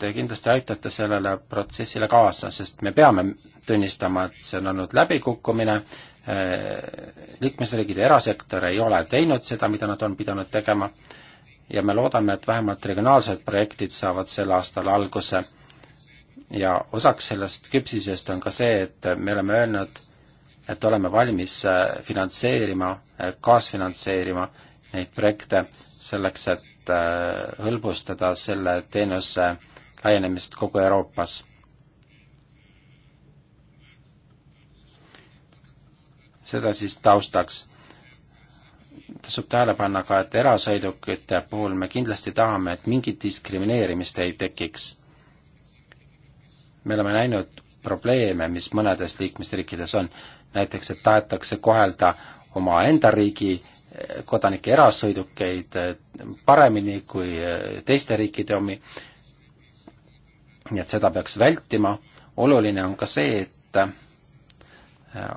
te kindlasti aitate sellele protsessile kaasa, sest me peame tunnistama, et see on olnud läbikukkumine, äh, liikmesriigid ja erasektor ei ole teinud seda, mida nad on pidanud tegema, ja me loodame, et vähemalt regionaalsed projektid saavad sel aastal alguse. ja osaks sellest küpsisest on ka see, et me oleme öelnud, et oleme valmis äh, finantseerima, äh, kaasfinantseerima neid projekte selleks, et hõlbustada selle teenuse laienemist kogu Euroopas. seda siis taustaks. tasub tähele panna ka, et erasõidukite puhul me kindlasti tahame, et mingit diskrimineerimist ei tekiks. me oleme näinud probleeme, mis mõnedes liikmesriikides on, näiteks et tahetakse kohelda omaenda riigi eh, kodanike erasõidukeid eh, paremini kui eh, teiste riikide omi nii et seda peaks vältima, oluline on ka see, et äh,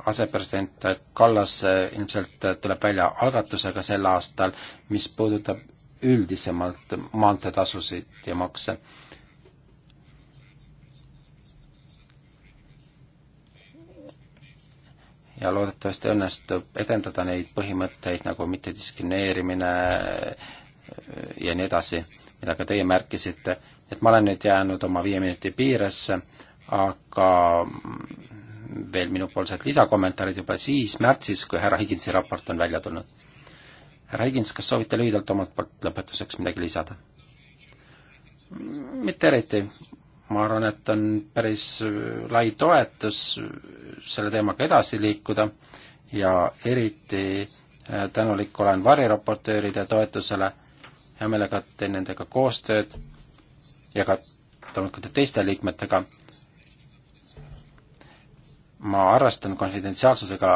asepresident Kallas äh, ilmselt äh, tuleb välja algatusega sel aastal, mis puudutab üldisemalt maanteetasusid ja makse. ja loodetavasti õnnestub edendada neid põhimõtteid nagu mittediskrimineerimine ja nii edasi, mida ka teie märkisite et ma olen nüüd jäänud oma viie minuti piiresse, aga veel minupoolsed lisakommentaarid juba siis märtsis, kui härra Higinsi raport on välja tulnud. härra Higins, kas soovite lühidalt omalt poolt lõpetuseks midagi lisada? mitte eriti, ma arvan, et on päris lai toetus selle teemaga edasi liikuda ja eriti äh, tänulik olen variraportööride toetusele, hea meelega teen nendega koostööd ja ka loomulikult teiste liikmetega, ma arvestan konfidentsiaalsusega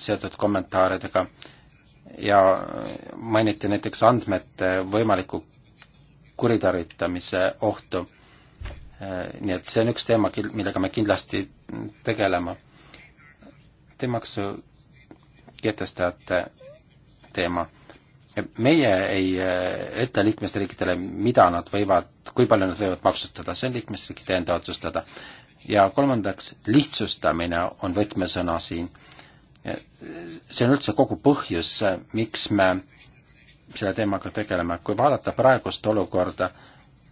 seotud kommentaaridega ja mainiti näiteks andmete võimaliku kuritarvitamise ohtu. nii et see on üks teema, millega me kindlasti tegeleme. teemaks kehtestajate teema meie ei äh, ütle liikmesriikidele, mida nad võivad, kui palju nad võivad maksustada, see on liikmesriikide enda otsustada. ja kolmandaks, lihtsustamine on võtmesõna siin. see on üldse kogu põhjus, miks me selle teemaga tegeleme, kui vaadata praegust olukorda,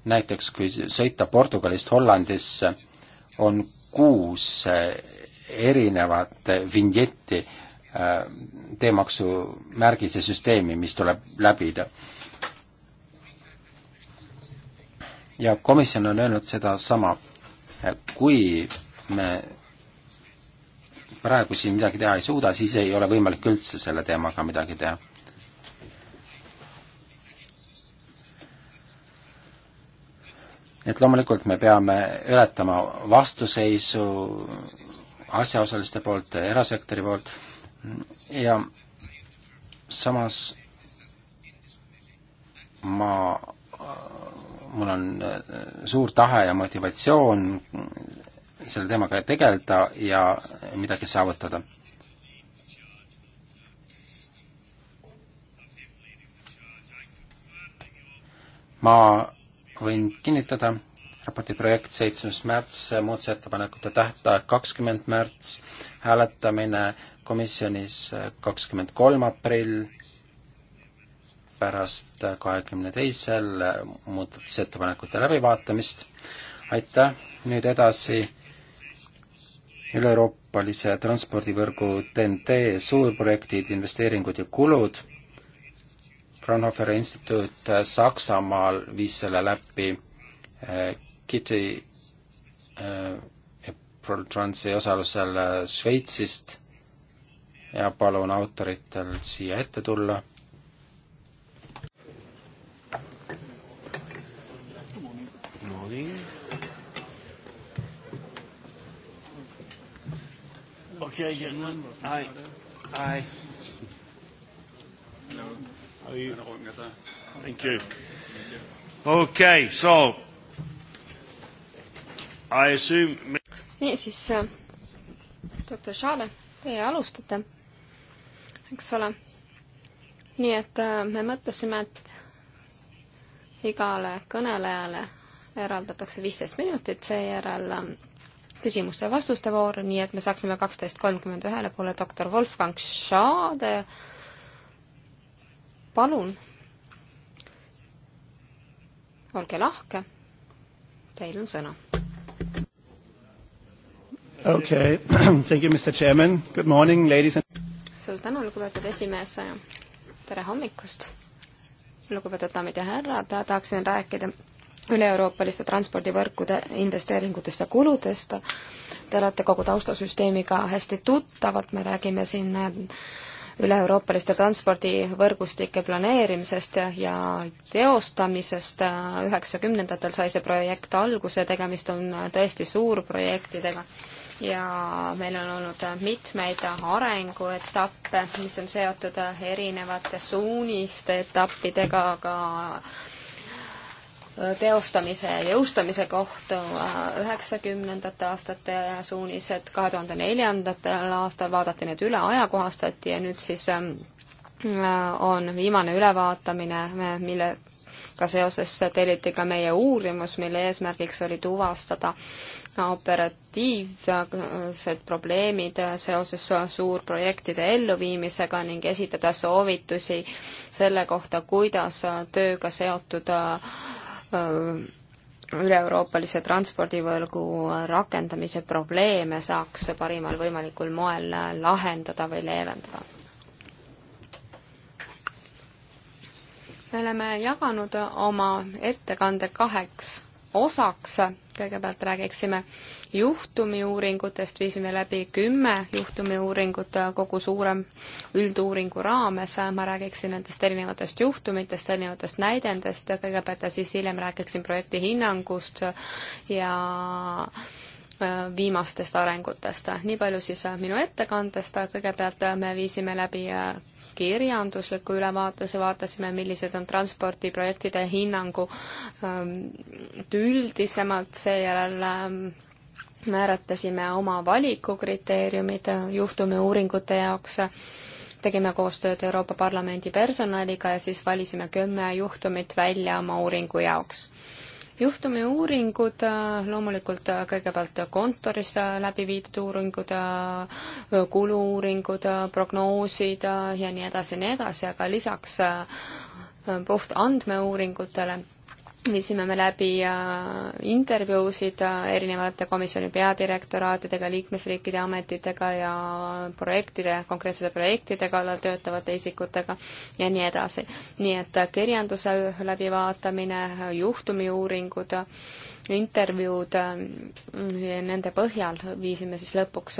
näiteks kui sõita Portugalist Hollandisse, on kuus erinevat vinjetti, Äh, teemaksu märgise süsteemi, mis tuleb läbida. ja komisjon on öelnud sedasama, kui me praegu siin midagi teha ei suuda, siis ei ole võimalik üldse selle teemaga midagi teha. et loomulikult me peame ületama vastuseisu asjaosaliste poolt, erasektori poolt ja samas ma, mul on äh, suur tahe ja motivatsioon selle teemaga tegeleda ja midagi saavutada ma võin kinnitada, raporti projekt seitsmes märts, muudatusettepanekute tähtaeg kakskümmend märts, hääletamine komisjonis kakskümmend kolm aprill, pärast kahekümne teisel muudatusettepanekute läbivaatamist. aitäh, nüüd edasi üleeuroopalise transpordivõrgu TNT suurprojektid, investeeringud ja kulud. Fraunhoferi instituut Saksamaal viis selle läbi äh, Kitty äh, Transi osalusel Šveitsist ja palun autoritel siia ette tulla. Okay, gentlemen. Aye. Aye. How are you? Thank you. Okay, so I assume. niisiis, äh, doktor Šaale, teie alustate eks ole. nii et äh, me mõtlesime, et igale kõnelejale eraldatakse viisteist minutit, seejärel ähm, küsimuste ja vastuste voor, nii et me saaksime kaksteist kolmkümmend ühele poole doktor Wolfgang Schade. palun, olge lahke, teil on sõna. Okay, thank you, Mr Chairman, good morning, ladies and suur tänu, lugupeetud esimees. tere hommikust, lugupeetud daamid ja härrad, tahaksin rääkida üle-euroopaliste transpordivõrkude investeeringutest ja kuludest. Te olete kogu taustasüsteemiga hästi tuttavad, me räägime siin üle-euroopaliste transpordivõrgustike planeerimisest ja teostamisest. üheksakümnendatel sai see projekt alguse, tegemist on tõesti suurprojektidega ja meil on olnud mitmeid arenguetappe, mis on seotud erinevate suuniste etappidega, aga äh, teostamise ja jõustamise kohta äh, üheksakümnendate aastate suunised, kahe tuhande neljandatel aastal vaadati need üle, ajakohastati ja nüüd siis ähm, äh, on viimane ülevaatamine, mille ka seoses telliti ka meie uurimus, mille eesmärgiks oli tuvastada äh, operatiivsed probleemid seoses suurprojektide elluviimisega ning esitada soovitusi selle kohta, kuidas tööga seotud äh, üle-euroopalise transpordivõrgu rakendamise probleeme saaks parimal võimalikul moel lahendada või leevendada. me oleme jaganud oma ettekande kaheks osaks. kõigepealt räägiksime juhtumiuuringutest, viisime läbi kümme juhtumiuuringut kogu suurem ülduuringu raames. ma räägiksin nendest erinevatest juhtumitest, erinevatest näidendest kõigepealt ja siis hiljem räägiksin projekti hinnangust ja äh, viimastest arengutest. nii palju siis minu ettekandest, kõigepealt me viisime läbi äh, kirjandusliku ülevaate, vaatasime, millised on transpordiprojektide hinnangu ähm, üldisemalt, seejärel ähm, määratlesime oma valikukriteeriumid äh, juhtumiuuringute jaoks, äh, tegime koostööd Euroopa Parlamendi personaliga ja siis valisime kümme juhtumit välja oma uuringu jaoks juhtumi uuringud, loomulikult kõigepealt kontoris läbi viidud uuringud, kulu-uuringud, prognoosid ja nii edasi ja nii edasi, aga lisaks puht andmeuuringutele viisime me läbi äh, intervjuusid äh, erinevate komisjoni peadirektoraatidega, liikmesriikide ametitega ja projektide, konkreetsete projektide kallal töötavate isikutega ja nii edasi. nii et äh, kirjanduse läbivaatamine, juhtumiuuringud, intervjuud, nende põhjal viisime siis lõpuks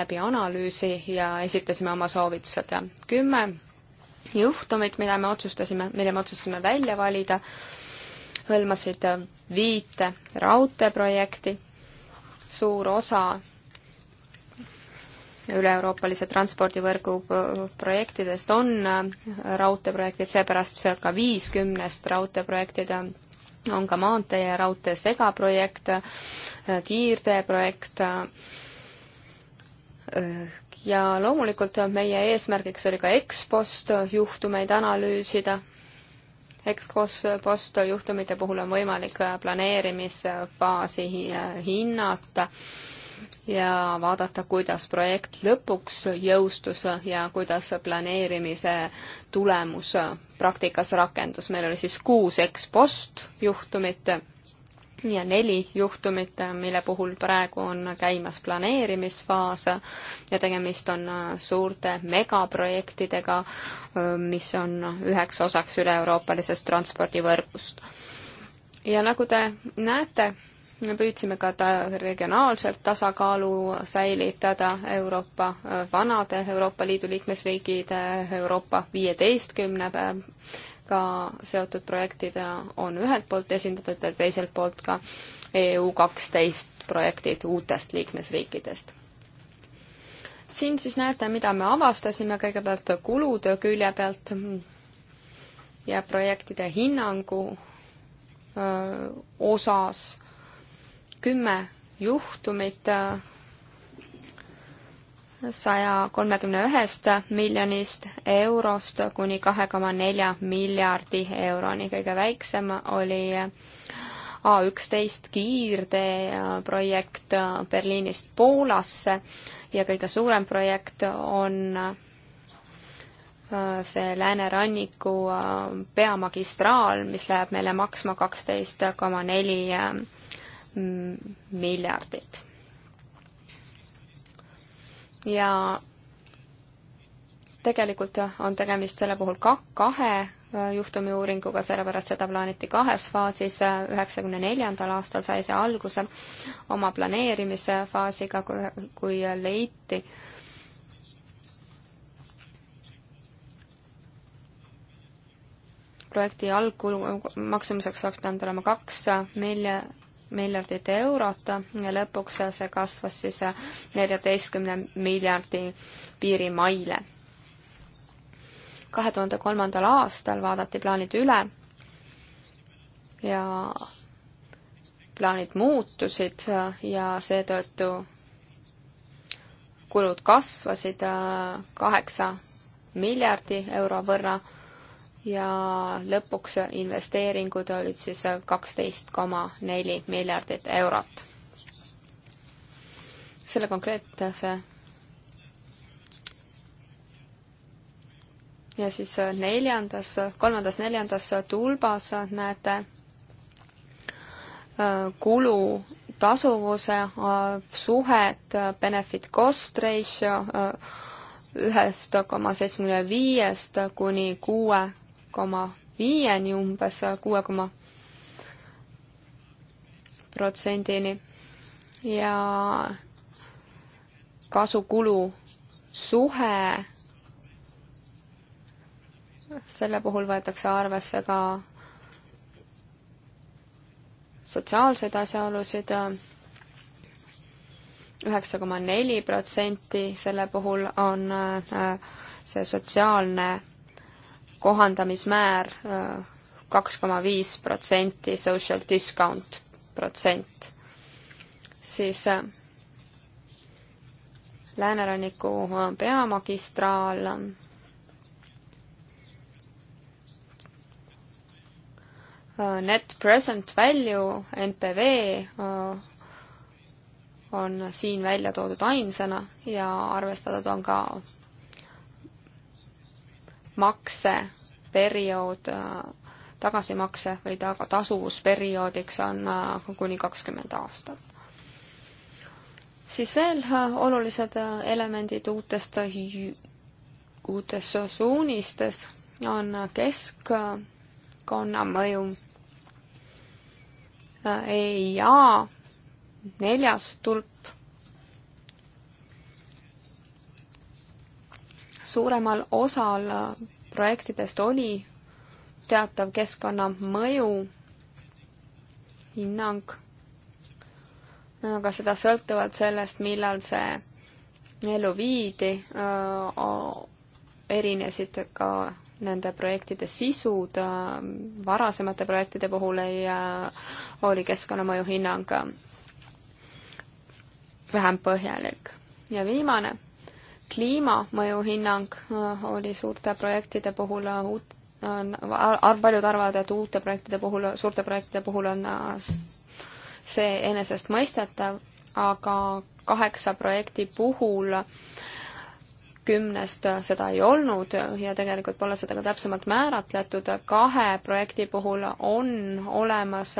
läbi analüüsi ja esitasime oma soovitused. kümme juhtumit, mida me otsustasime, mille me otsustasime välja valida hõlmasid äh, viite raudteeprojekti, suur osa üle-euroopalise transpordivõrgu projektidest on äh, raudteeprojektid, seepärast ka viis kümnest raudteeprojektid äh, on ka maantee ja raudtee segaprojekt, kiirteeprojekt ja loomulikult meie eesmärgiks oli ka EXPO-st juhtumeid analüüsida eks posto juhtumite puhul on võimalik äh, planeerimisfaasi äh, hinnata ja vaadata, kuidas projekt lõpuks jõustus ja kuidas planeerimise tulemus praktikas rakendus. meil oli siis kuus ekspost juhtumit ja neli juhtumit, mille puhul praegu on käimas planeerimisfaas ja tegemist on äh, suurte megaprojektidega, äh, mis on üheks osaks üle-euroopalisest transpordivõrgust. ja nagu te näete, me püüdsime ka ta regionaalselt tasakaalu säilitada Euroopa äh, vanade Euroopa Liidu liikmesriigid, Euroopa viieteistkümne ka seotud projektid on ühelt poolt esindatud ja teiselt poolt ka EU kaksteist projektid uutest liikmesriikidest. siin siis näete, mida me avastasime kõigepealt kulude külje pealt ja projektide hinnangu öö, osas kümme juhtumit öö, saja kolmekümne ühest miljonist eurost kuni kahe koma nelja miljardi euroni. kõige väiksem oli A üksteist kiirtee projekt Berliinist Poolasse ja kõige suurem projekt on äh, see lääneranniku äh, peamagistraal, mis läheb meile maksma kaksteist koma neli äh, miljardit ja tegelikult on tegemist selle puhul ka kahe äh, juhtumi uuringuga, sellepärast seda plaaniti kahes faasis, üheksakümne neljandal aastal sai see alguse oma planeerimise faasiga, kui leiti projekti algkulu maksumuseks oleks pidanud olema kaks milja-, miljardit eurot ja lõpuks see kasvas siis neljateistkümne miljardi piirimaile. kahe tuhande kolmandal aastal vaadati plaanid üle ja plaanid muutusid ja seetõttu kulud kasvasid kaheksa miljardi euro võrra ja lõpuks investeeringud olid siis kaksteist koma neli miljardit eurot. selle konkreetse ja siis neljandas, kolmandas, neljandas tulbas näete kulu tasuvuse suhet, benefit cost ratio ühest koma seitsmekümne viiest kuni kuue koma viieni umbes, kuue koma protsendini ja kasu-kulu suhe, selle puhul võetakse arvesse ka sotsiaalseid asjaolusid, üheksa koma neli protsenti selle puhul on äh, see sotsiaalne kohandamismäär äh, kaks koma viis protsenti, social discount protsent, siis äh, Lääneranniku äh, peamagistraal net present value, NPV on siin välja toodud ainsana ja arvestatud on ka makseperiood, äh, tagasimakse või taga, tasuvusperioodiks on äh, kuni kakskümmend aastat. siis veel äh, olulised elemendid uutest, uutes suunistes on keskkonna mõju EIA neljas tulp suuremal osal projektidest oli teatav keskkonnamõju hinnang, aga seda sõltuvalt sellest, millal see ellu viidi, erinesid ka nende projektide sisud, varasemate projektide puhul ei, oli keskkonnamõju hinnang vähem põhjalik. ja viimane kliimamõjuhinnang äh, oli suurte projektide puhul äh, uut, äh, ar-, paljud arvavad, et uute projektide puhul, suurte projektide puhul on see enesestmõistetav, aga kaheksa projekti puhul äh, kümnest äh, seda ei olnud ja tegelikult pole seda ka täpsemalt määratletud. kahe projekti puhul on olemas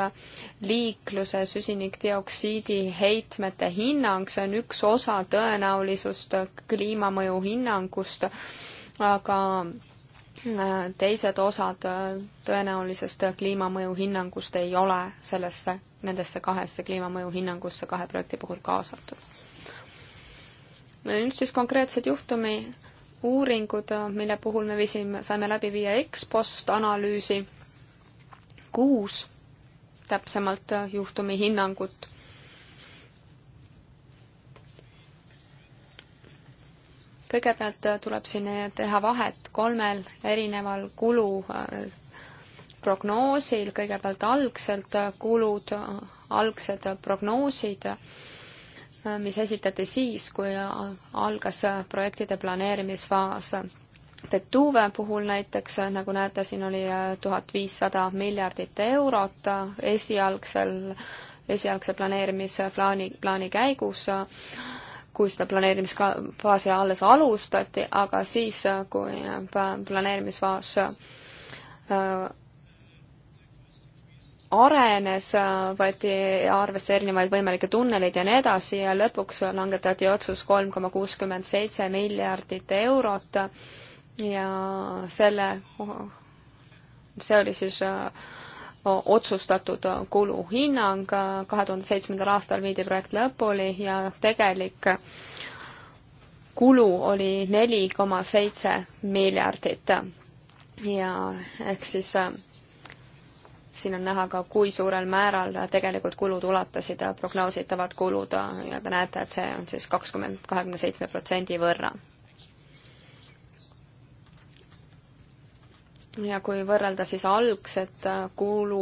liikluse süsinikdioksiidi heitmete hinnang, see on üks osa tõenäolisust kliimamõju hinnangust, aga äh, teised osad äh, tõenäolisest kliimamõju hinnangust ei ole sellesse, nendesse kahesse kliimamõju hinnangusse kahe projekti puhul kaasatud nüüd siis konkreetsed juhtumi uuringud, mille puhul me viisime, saime läbi viia ekspost analüüsi, kuus täpsemalt juhtumi hinnangut. kõigepealt tuleb siin teha vahet kolmel erineval kulu äh, prognoosil, kõigepealt algselt kulud, algsed prognoosid mis esitati siis, kui algas projektide planeerimisfaas. Betuve puhul näiteks, nagu näete, siin oli äh, tuhat viissada miljardit eurot esialgsel, esialgse planeerimisplaani, plaani käigus kui seda planeerimisfaasi alles alustati, aga siis, äh, kui äh, planeerimisfaas arenes, võeti arvesse erinevaid võimalikke tunneleid ja nii edasi ja lõpuks langetati otsus kolm koma kuuskümmend seitse miljardit eurot ja selle, see oli siis äh, otsustatud kuluhinnang, kahe tuhande seitsmendal aastal viidi projekt lõpuni ja tegelik kulu oli neli koma seitse miljardit. ja ehk siis äh, siin on näha ka, kui suurel määral tegelikult kulud ulatasid prognoositavad kulud ja te näete, et see on siis kakskümmend, kahekümne seitsme protsendi võrra. ja kui võrrelda siis algset kulu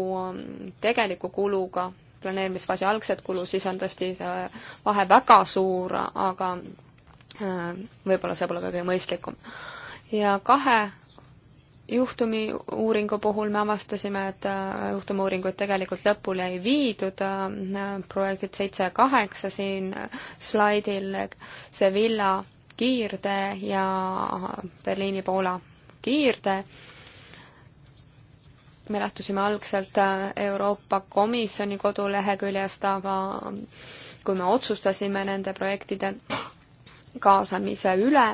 tegeliku kuluga, planeerimisfaasi algset kulu, siis on tõesti see vahe väga suur, aga äh, võib-olla see pole kõige mõistlikum. ja kahe juhtumi uuringu puhul me avastasime, et äh, juhtumiuuringuid tegelikult lõpule ei viidud, äh, projektid seitse ja kaheksa siin äh, slaidil, Sevilla kiirtee ja Berliini-Poola kiirtee. me lähtusime algselt Euroopa Komisjoni koduleheküljest, aga kui me otsustasime nende projektide kaasamise üle,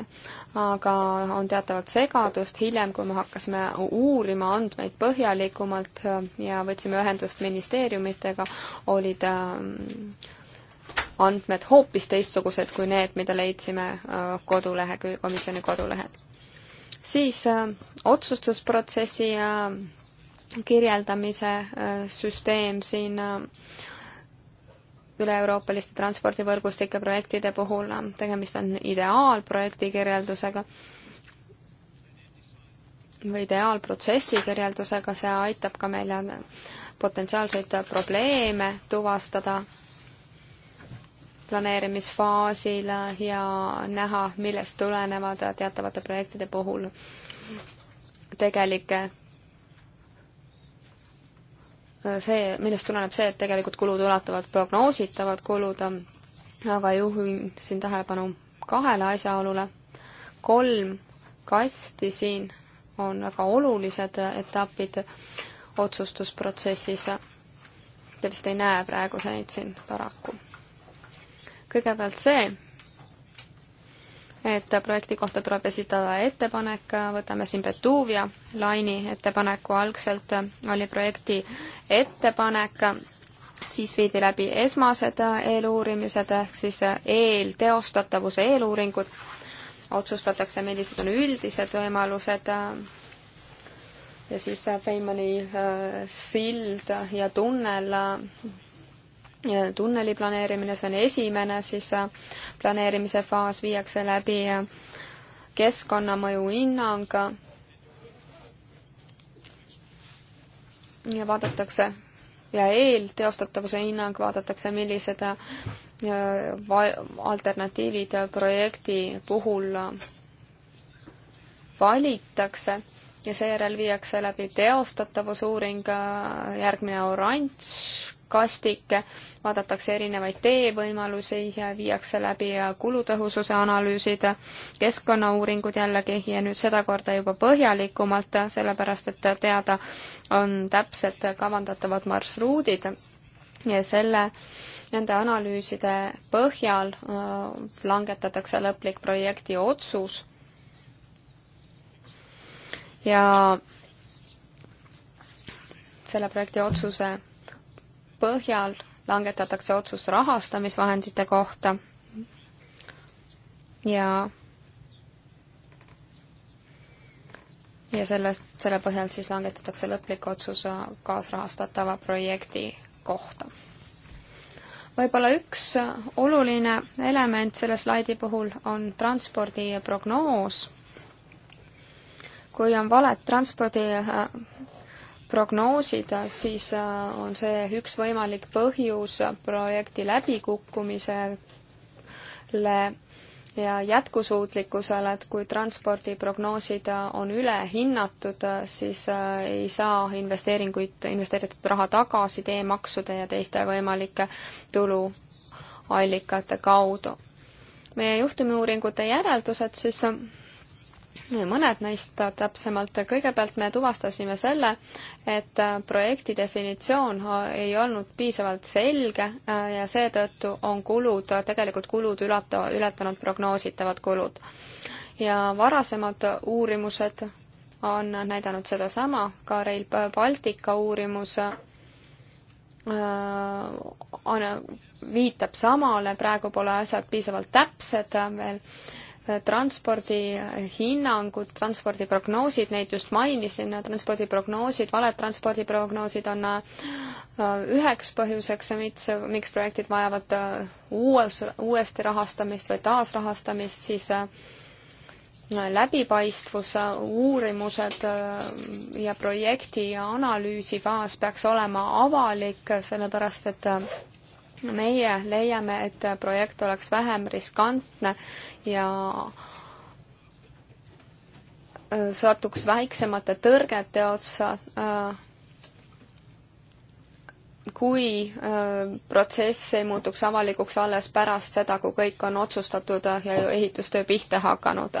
aga on teatavat segadust, hiljem, kui me hakkasime uurima andmeid põhjalikumalt äh, ja võtsime ühendust ministeeriumitega, olid äh, andmed hoopis teistsugused kui need, mida leidsime äh, kodulehe, komisjoni kodulehelt. siis otsustusprotsessi kirjeldamise süsteem siin üle-euroopaliste transpordivõrgustike projektide puhul, tegemist on ideaalprojekti kirjeldusega või ideaalprotsessi kirjeldusega, see aitab ka meil potentsiaalseid probleeme tuvastada planeerimisfaasil ja näha, millest tulenevad teatavate projektide puhul tegelikke see, millest tuleneb see, et tegelikult kulud ulatuvad prognoositavad kulud, aga juhin siin tähelepanu kahele asjaolule. kolm kasti siin on väga olulised etapid otsustusprotsessis. Te vist ei näe praegu neid siin paraku. kõigepealt see, et projekti kohta tuleb esitada ettepanek, võtame siin Betuvia laini ettepaneku, algselt oli projekti ettepanek, siis viidi läbi esmased eeluurimised ehk siis eelteostatavuse eeluuringud, otsustatakse, millised on üldised võimalused ja siis Feimani sild ja tunnel tunneli planeerimine, see on esimene, siis äh, planeerimise faas viiakse läbi äh, keskkonnamõju hinnang ja vaadatakse ja eelteostatavuse hinnang, vaadatakse, millised äh, alternatiivid projekti puhul valitakse ja seejärel viiakse läbi teostatavusuuring, järgmine oranž kastike, vaadatakse erinevaid teevõimalusi ja viiakse läbi kulutõhususe analüüsid, keskkonnauuringud jällegi ja nüüd sedakorda juba põhjalikumalt, sellepärast et teada on täpselt kavandatavad marsruudid ja selle, nende analüüside põhjal äh, langetatakse lõplik projekti otsus ja selle projekti otsuse põhjal langetatakse otsus rahastamisvahendite kohta ja ja sellest, selle põhjal siis langetatakse lõplik otsus kaasrahastatava projekti kohta. võib-olla üks oluline element selle slaidi puhul on transpordi prognoos. kui on valed transpordi äh, prognoosida, siis äh, on see üks võimalik põhjus projekti läbikukkumisele ja jätkusuutlikkusele, et kui transpordiprognoosid on ülehinnatud, siis äh, ei saa investeeringuid, investeeritud raha tagasi teemaksude ja teiste võimalike tuluallikate kaudu. meie juhtumiuuringute järeldused siis äh, mõned neist täpsemalt. kõigepealt me tuvastasime selle, et projekti definitsioon ei olnud piisavalt selge äh, ja seetõttu on kulud, tegelikult kulud ülata, ületanud prognoositavad kulud. ja varasemad uurimused on näidanud sedasama, ka Rail Baltica uurimus äh, viitab samale, praegu pole asjad piisavalt täpsed äh, veel transpordihinnangud, transpordiprognoosid, neid just mainisin, transpordiprognoosid, valed transpordiprognoosid on äh, üheks põhjuseks, miks, miks projektid vajavad äh, uues, uuesti rahastamist või taasrahastamist, siis äh, läbipaistvus, uurimused ja projekti analüüsifaas peaks olema avalik, sellepärast et meie leiame, et projekt oleks vähem riskantne ja äh, satuks väiksemate tõrgete otsa äh, kui äh, protsess ei muutuks avalikuks alles pärast seda, kui kõik on otsustatud äh, ja ehitustöö pihta hakanud.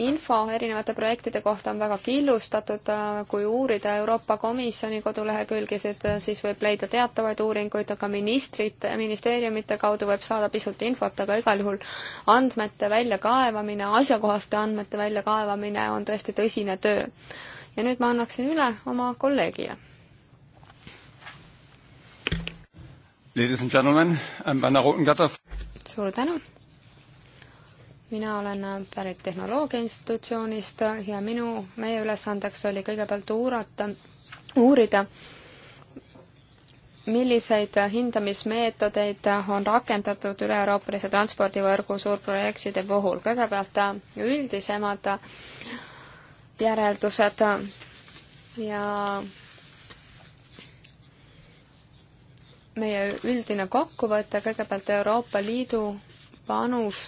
info erinevate projektide kohta on väga killustatud, äh, kui uurida Euroopa Komisjoni kodulehekülgesid, siis võib leida teatavaid uuringuid, aga ministrite, ministeeriumite kaudu võib saada pisut infot, aga igal juhul andmete väljakaevamine, asjakohaste andmete väljakaevamine on tõesti tõsine töö. ja nüüd ma annaksin üle oma kolleegile Ladies and gentlemen, I am Vanna Rotengatter. suur tänu! mina olen äh, pärit Tehnoloogia Institutsioonist ja minu, meie ülesandeks oli kõigepealt uurata, uurida, milliseid hindamismeetodeid on rakendatud üle-Euroopalise transpordivõrgu suurprojektide puhul. kõigepealt äh, üldisemad järeldused ja meie üldine kokkuvõte, kõigepealt Euroopa Liidu panus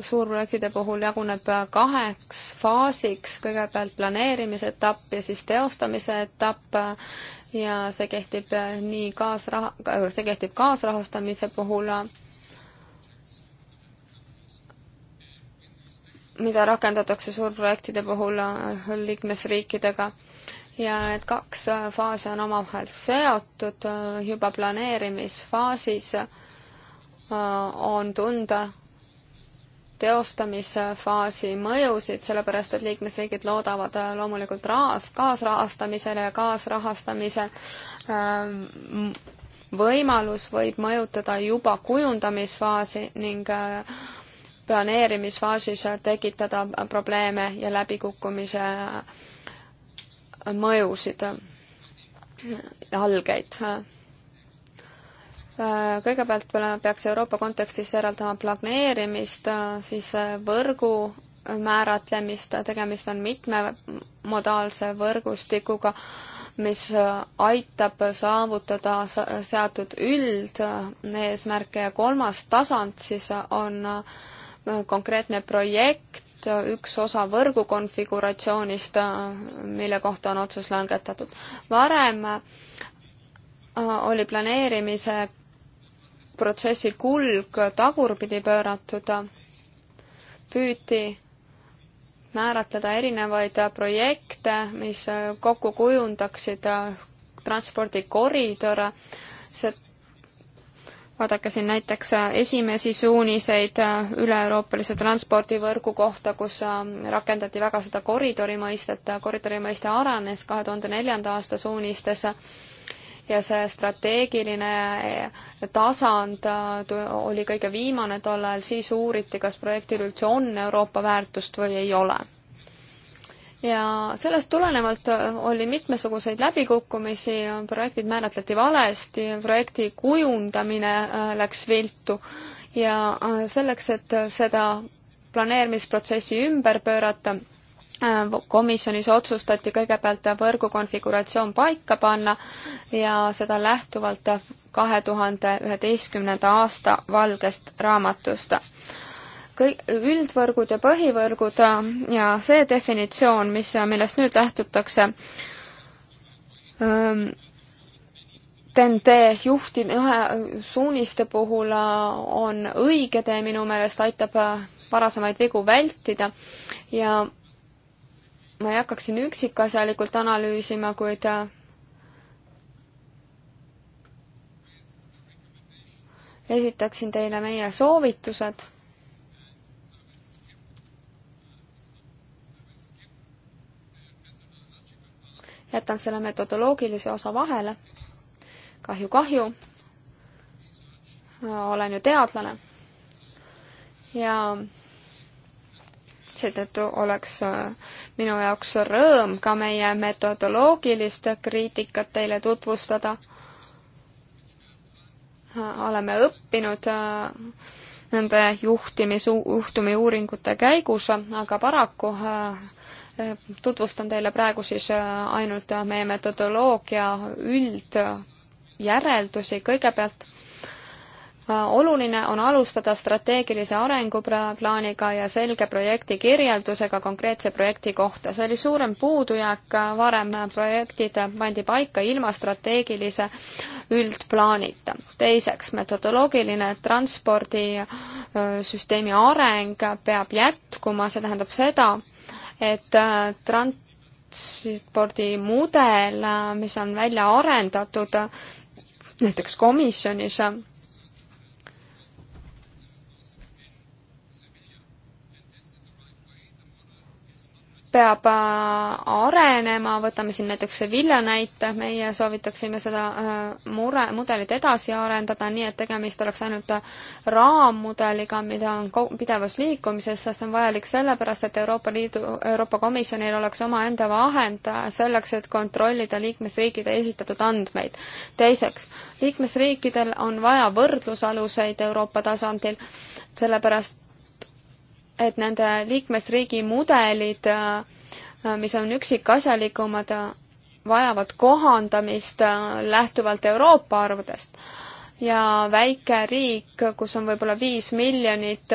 suurprojektide puhul jaguneb kaheks faasiks, kõigepealt planeerimise etapp ja siis teostamise etapp ja see kehtib nii kaasraha, see kehtib kaasrahastamise puhul, mida rakendatakse suurprojektide puhul liikmesriikidega ja need kaks äh, faasi on omavahel seotud, äh, juba planeerimisfaasis äh, on tunda teostamisfaasi mõjusid, sellepärast et liikmesriigid loodavad loomulikult rahas, kaasrahastamisele ja kaasrahastamise ähm, võimalus võib mõjutada juba kujundamisfaasi ning planeerimisfaasis tekitada probleeme ja läbikukkumise mõjusid, algeid. kõigepealt peaks Euroopa kontekstis eraldama planeerimist, siis võrgu määratlemist, tegemist on mitmemodaalse võrgustikuga, mis aitab saavutada seatud üldeesmärke ja kolmas tasand siis on konkreetne projekt, ainult üks osa võrgukonfiguratsioonist, mille kohta on otsus langetatud. varem äh, oli planeerimise protsessi kulg tagurpidi pööratud, püüti määratleda erinevaid projekte, mis kokku kujundaksid transpordikoridore, see vaadake siin näiteks äh, esimesi suuniseid äh, üle-euroopalise transpordivõrgu kohta, kus äh, rakendati väga seda koridori mõistet, koridori mõiste arenes kahe tuhande neljanda aasta suunistes ja see strateegiline tasand oli kõige viimane tol ajal, siis uuriti, kas projektil üldse on Euroopa väärtust või ei ole ja sellest tulenevalt äh, oli mitmesuguseid läbikukkumisi, projektid määratleti valesti, projekti kujundamine äh, läks viltu ja äh, selleks, et seda planeerimisprotsessi ümber pöörata, komisjonis otsustati kõigepealt võrgu konfiguratsioon paika panna ja seda lähtuvalt kahe tuhande üheteistkümnenda aasta valgest raamatust kõik üldvõrgud ja põhivõrgud äh, ja see definitsioon, mis, äh, millest nüüd lähtutakse ähm,, TNT juhti-, ühe suuniste puhul äh, on õige tee minu meelest, aitab varasemaid vigu vältida ja ma ei hakkaks siin üksikasjalikult analüüsima, kuid esitaksin teile meie soovitused jätan selle metodoloogilise osa vahele. kahju, kahju. olen ju teadlane. ja seetõttu oleks äh, minu jaoks rõõm ka meie metodoloogilist kriitikat teile tutvustada. Äh, oleme õppinud äh, nende juhtimis, juhtumi uuringute käigus, aga paraku tutvustan teile praegu siis äh, ainult äh, meie metodoloogia üldjäreldusi kõigepealt. Äh, oluline on alustada strateegilise arenguplaaniga ja selge projekti kirjeldusega konkreetse projekti kohta. see oli suurem puudujääk, varem projektid pandi paika ilma strateegilise üldplaanita. teiseks, metodoloogiline transpordisüsteemi areng peab jätkuma, see tähendab seda, et äh, transpordimudel, äh, mis on välja arendatud äh, näiteks komisjonis, peab äh, arenema, võtame siin näiteks vilja näite, meie soovitaksime seda äh, mure, mudelit edasi arendada, nii et tegemist oleks ainult äh, raammudeliga, mida on pidevas liikumises, see on vajalik sellepärast, et Euroopa Liidu, Euroopa Komisjonil oleks omaenda vahend selleks, et kontrollida liikmesriikide esitatud andmeid. teiseks, liikmesriikidel on vaja võrdlusaluseid Euroopa tasandil, sellepärast et nende liikmesriigi mudelid, äh, mis on üksikasjalikumad, äh, vajavad kohandamist äh, lähtuvalt Euroopa arvudest. ja väike riik, kus on võib-olla viis miljonit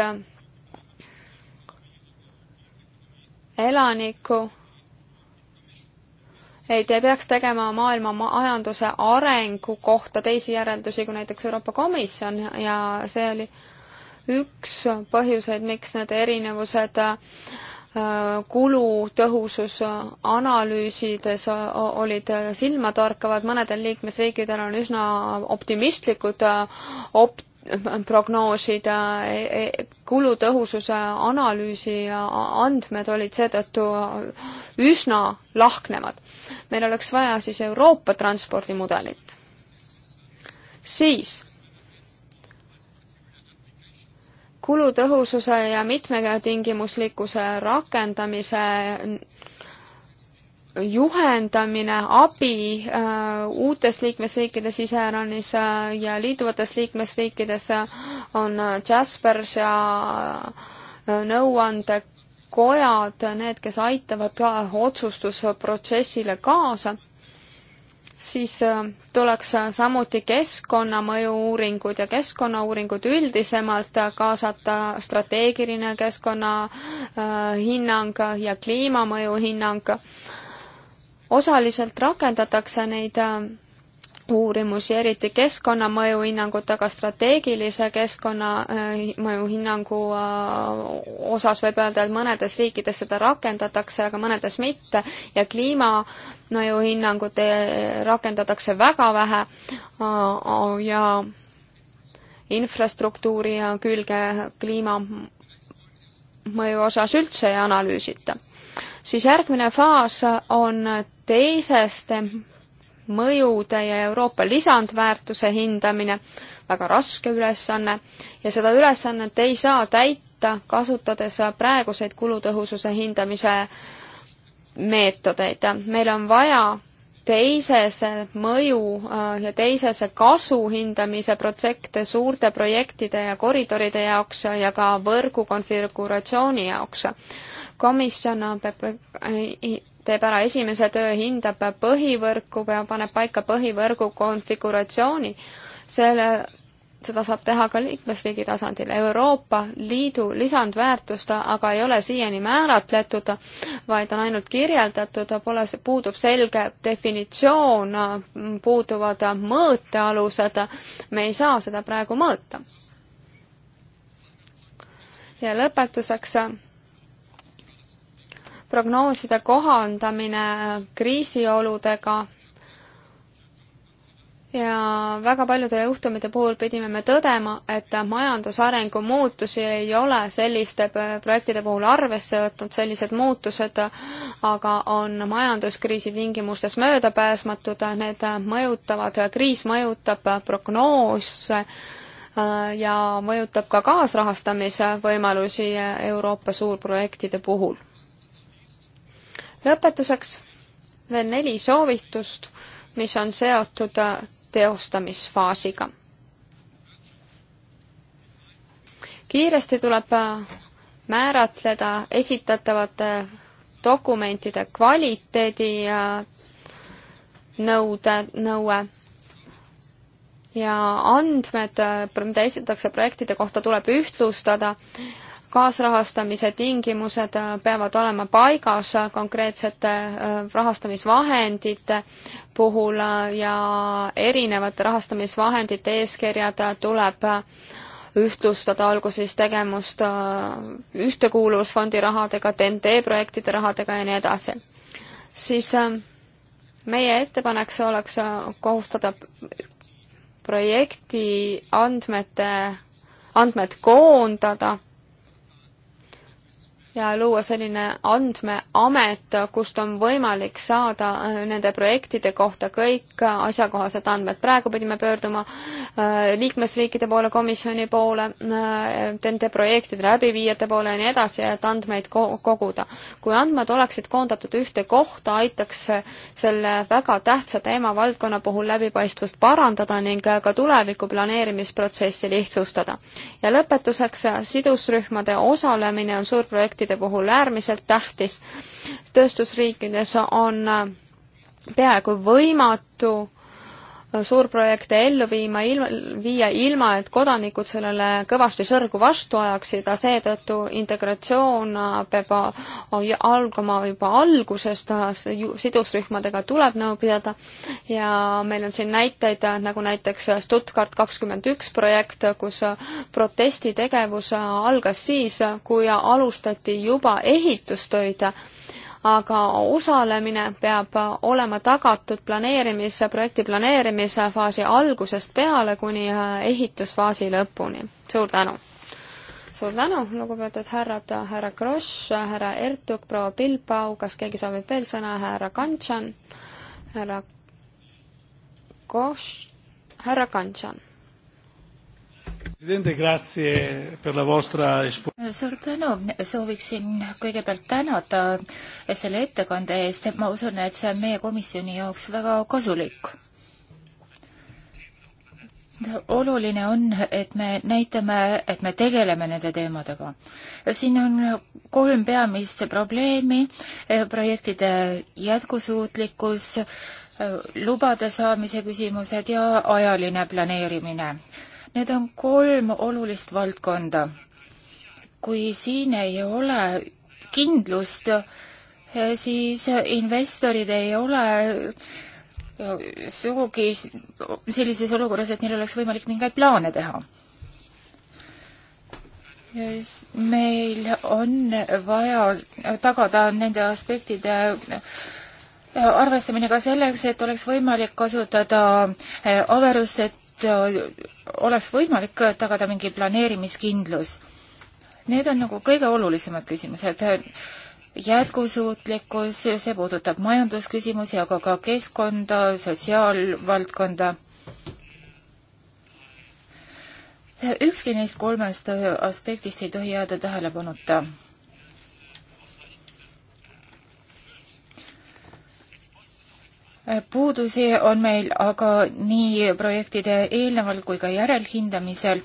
elanikku, ei te peaks tegema maailma majanduse arengu kohta teisi järeldusi kui näiteks Euroopa Komisjon ja see oli äh, üks põhjuseid, miks need erinevused äh, kulutõhusus analüüsides olid silmatorkavad, mõnedel liikmesriikidel on üsna optimistlikud äh, opt-, prognoosid, äh, e-, e-, kulutõhususe analüüsi andmed olid seetõttu üsna lahknevad. meil oleks vaja siis Euroopa transpordimudelit. siis kulutõhususe ja mitmetingimuslikkuse rakendamise juhendamine, abi äh, uutes liikmesriikides iseäranis äh, ja liiduvates liikmesriikides on äh, Jaspers ja nõuandekojad, need, kes aitavad ka otsustusprotsessile kaasa siis äh, tuleks äh, samuti keskkonnamõju uuringud ja keskkonnauuringud üldisemalt äh, kaasata, strateegiline keskkonnahinnang ja kliimamõju hinnang. osaliselt rakendatakse neid uurimusi, eriti keskkonnamõju hinnangut, aga strateegilise keskkonnamõju äh, hinnangu äh, osas võib öelda, et mõnedes riikides seda rakendatakse, aga mõnedes mitte ja kliimamõju hinnangut äh, rakendatakse väga vähe ja infrastruktuuri ja külge kliimamõju osas üldse ei analüüsita. siis järgmine faas on teisest mõjude ja Euroopa lisandväärtuse hindamine, väga raske ülesanne ja seda ülesannet ei saa täita, kasutades praeguseid kulutõhususe hindamise meetodeid. meil on vaja teisese mõju äh, ja teisese kasu hindamise protsente suurte projektide ja koridoride jaoks ja ka võrgu konfiguratsiooni jaoks. komisjon peab äh, teeb ära esimese töö, hindab põhivõrku, paneb paika põhivõrgu konfiguratsiooni, selle, seda saab teha ka liikmesriigi tasandil. Euroopa Liidu lisandväärtust aga ei ole siiani määratletud, vaid on ainult kirjeldatud, pole, puudub selge definitsioon, puuduvad mõõtealused, me ei saa seda praegu mõõta. ja lõpetuseks prognooside kohandamine kriisioludega ja väga paljude juhtumite puhul pidime me tõdema, et majandusarengu muutusi ei ole selliste projektide puhul arvesse võtnud, sellised muutused aga on majanduskriisi tingimustes möödapääsmatud, need mõjutavad, kriis mõjutab prognoose äh, ja mõjutab ka kaasrahastamise võimalusi Euroopa suurprojektide puhul lõpetuseks veel neli soovitust, mis on seotud äh, teostamisfaasiga. kiiresti tuleb äh, määratleda esitatavate dokumentide kvaliteedi ja äh, nõude, nõue ja andmed, mida esitatakse projektide kohta, tuleb ühtlustada kaasrahastamise tingimused äh, peavad olema paigas äh, konkreetsete äh, rahastamisvahendite puhul ja erinevate rahastamisvahendite eeskirjad tuleb ühtlustada, olgu siis tegemust ühtekuuluvusfondi rahadega, TNT projektide rahadega ja nii edasi. siis meie ettepanek, see oleks kohustada projekti andmete, andmed koondada ja luua selline andmeamet, kust on võimalik saada äh, nende projektide kohta kõik asjakohased andmed. praegu pidime pöörduma äh, liikmesriikide poole, komisjoni poole, äh, nende projektide läbiviijate poole ja nii edasi, et andmeid koguda. kui andmed oleksid koondatud ühte kohta, aitaks selle väga tähtsa teemavaldkonna puhul läbipaistvust parandada ning ka tuleviku planeerimisprotsessi lihtsustada. ja lõpetuseks, sidusrühmade osalemine on suurprojekti tööstusriikide puhul äärmiselt tähtis. tööstusriikides on äh, peaaegu võimatu suurprojekte ellu viima, ilma, viia ilma, et kodanikud sellele kõvasti sõrgu vastu ajaksid, aga seetõttu integratsioon peab algama juba algusest, sidusrühmadega tuleb nõu pidada ja meil on siin näiteid, nagu näiteks Stuttgart kakskümmend üks projekt, kus protestitegevus algas siis, kui alustati juba ehitustöid aga osalemine peab olema tagatud planeerimise, projekti planeerimise faasi algusest peale kuni äh, ehitusfaasi lõpuni. suur tänu! suur tänu, lugupeetud härrad, härra Kross, härra Ertug, proua Pilpau, kas keegi soovib veel sõna, härra Kantšan, härra Koš, härra Kantšan suur tänu, sooviksin kõigepealt tänada selle ettekande eest, et ma usun, et see on meie komisjoni jaoks väga kasulik. oluline on, et me näitame, et me tegeleme nende teemadega. siin on kolm peamist probleemi, projektide jätkusuutlikkus, lubade saamise küsimused ja ajaline planeerimine Need on kolm olulist valdkonda. kui siin ei ole kindlust, eh, siis investorid ei ole eh, sugugi sellises olukorras, et neil oleks võimalik mingeid plaane teha. meil on vaja tagada nende aspektide eh, arvestamine ka selleks, et oleks võimalik kasutada averust, et et äh, oleks võimalik tagada mingi planeerimiskindlus. Need on nagu kõige olulisemad küsimused. jätkusuutlikkus, see puudutab majandusküsimusi, aga ka keskkonda, sotsiaalvaldkonda. ükski neist kolmest aspektist ei tohi jääda tähelepanuta puudusi on meil aga nii projektide eelneval kui ka järelhindamisel.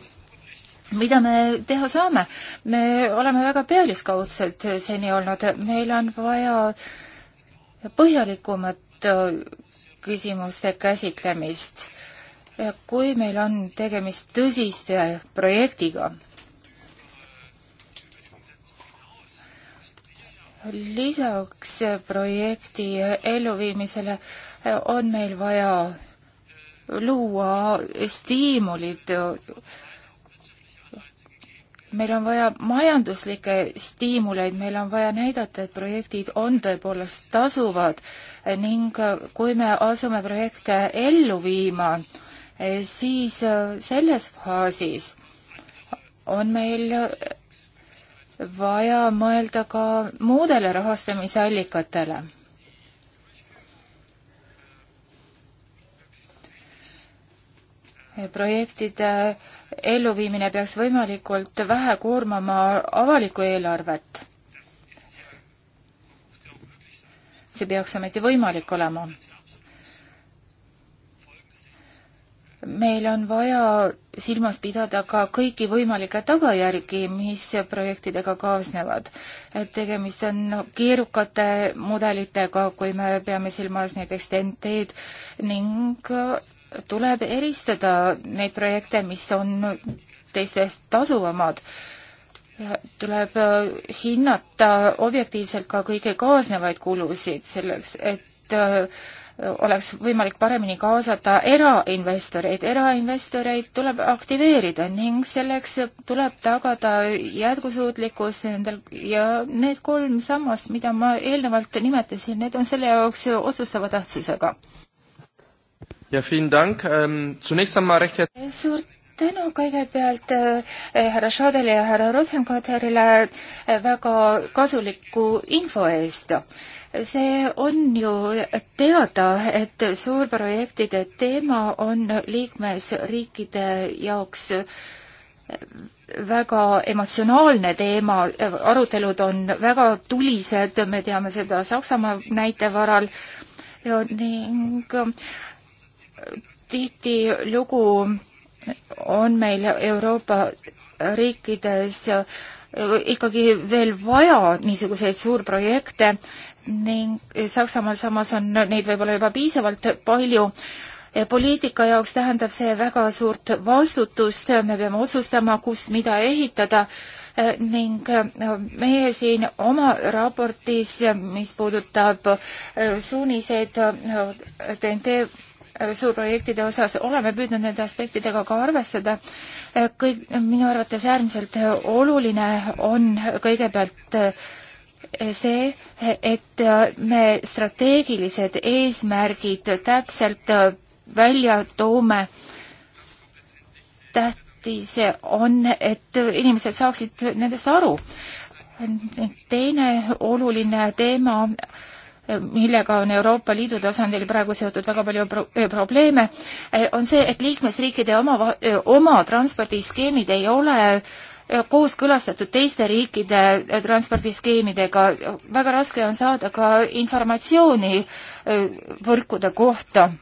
mida me teha saame? me oleme väga pealiskaudsed seni olnud, meil on vaja põhjalikumat äh, küsimuste käsitlemist. kui meil on tegemist tõsiste projektiga, lisaks projekti elluviimisele äh, on meil vaja luua stiimulid. meil on vaja majanduslikke stiimuleid, meil on vaja näidata, et projektid on tõepoolest tasuvad ning kui me asume projekte ellu viima, siis selles faasis on meil vaja mõelda ka muudele rahastamisallikatele projektide elluviimine peaks võimalikult vähe koormama avalikku eelarvet. see peaks ometi võimalik olema. meil on vaja silmas pidada ka kõiki võimalikke tagajärgi, mis projektidega kaasnevad. et tegemist on keerukate mudelitega, kui me peame silmas näiteks TNT-d ning tuleb eristada neid projekte, mis on teistest tasuvamad. tuleb äh, hinnata objektiivselt ka kõige kaasnevaid kulusid selleks, et äh, oleks võimalik paremini kaasata erainvestoreid. erainvestoreid tuleb aktiveerida ning selleks tuleb tagada jätkusuutlikkus nendel ja need kolm sammast, mida ma eelnevalt nimetasin, need on selle jaoks otsustava tähtsusega ja vielen Dank ähm,, zunächst einmal recht herzlich. Eh, suur tänu kõigepealt eh, härra äh, Schadele ja härra Rosenkaterile eh, väga kasuliku info eest see on ju teada, et suurprojektide teema on liikmesriikide jaoks väga emotsionaalne teema, arutelud on väga tulised, me teame seda Saksamaa näite varal ja ning tihtilugu on meil Euroopa riikides äh, ikkagi veel vaja niisuguseid suurprojekte ning Saksamaal samas on neid võib-olla juba piisavalt palju. poliitika jaoks tähendab see väga suurt vastutust, me peame otsustama, kus mida ehitada äh, ning äh, meie siin oma raportis, mis puudutab suuniseid TNT suurprojektide osas oleme püüdnud nende aspektidega ka arvestada. Äh, kõik minu arvates äärmiselt oluline on kõigepealt äh, see, et äh, me strateegilised eesmärgid täpselt välja toome. tähtis on, et inimesed saaksid nendest aru. teine oluline teema äh, millega on Euroopa Liidu tasandil praegu seotud väga palju pro eh, probleeme, eh, on see, et liikmesriikide oma, eh, oma transpordiskeemid ei ole kooskõlastatud teiste riikide transpordiskeemidega. väga raske on saada ka informatsiooni võrkude kohta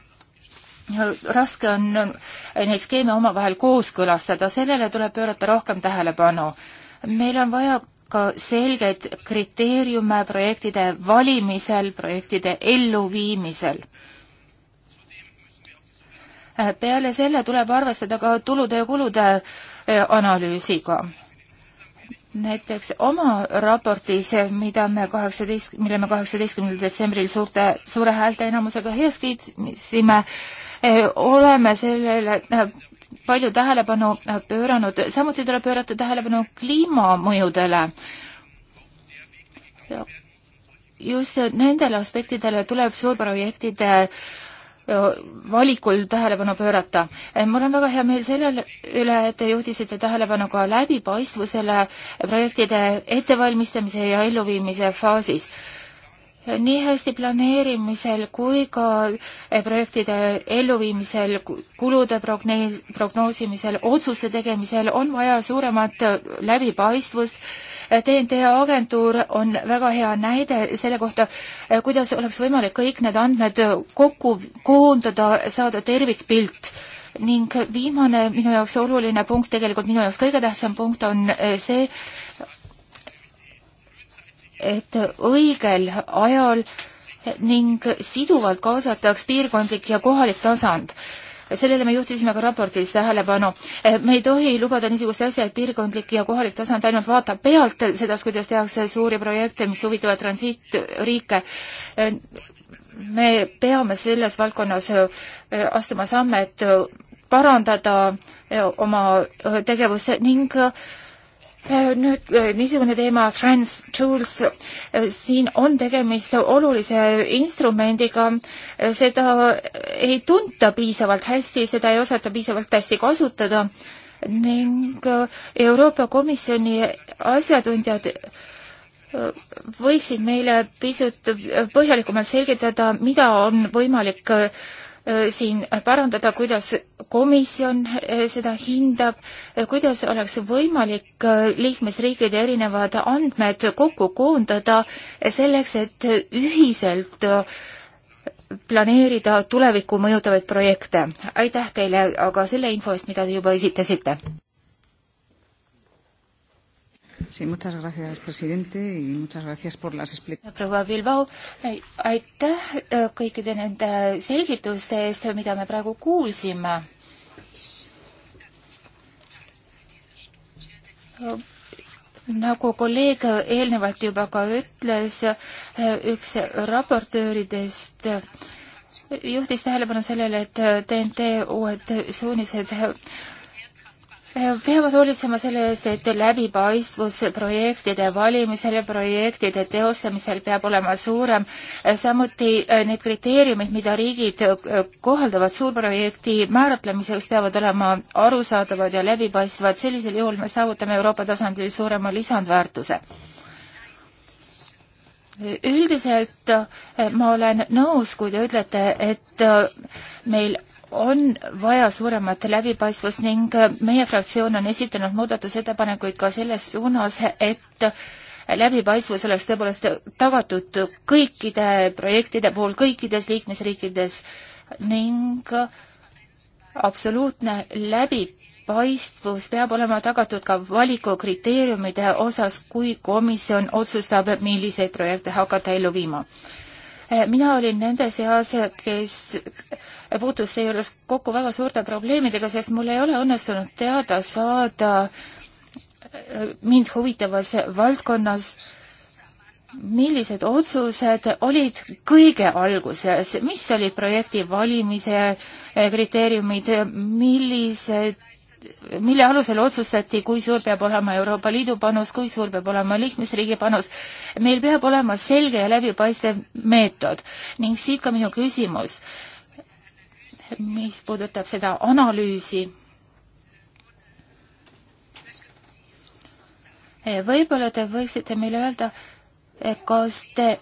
raske on neid skeeme omavahel kooskõlastada, sellele tuleb pöörata rohkem tähelepanu. meil on vaja ka selgeid kriteeriume projektide valimisel, projektide elluviimisel. peale selle tuleb arvestada ka tulude ja kulude eh, analüüsiga. näiteks oma raportis, mida me kaheksateist, mille me kaheksateistkümnendal detsembril suurte, suure häälteenamusega heaks kiitsime, eh, oleme sellele eh, palju tähelepanu äh, pööranud, samuti tuleb pöörata tähelepanu kliimamõjudele. just nendele aspektidele tuleb suurprojektide äh, valikul tähelepanu pöörata. Äh, mul on väga hea meel selle üle, et te juhtisite tähelepanu ka läbipaistvusele projektide ettevalmistamise ja elluviimise faasis nii hästi planeerimisel kui ka eh, projektide elluviimisel, kulude prognoosimisel, otsuste tegemisel on vaja suuremat eh, läbipaistvust. TNT eh, agentuur on väga hea näide selle kohta, kuidas oleks võimalik kõik need andmed kokku koondada, saada tervikpilt ning viimane minu jaoks oluline punkt, tegelikult minu jaoks kõige tähtsam punkt on see, et õigel ajal ning siduvalt kaasataks piirkondlik ja kohalik tasand sellele me juhtisime ka raportis tähelepanu. me ei tohi lubada niisugust asja, et piirkondlik ja kohalik tasand ainult vaatab pealt sellest, kuidas tehakse suuri projekte, mis huvitavad transiitriike. me peame selles valdkonnas astuma samme, et parandada oma tegevust ning Äh, nüüd äh, niisugune teema Trans Tools, äh, siin on tegemist olulise instrumendiga, seda ei tunta piisavalt hästi, seda ei osata piisavalt hästi kasutada ning Euroopa Komisjoni asjatundjad võiksid meile pisut põhjalikumalt selgitada, mida on võimalik Äh, siin parandada, kuidas komisjon äh, seda hindab, äh, kuidas oleks võimalik liikmesriikide erinevad andmed kokku koondada selleks, et ühiselt planeerida tulevikku mõjutavaid projekte. aitäh teile aga selle info eest, mida te juba esitasite! Sí, muchas gracias, presidente, y muchas gracias por las explicaciones. proua Bilbao, aitäh kõikide nende selgituste eest, mida me praegu kuulsime. nagu kolleeg eelnevalt juba ka ütles, üks raportööridest juhtis tähelepanu sellele, et TNT uued suunised Äh, peavad hoolitsema selle eest, et läbipaistvus projektide valimisel ja projektide teostamisel peab olema suurem. Äh, samuti äh, need kriteeriumid, mida riigid kohaldavad suurprojekti määratlemiseks, peavad olema arusaadavad ja läbipaistvad. sellisel juhul me saavutame Euroopa tasandil suurema lisandväärtuse üldiselt ma olen nõus, kui te ütlete, et meil on vaja suuremat läbipaistvust ning meie fraktsioon on esitanud muudatusettepanekuid ka selles suunas, et läbipaistvus oleks tõepoolest tagatud kõikide projektide puhul kõikides liikmesriikides ning absoluutne läbipaistvus peab olema tagatud ka valikukriteeriumide osas, kui komisjon otsustab, milliseid projekte hakata ellu viima mina olin nende seas, kes puutus seejuures kokku väga suurte probleemidega, sest mul ei ole õnnestunud teada saada äh, mind huvitavas valdkonnas, millised otsused olid kõige alguses, mis olid projekti valimise äh, kriteeriumid, millised mille alusel otsustati, kui suur peab olema Euroopa Liidu panus, kui suur peab olema liikmesriigi panus. meil peab olema selge ja läbipaistev meetod ning siit ka minu küsimus mis puudutab seda analüüsi. võib-olla te võiksite meile öelda, kas te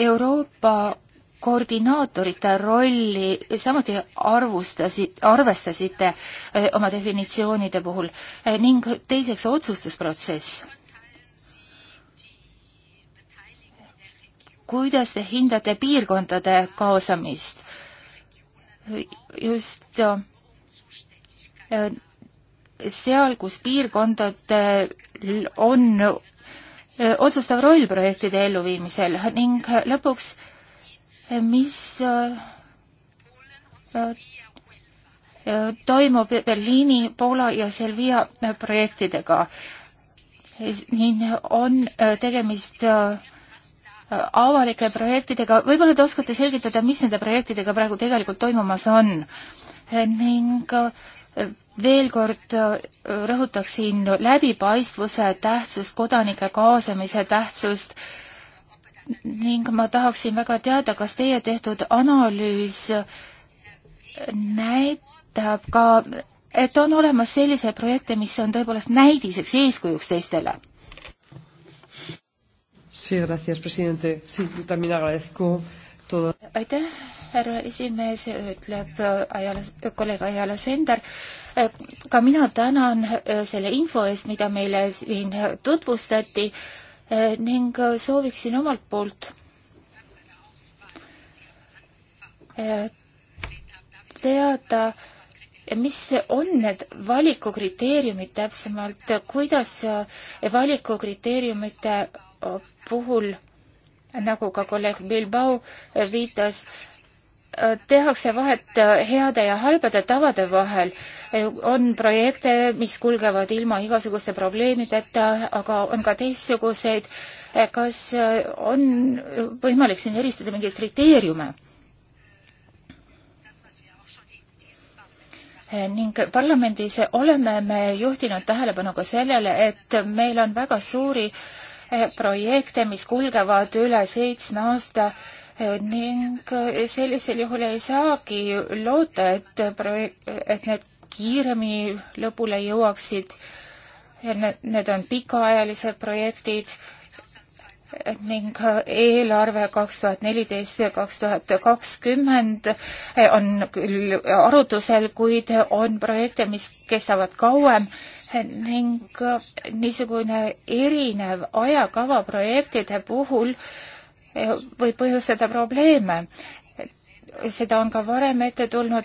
Euroopa koordinaatorite rolli samuti arvustasid, arvestasite eh, oma definitsioonide puhul eh, ning teiseks otsustusprotsess. kuidas te hindate piirkondade kaasamist? just äh, seal, kus piirkondadel on äh, otsustav roll projektide elluviimisel ning lõpuks, äh, mis toimub Berliini, Poola ja Selvia projektidega. siin on tegemist avalike projektidega, võib-olla te oskate selgitada, mis nende projektidega praegu tegelikult toimumas on? ning eh, veel kord eh, rõhutaksin läbipaistvuse tähtsust, kodanike kaasamise tähtsust ning ma tahaksin väga teada, kas teie tehtud analüüs näitab ka, et on olemas selliseid projekte, mis on tõepoolest näidiseks eeskujuks teistele Sí, gracias, presidente. Sí, yo también agradezco todo. aitäh, härra esimees, ütleb ajalas, kolleeg Ajala Sender. ka mina tänan äh, selle info eest, mida meile siin tutvustati äh, ning äh, sooviksin omalt poolt teada, mis on need valikukriteeriumid täpsemalt, kuidas valikukriteeriumite puhul, nagu ka kolleeg Bilbao viitas, tehakse vahet heade ja halbade tavade vahel. on projekte, mis kulgevad ilma igasuguste probleemideta, aga on ka teistsuguseid. kas on võimalik siin eristada mingeid kriteeriume? ning parlamendis oleme me juhtinud tähelepanu ka sellele, et meil on väga suuri äh, projekte, mis kulgevad üle seitsme aasta eh, ning eh, sellisel juhul ei saagi loota, et projekt, et need kiiremini lõpule jõuaksid. Need on pikaajalised projektid ning eh, eelarve kaks tuhat neliteist ja kaks tuhat kakskümmend on küll arutusel, kuid on projekte, mis kestavad kauem ning niisugune erinev ajakava projektide puhul eh, võib põhjustada probleeme. seda on ka varem ette tulnud,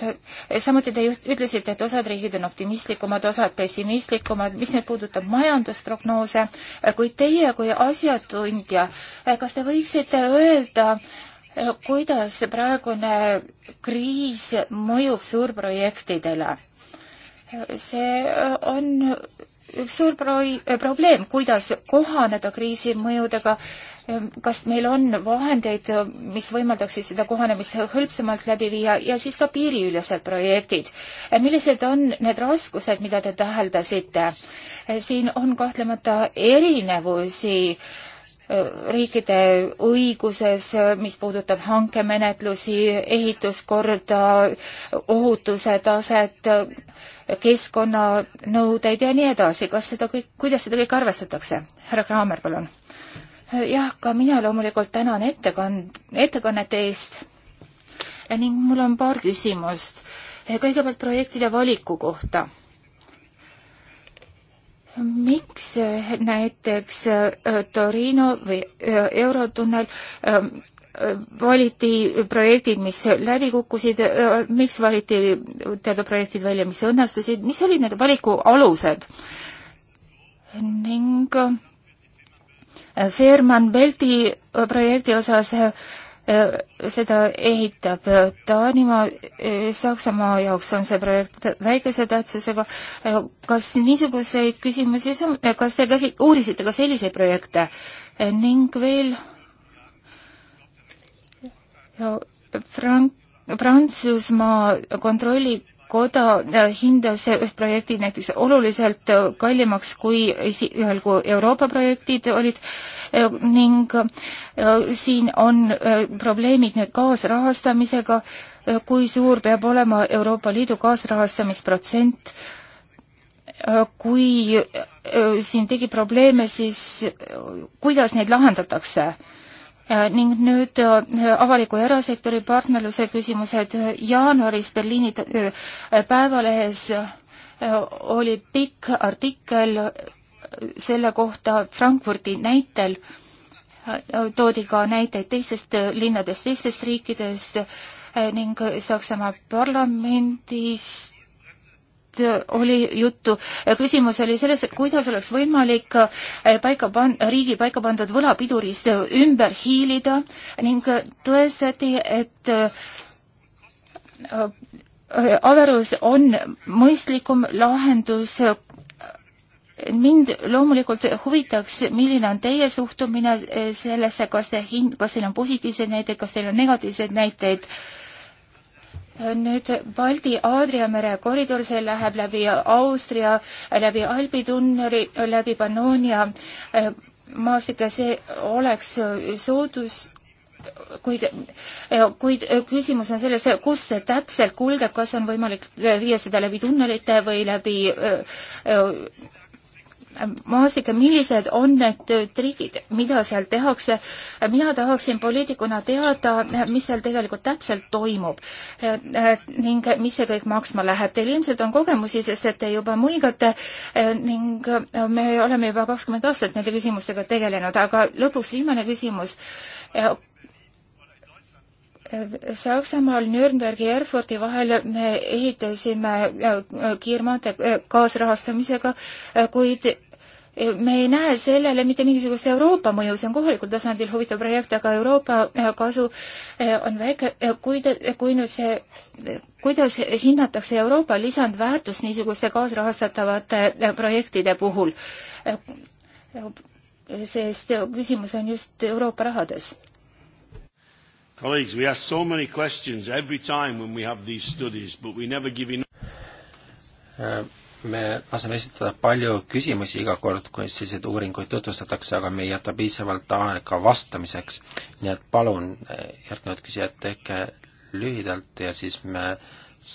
samuti te ütlesite, et osad riigid on optimistlikumad, osad pessimistlikumad, mis nüüd puudutab majandusprognoose, kuid teie kui asjatundja, eh, kas te võiksite öelda, eh, kuidas praegune kriis mõjub suurprojektidele? see äh, on üks suur pro-, äh, probleem, kuidas kohaneda kriisi mõjudega, ähm, kas meil on vahendeid, äh, mis võimaldaksid seda kohanemist hõlpsamalt läbi viia ja siis ka piiriülesed projektid. millised on need raskused, mida te täheldasite? siin on kahtlemata erinevusi äh, riikide õiguses, mis puudutab hankemenetlusi, ehituskorda, ohutuse taset, keskkonnanõudeid ja nii edasi, kas seda kõik, kuidas seda kõike arvestatakse? härra Kraamer, palun. jah, ka mina loomulikult tänan ettekand-, ettekannete eest ning mul on paar küsimust. kõigepealt projektide valiku kohta miks eh, näiteks eh, Torino või eh, Eurotunnel valiti projektid, mis läbi kukkusid, miks valiti teatud projektid välja, mis õnnestusid, mis olid need valiku alused? ning Fairman Belti projekti osas Äh, seda ehitab äh, Taanimaa, äh, Saksamaa jaoks on see projekt väikese tähtsusega. kas niisuguseid küsimusi, kas te käsi-, uurisite ka selliseid projekte ning veel Prant-, Prantsusmaa kontrollib koda äh, hindas üht projekti näiteks oluliselt äh, kallimaks, kui esialgu Euroopa projektid olid äh, ning siin on probleemid nüüd kaasrahastamisega, kui suur peab olema Euroopa Liidu kaasrahastamisprotsent, kui siin tegi probleeme, siis kuidas neid lahendatakse Äh, ning nüüd äh, avaliku ja erasektori partnerluse küsimused jaanuaris Berliini äh, päevalehes oli pikk artikkel selle kohta Frankfurdi näitel, toodi ka näiteid teistest linnadest, teistest riikidest ning Saksamaa parlamendis Äh, oli juttu, äh, küsimus oli selles, et kuidas oleks võimalik äh, paika pan-, riigi paika pandud võlapidurist ümber hiilida ning tõestati, et averus on mõistlikum lahendus mind loomulikult huvitaks, milline on teie suhtumine sellesse, kas te hind, kas teil on positiivseid näiteid, kas teil on negatiivseid näiteid äh, nüüd Balti-Aadria mere koridor, see läheb läbi Austria, läbi Albi tunneli, läbi Pannonia eh, maastika, see oleks soodus kuid, eh, kuid eh, küsimus on selles, kus see täpselt kulgeb, kas on võimalik viia seda läbi tunnelite või läbi Maasika, millised on need trikid, mida seal tehakse? mina tahaksin poliitikuna teada, mis seal tegelikult täpselt toimub ning mis see kõik maksma läheb. Teil ilmselt on kogemusi, sest et te juba muigate ning me oleme juba kakskümmend aastat nende küsimustega tegelenud, aga lõpuks viimane küsimus Saksamaal Nürnbergi ja Erfurti vahel me ehitasime äh, äh, kiirmaantee äh, kaasrahastamisega, kuid me ei näe sellele mitte mingisugust Euroopa mõju, see on kohalikul tasandil huvitav projekt, aga Euroopa kasu on väike, kui ta, kui nüüd see, kuidas hinnatakse Euroopa lisandväärtust niisuguste kaasrahastatavate projektide puhul? sest küsimus on just Euroopa rahades Colleagues, we ask so many questions every time when we have these studies, but we never give enough äh, me laseme esitada palju küsimusi iga kord, kui selliseid uuringuid tutvustatakse, aga me ei jäta piisavalt aega vastamiseks. nii et palun, äh, järgnevad küsijad, tehke lühidalt ja siis me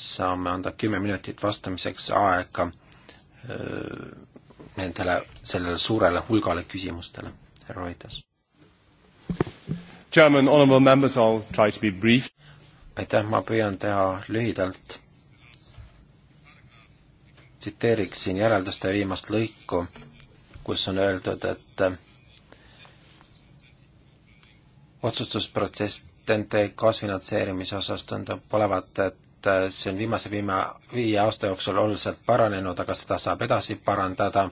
saame anda kümme minutit vastamiseks aega äh, nendele, sellele suurele hulgale küsimustele. härra Oidas. Chairman, honourable members, I will try to be brief. aitäh, ma püüan teha lühidalt. tsiteeriksin järelduste viimast lõiku, kus on öeldud, et eh, otsustusprotsess TNT kaasfinantseerimise osas tundub olevat, et eh, see on viimase viime, viie aasta jooksul oluliselt paranenud, aga seda saab edasi parandada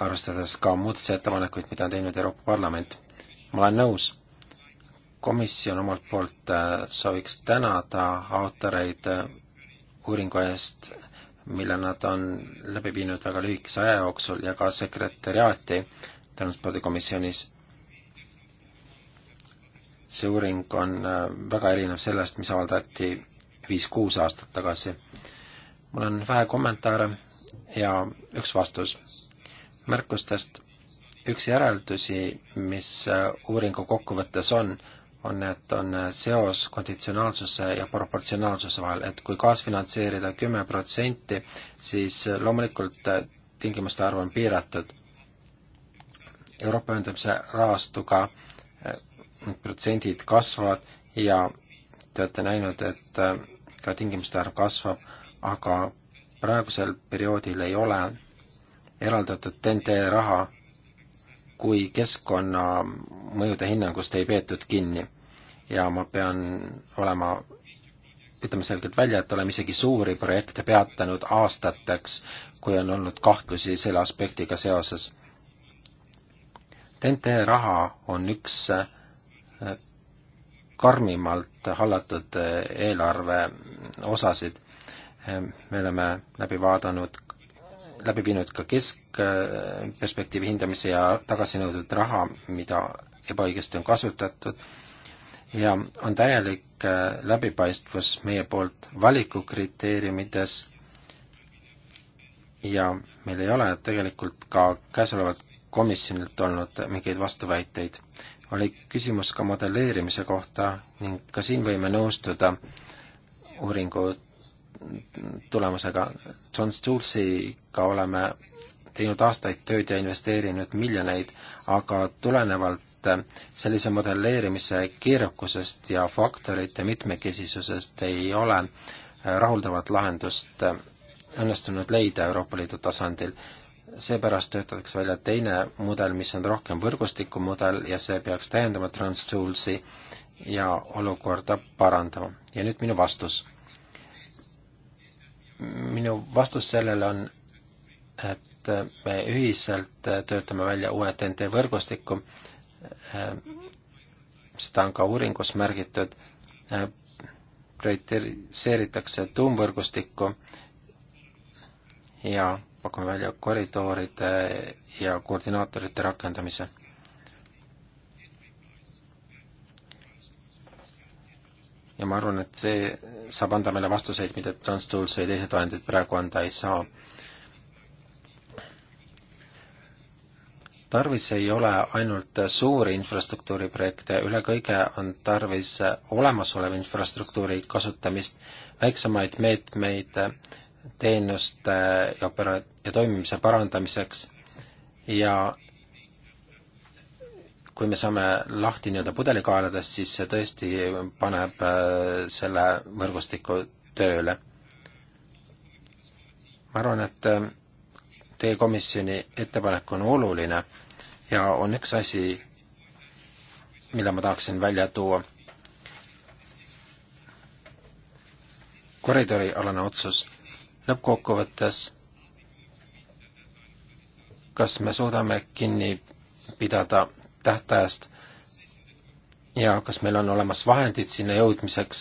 arvestades ka muudatusettepanekuid, mida on teinud Euroopa Parlament. ma olen nõus, komisjon omalt poolt äh, sooviks tänada autoreid äh, uuringu eest, mille nad on läbi viinud väga lühikese aja jooksul ja ka sekretäriaati transpordikomisjonis. see uuring on äh, väga erinev sellest, mis avaldati viis-kuus aastat tagasi. mul on vähe kommentaare ja üks vastus märkustest üks järeldusi, mis äh, uuringu kokkuvõttes on, on, et on äh, seos konditsionaalsuse ja proportsionaalsuse vahel, et kui kaasfinantseerida kümme protsenti, siis äh, loomulikult tingimuste arv on piiratud. Euroopa ühendamise rahastuga protsendid kasvavad ja te olete näinud, et ka tingimuste arv kasvab, aga praegusel perioodil ei ole eraldatud TNT raha, kui keskkonnamõjude hinnangust ei peetud kinni. ja ma pean olema, ütleme selgelt välja, et oleme isegi suuri projekte peatanud aastateks, kui on olnud kahtlusi selle aspektiga seoses. TNT raha on üks äh, karmimalt hallatud äh, eelarve osasid. Äh, me oleme läbi vaadanud läbi viinud ka keskperspektiivi hindamise ja tagasi nõudnud raha, mida ebaõigesti on kasutatud, ja on täielik äh, läbipaistvus meie poolt valikukriteeriumides ja meil ei ole tegelikult ka käesolevalt komisjonilt olnud mingeid vastuväiteid. oli küsimus ka modelleerimise kohta ning ka siin võime nõustuda uuringu tulemusega. John Stulesiga oleme teinud aastaid tööd ja investeerinud miljoneid, aga tulenevalt äh, sellise modelleerimise keerukusest ja faktorite mitmekesisusest ei ole äh, rahuldavat lahendust äh, õnnestunud leida Euroopa Liidu tasandil. seepärast töötatakse välja teine mudel, mis on rohkem võrgustiku mudel ja see peaks täiendama TransToolsi ja olukorda parandama. ja nüüd minu vastus minu vastus sellele on, et me ühiselt töötame välja uue TNT võrgustiku, seda on ka uuringus märgitud, prioritiseeritakse tuumvõrgustikku ja pakume välja koridoride ja koordinaatorite rakendamise ja ma arvan, et see saab anda meile vastuseid, mida John Stools ja teised vahendid praegu anda ei saa. tarvis ei ole ainult suuri infrastruktuuriprojekte, üle kõige on tarvis olemasoleva infrastruktuuri kasutamist, väiksemaid meetmeid teenuste ja opera- ja toimimise parandamiseks ja kui me saame lahti nii-öelda pudelikaeladest, siis see tõesti paneb äh, selle võrgustiku tööle. ma arvan, et äh, teie komisjoni ettepanek on oluline ja on üks asi, mille ma tahaksin välja tuua. koridorialane otsus. lõppkokkuvõttes, kas me suudame kinni pidada tähtajast ja kas meil on olemas vahendid sinna jõudmiseks.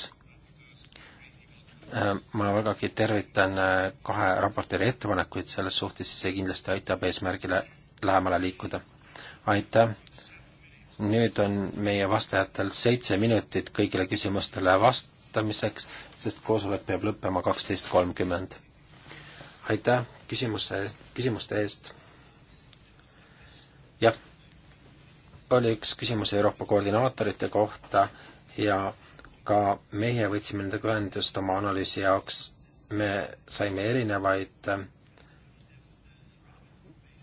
Äh, ma vägagi tervitan äh, kahe raportööri ettepanekuid selles suhtes, see kindlasti aitab eesmärgile lähemale liikuda. aitäh! nüüd on meie vastajatel seitse minutit kõigile küsimustele vastamiseks, sest koosolek peab lõppema kaksteist kolmkümmend. aitäh küsimuse, küsimuste eest! jah oli üks küsimus Euroopa koordinaatorite kohta ja ka meie võtsime nendega ühendust oma analüüsi jaoks, me saime erinevaid äh,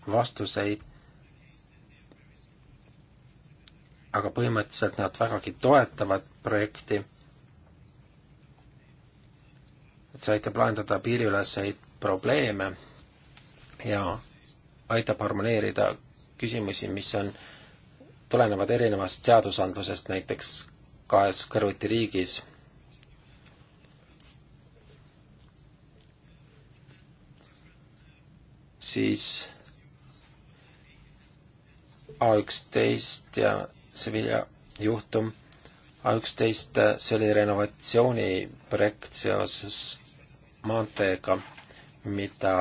vastuseid, aga põhimõtteliselt nad vägagi toetavad projekti, et see aitab lahendada piiriüleseid probleeme ja aitab harmoneerida küsimusi, mis on äh, tulenevad erinevast seadusandlusest näiteks kahes kõrvuti riigis. siis A üksteist ja Sevilla juhtum A üksteist, see oli renovatsiooniprojekt seoses maanteega, mida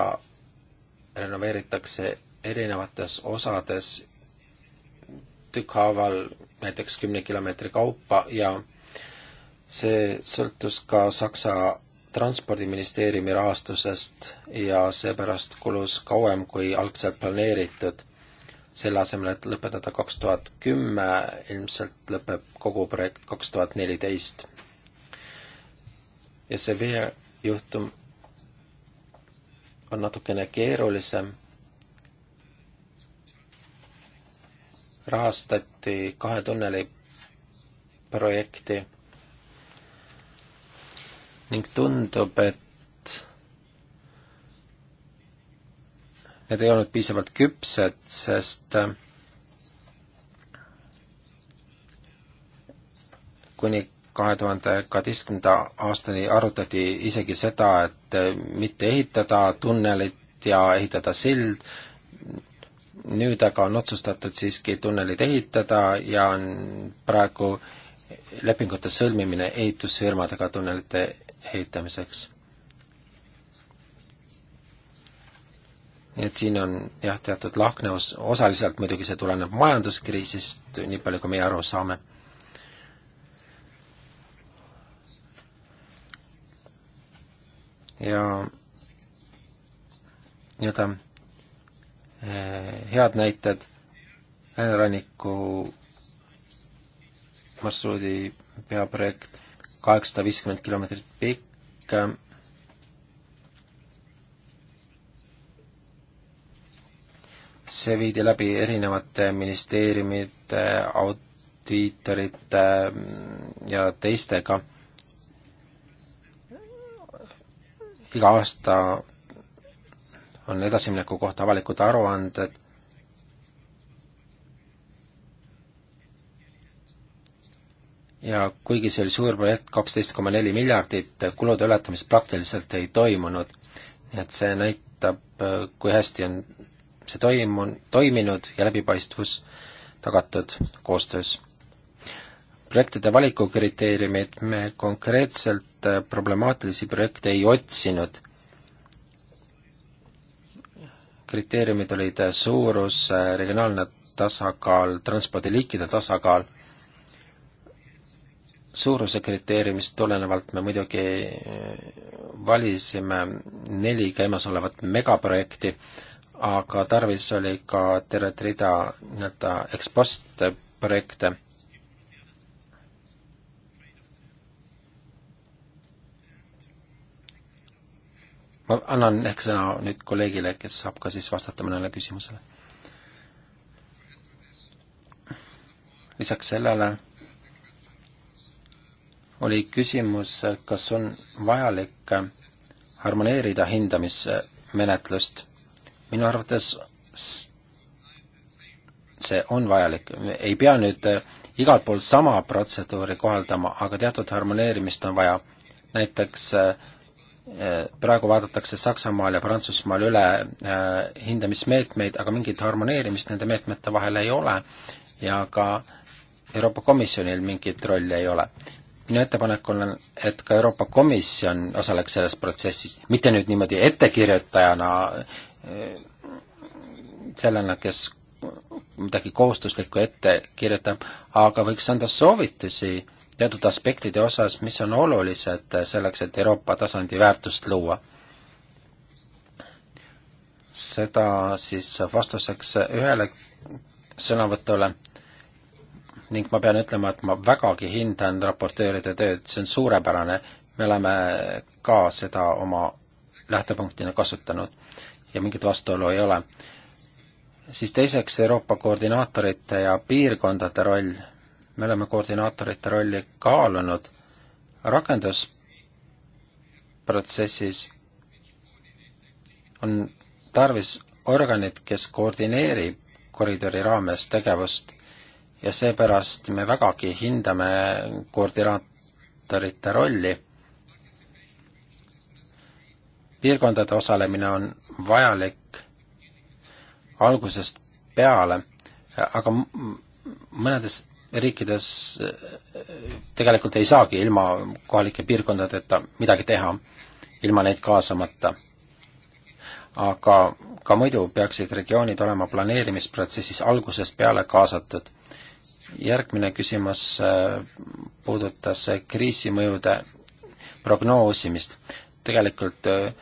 renoveeritakse erinevates osades tükkhaaval näiteks kümne kilomeetri kaupa ja see sõltus ka Saksa transpordiministeeriumi rahastusest ja seepärast kulus kauem kui algselt planeeritud. selle asemel, et lõpetada kaks tuhat kümme, ilmselt lõpeb kogu projekt kaks tuhat neliteist. ja see veejuhtum on natukene keerulisem rahastati kahe tunneli projekti ning tundub, et need ei olnud piisavalt küpsed, sest kuni kahe tuhande kaheteistkümnenda aastani arutati isegi seda, et mitte ehitada tunnelit ja ehitada sild, nüüd aga on otsustatud siiski tunnelid ehitada ja on praegu lepingute sõlmimine ehitusfirmadega tunnelite ehitamiseks. nii et siin on jah, teatud lahknevus, osaliselt muidugi see tuleneb majanduskriisist, nii palju kui meie aru saame ja nii-öelda Eh, head näited lääneranniku marsruudi peaprojekt, kaheksasada viiskümmend kilomeetrit pikk, see viidi läbi erinevate ministeeriumite, audiitorite ja teistega. iga aasta on edasimineku kohta avalikud aruanded, ja kuigi see oli suur projekt, kaksteist koma neli miljardit, kulude ületamist praktiliselt ei toimunud, nii et see näitab, kui hästi on see toimun-, toiminud ja läbipaistvus tagatud koostöös. projektide valikukriteeriumid, me konkreetselt problemaatilisi projekte ei otsinud kriteeriumid olid suurus, regionaalne tasakaal, transpordiliikide tasakaal, suuruse kriteeriumist tulenevalt me muidugi eh, valisime neli käimasolevat megaprojekti, aga tarvis oli ka tervet rida nii-öelda ekspost projekte ma annan ehk sõna nüüd kolleegile, kes saab ka siis vastata mõnele küsimusele. lisaks sellele oli küsimus, kas on vajalik harmoneerida hindamismenetlust. minu arvates see on vajalik, ei pea nüüd igalt poolt sama protseduuri kohaldama, aga teatud harmoneerimist on vaja. näiteks äh, Äh, praegu vaadatakse Saksamaal ja Prantsusmaal üle äh, hindamismeetmeid, aga mingit harmoneerimist nende meetmete vahel ei ole ja ka Euroopa Komisjonil mingit rolli ei ole. minu ettepanek on, et ka Euroopa Komisjon osaleks selles protsessis, mitte nüüd niimoodi ettekirjutajana, äh, sellena, kes midagi kohustuslikku ette kirjutab, aga võiks anda soovitusi äh, teatud aspektide osas, mis on olulised selleks, et Euroopa tasandi väärtust luua. seda siis vastuseks ühele sõnavõtule ning ma pean ütlema, et ma vägagi hindan raportööride tööd, see on suurepärane, me oleme ka seda oma lähtepunktina kasutanud ja mingit vastuolu ei ole. siis teiseks Euroopa koordinaatorite ja piirkondade roll me oleme koordinaatorite rolli kaalunud rakendusprotsessis on tarvis organit, kes koordineerib koridori raames tegevust ja seepärast me vägagi hindame koordinaatorite rolli. piirkondade osalemine on vajalik algusest peale, aga mõnedes riikides tegelikult ei saagi ilma kohalike piirkondadeta midagi teha, ilma neid kaasamata. aga ka muidu peaksid regioonid olema planeerimisprotsessis algusest peale kaasatud. järgmine küsimus äh, puudutas kriisimõjude prognoosimist. tegelikult äh,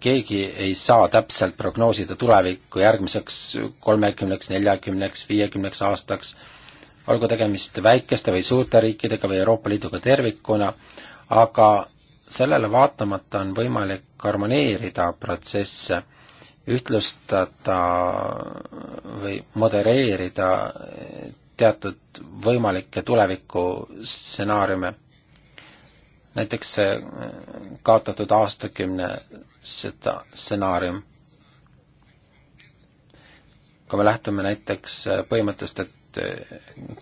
keegi ei saa täpselt prognoosida tulevikku järgmiseks kolmekümneks, neljakümneks, viiekümneks aastaks, olgu tegemist väikeste või suurte riikidega või Euroopa Liiduga tervikuna, aga sellele vaatamata on võimalik harmoneerida protsesse, ühtlustada või modereerida teatud võimalikke tulevikustsenaariume. näiteks see äh, kaotatud aastakümne seda stsenaarium. kui me lähtume näiteks põhimõttest, et sest eh,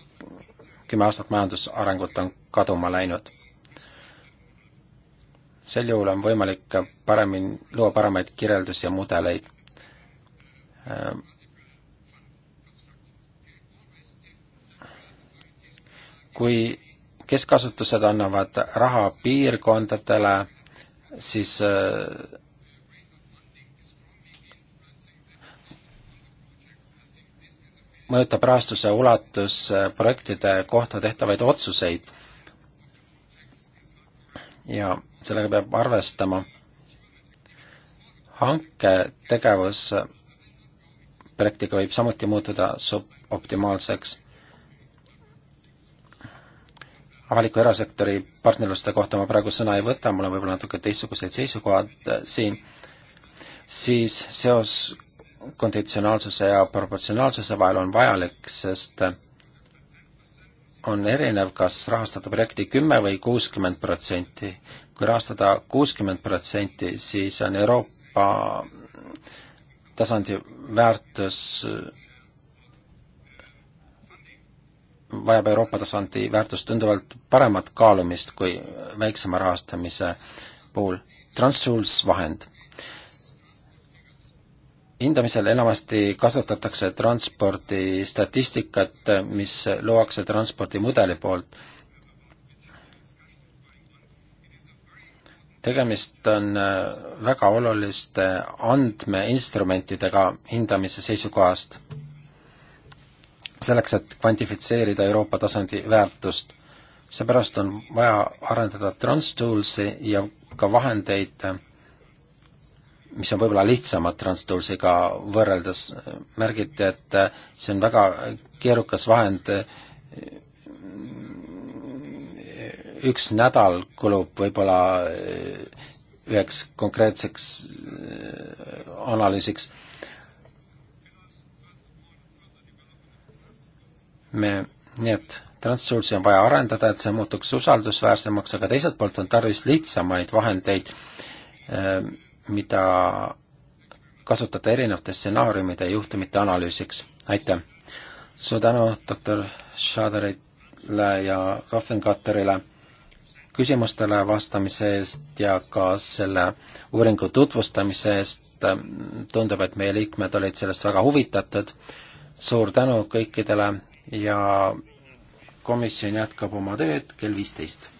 kümme aastat majandusarengut on kaduma läinud. sel juhul on võimalik paremini, luua paremaid kirjeldusi ja mudeleid. kui keskasutused annavad raha piirkondadele, siis eh, mõjutab rahastuse ulatus äh, projektide kohta tehtavaid otsuseid. ja sellega peab arvestama. hanketegevus projektiga võib samuti muutuda suboptimaalseks. avaliku erasektori partnerluste kohta ma praegu sõna ei võta, mul on võib-olla natuke teistsugused seisukohad äh, siin, siis seos konditsionaalsuse ja proportsionaalsuse vahel on vajalik, sest on erinev, kas rahastada projekti kümme või kuuskümmend protsenti. kui rahastada kuuskümmend protsenti, siis on Euroopa tasandi väärtus, vajab Euroopa tasandi väärtus tunduvalt paremat kaalumist kui väiksema rahastamise puhul. Transsuls vahend hindamisel enamasti kasutatakse transpordistatistikat, mis luuakse transpordimudeli poolt. tegemist on äh, väga oluliste andmeinstrumentidega hindamise seisukohast, selleks, et kvantifitseerida Euroopa tasandi väärtust. seepärast on vaja arendada TransToolsi ja ka vahendeid äh, mis on võib-olla lihtsamad Transtoolsiga võrreldes, märgiti, et äh, see on väga keerukas vahend, äh, üks nädal kulub võib-olla äh, üheks konkreetseks analüüsiks. me, nii et Transtoolsi on vaja arendada, et see muutuks usaldusväärsemaks, aga teiselt poolt on tarvis lihtsamaid vahendeid äh, mida kasutada erinevate stsenaariumide ja juhtumite analüüsiks. aitäh! suur tänu doktor Schaderile ja Rohvenkatterile küsimustele vastamise eest ja ka selle uuringu tutvustamise eest. tundub, et meie liikmed olid sellest väga huvitatud. suur tänu kõikidele ja komisjon jätkab oma tööd kell viisteist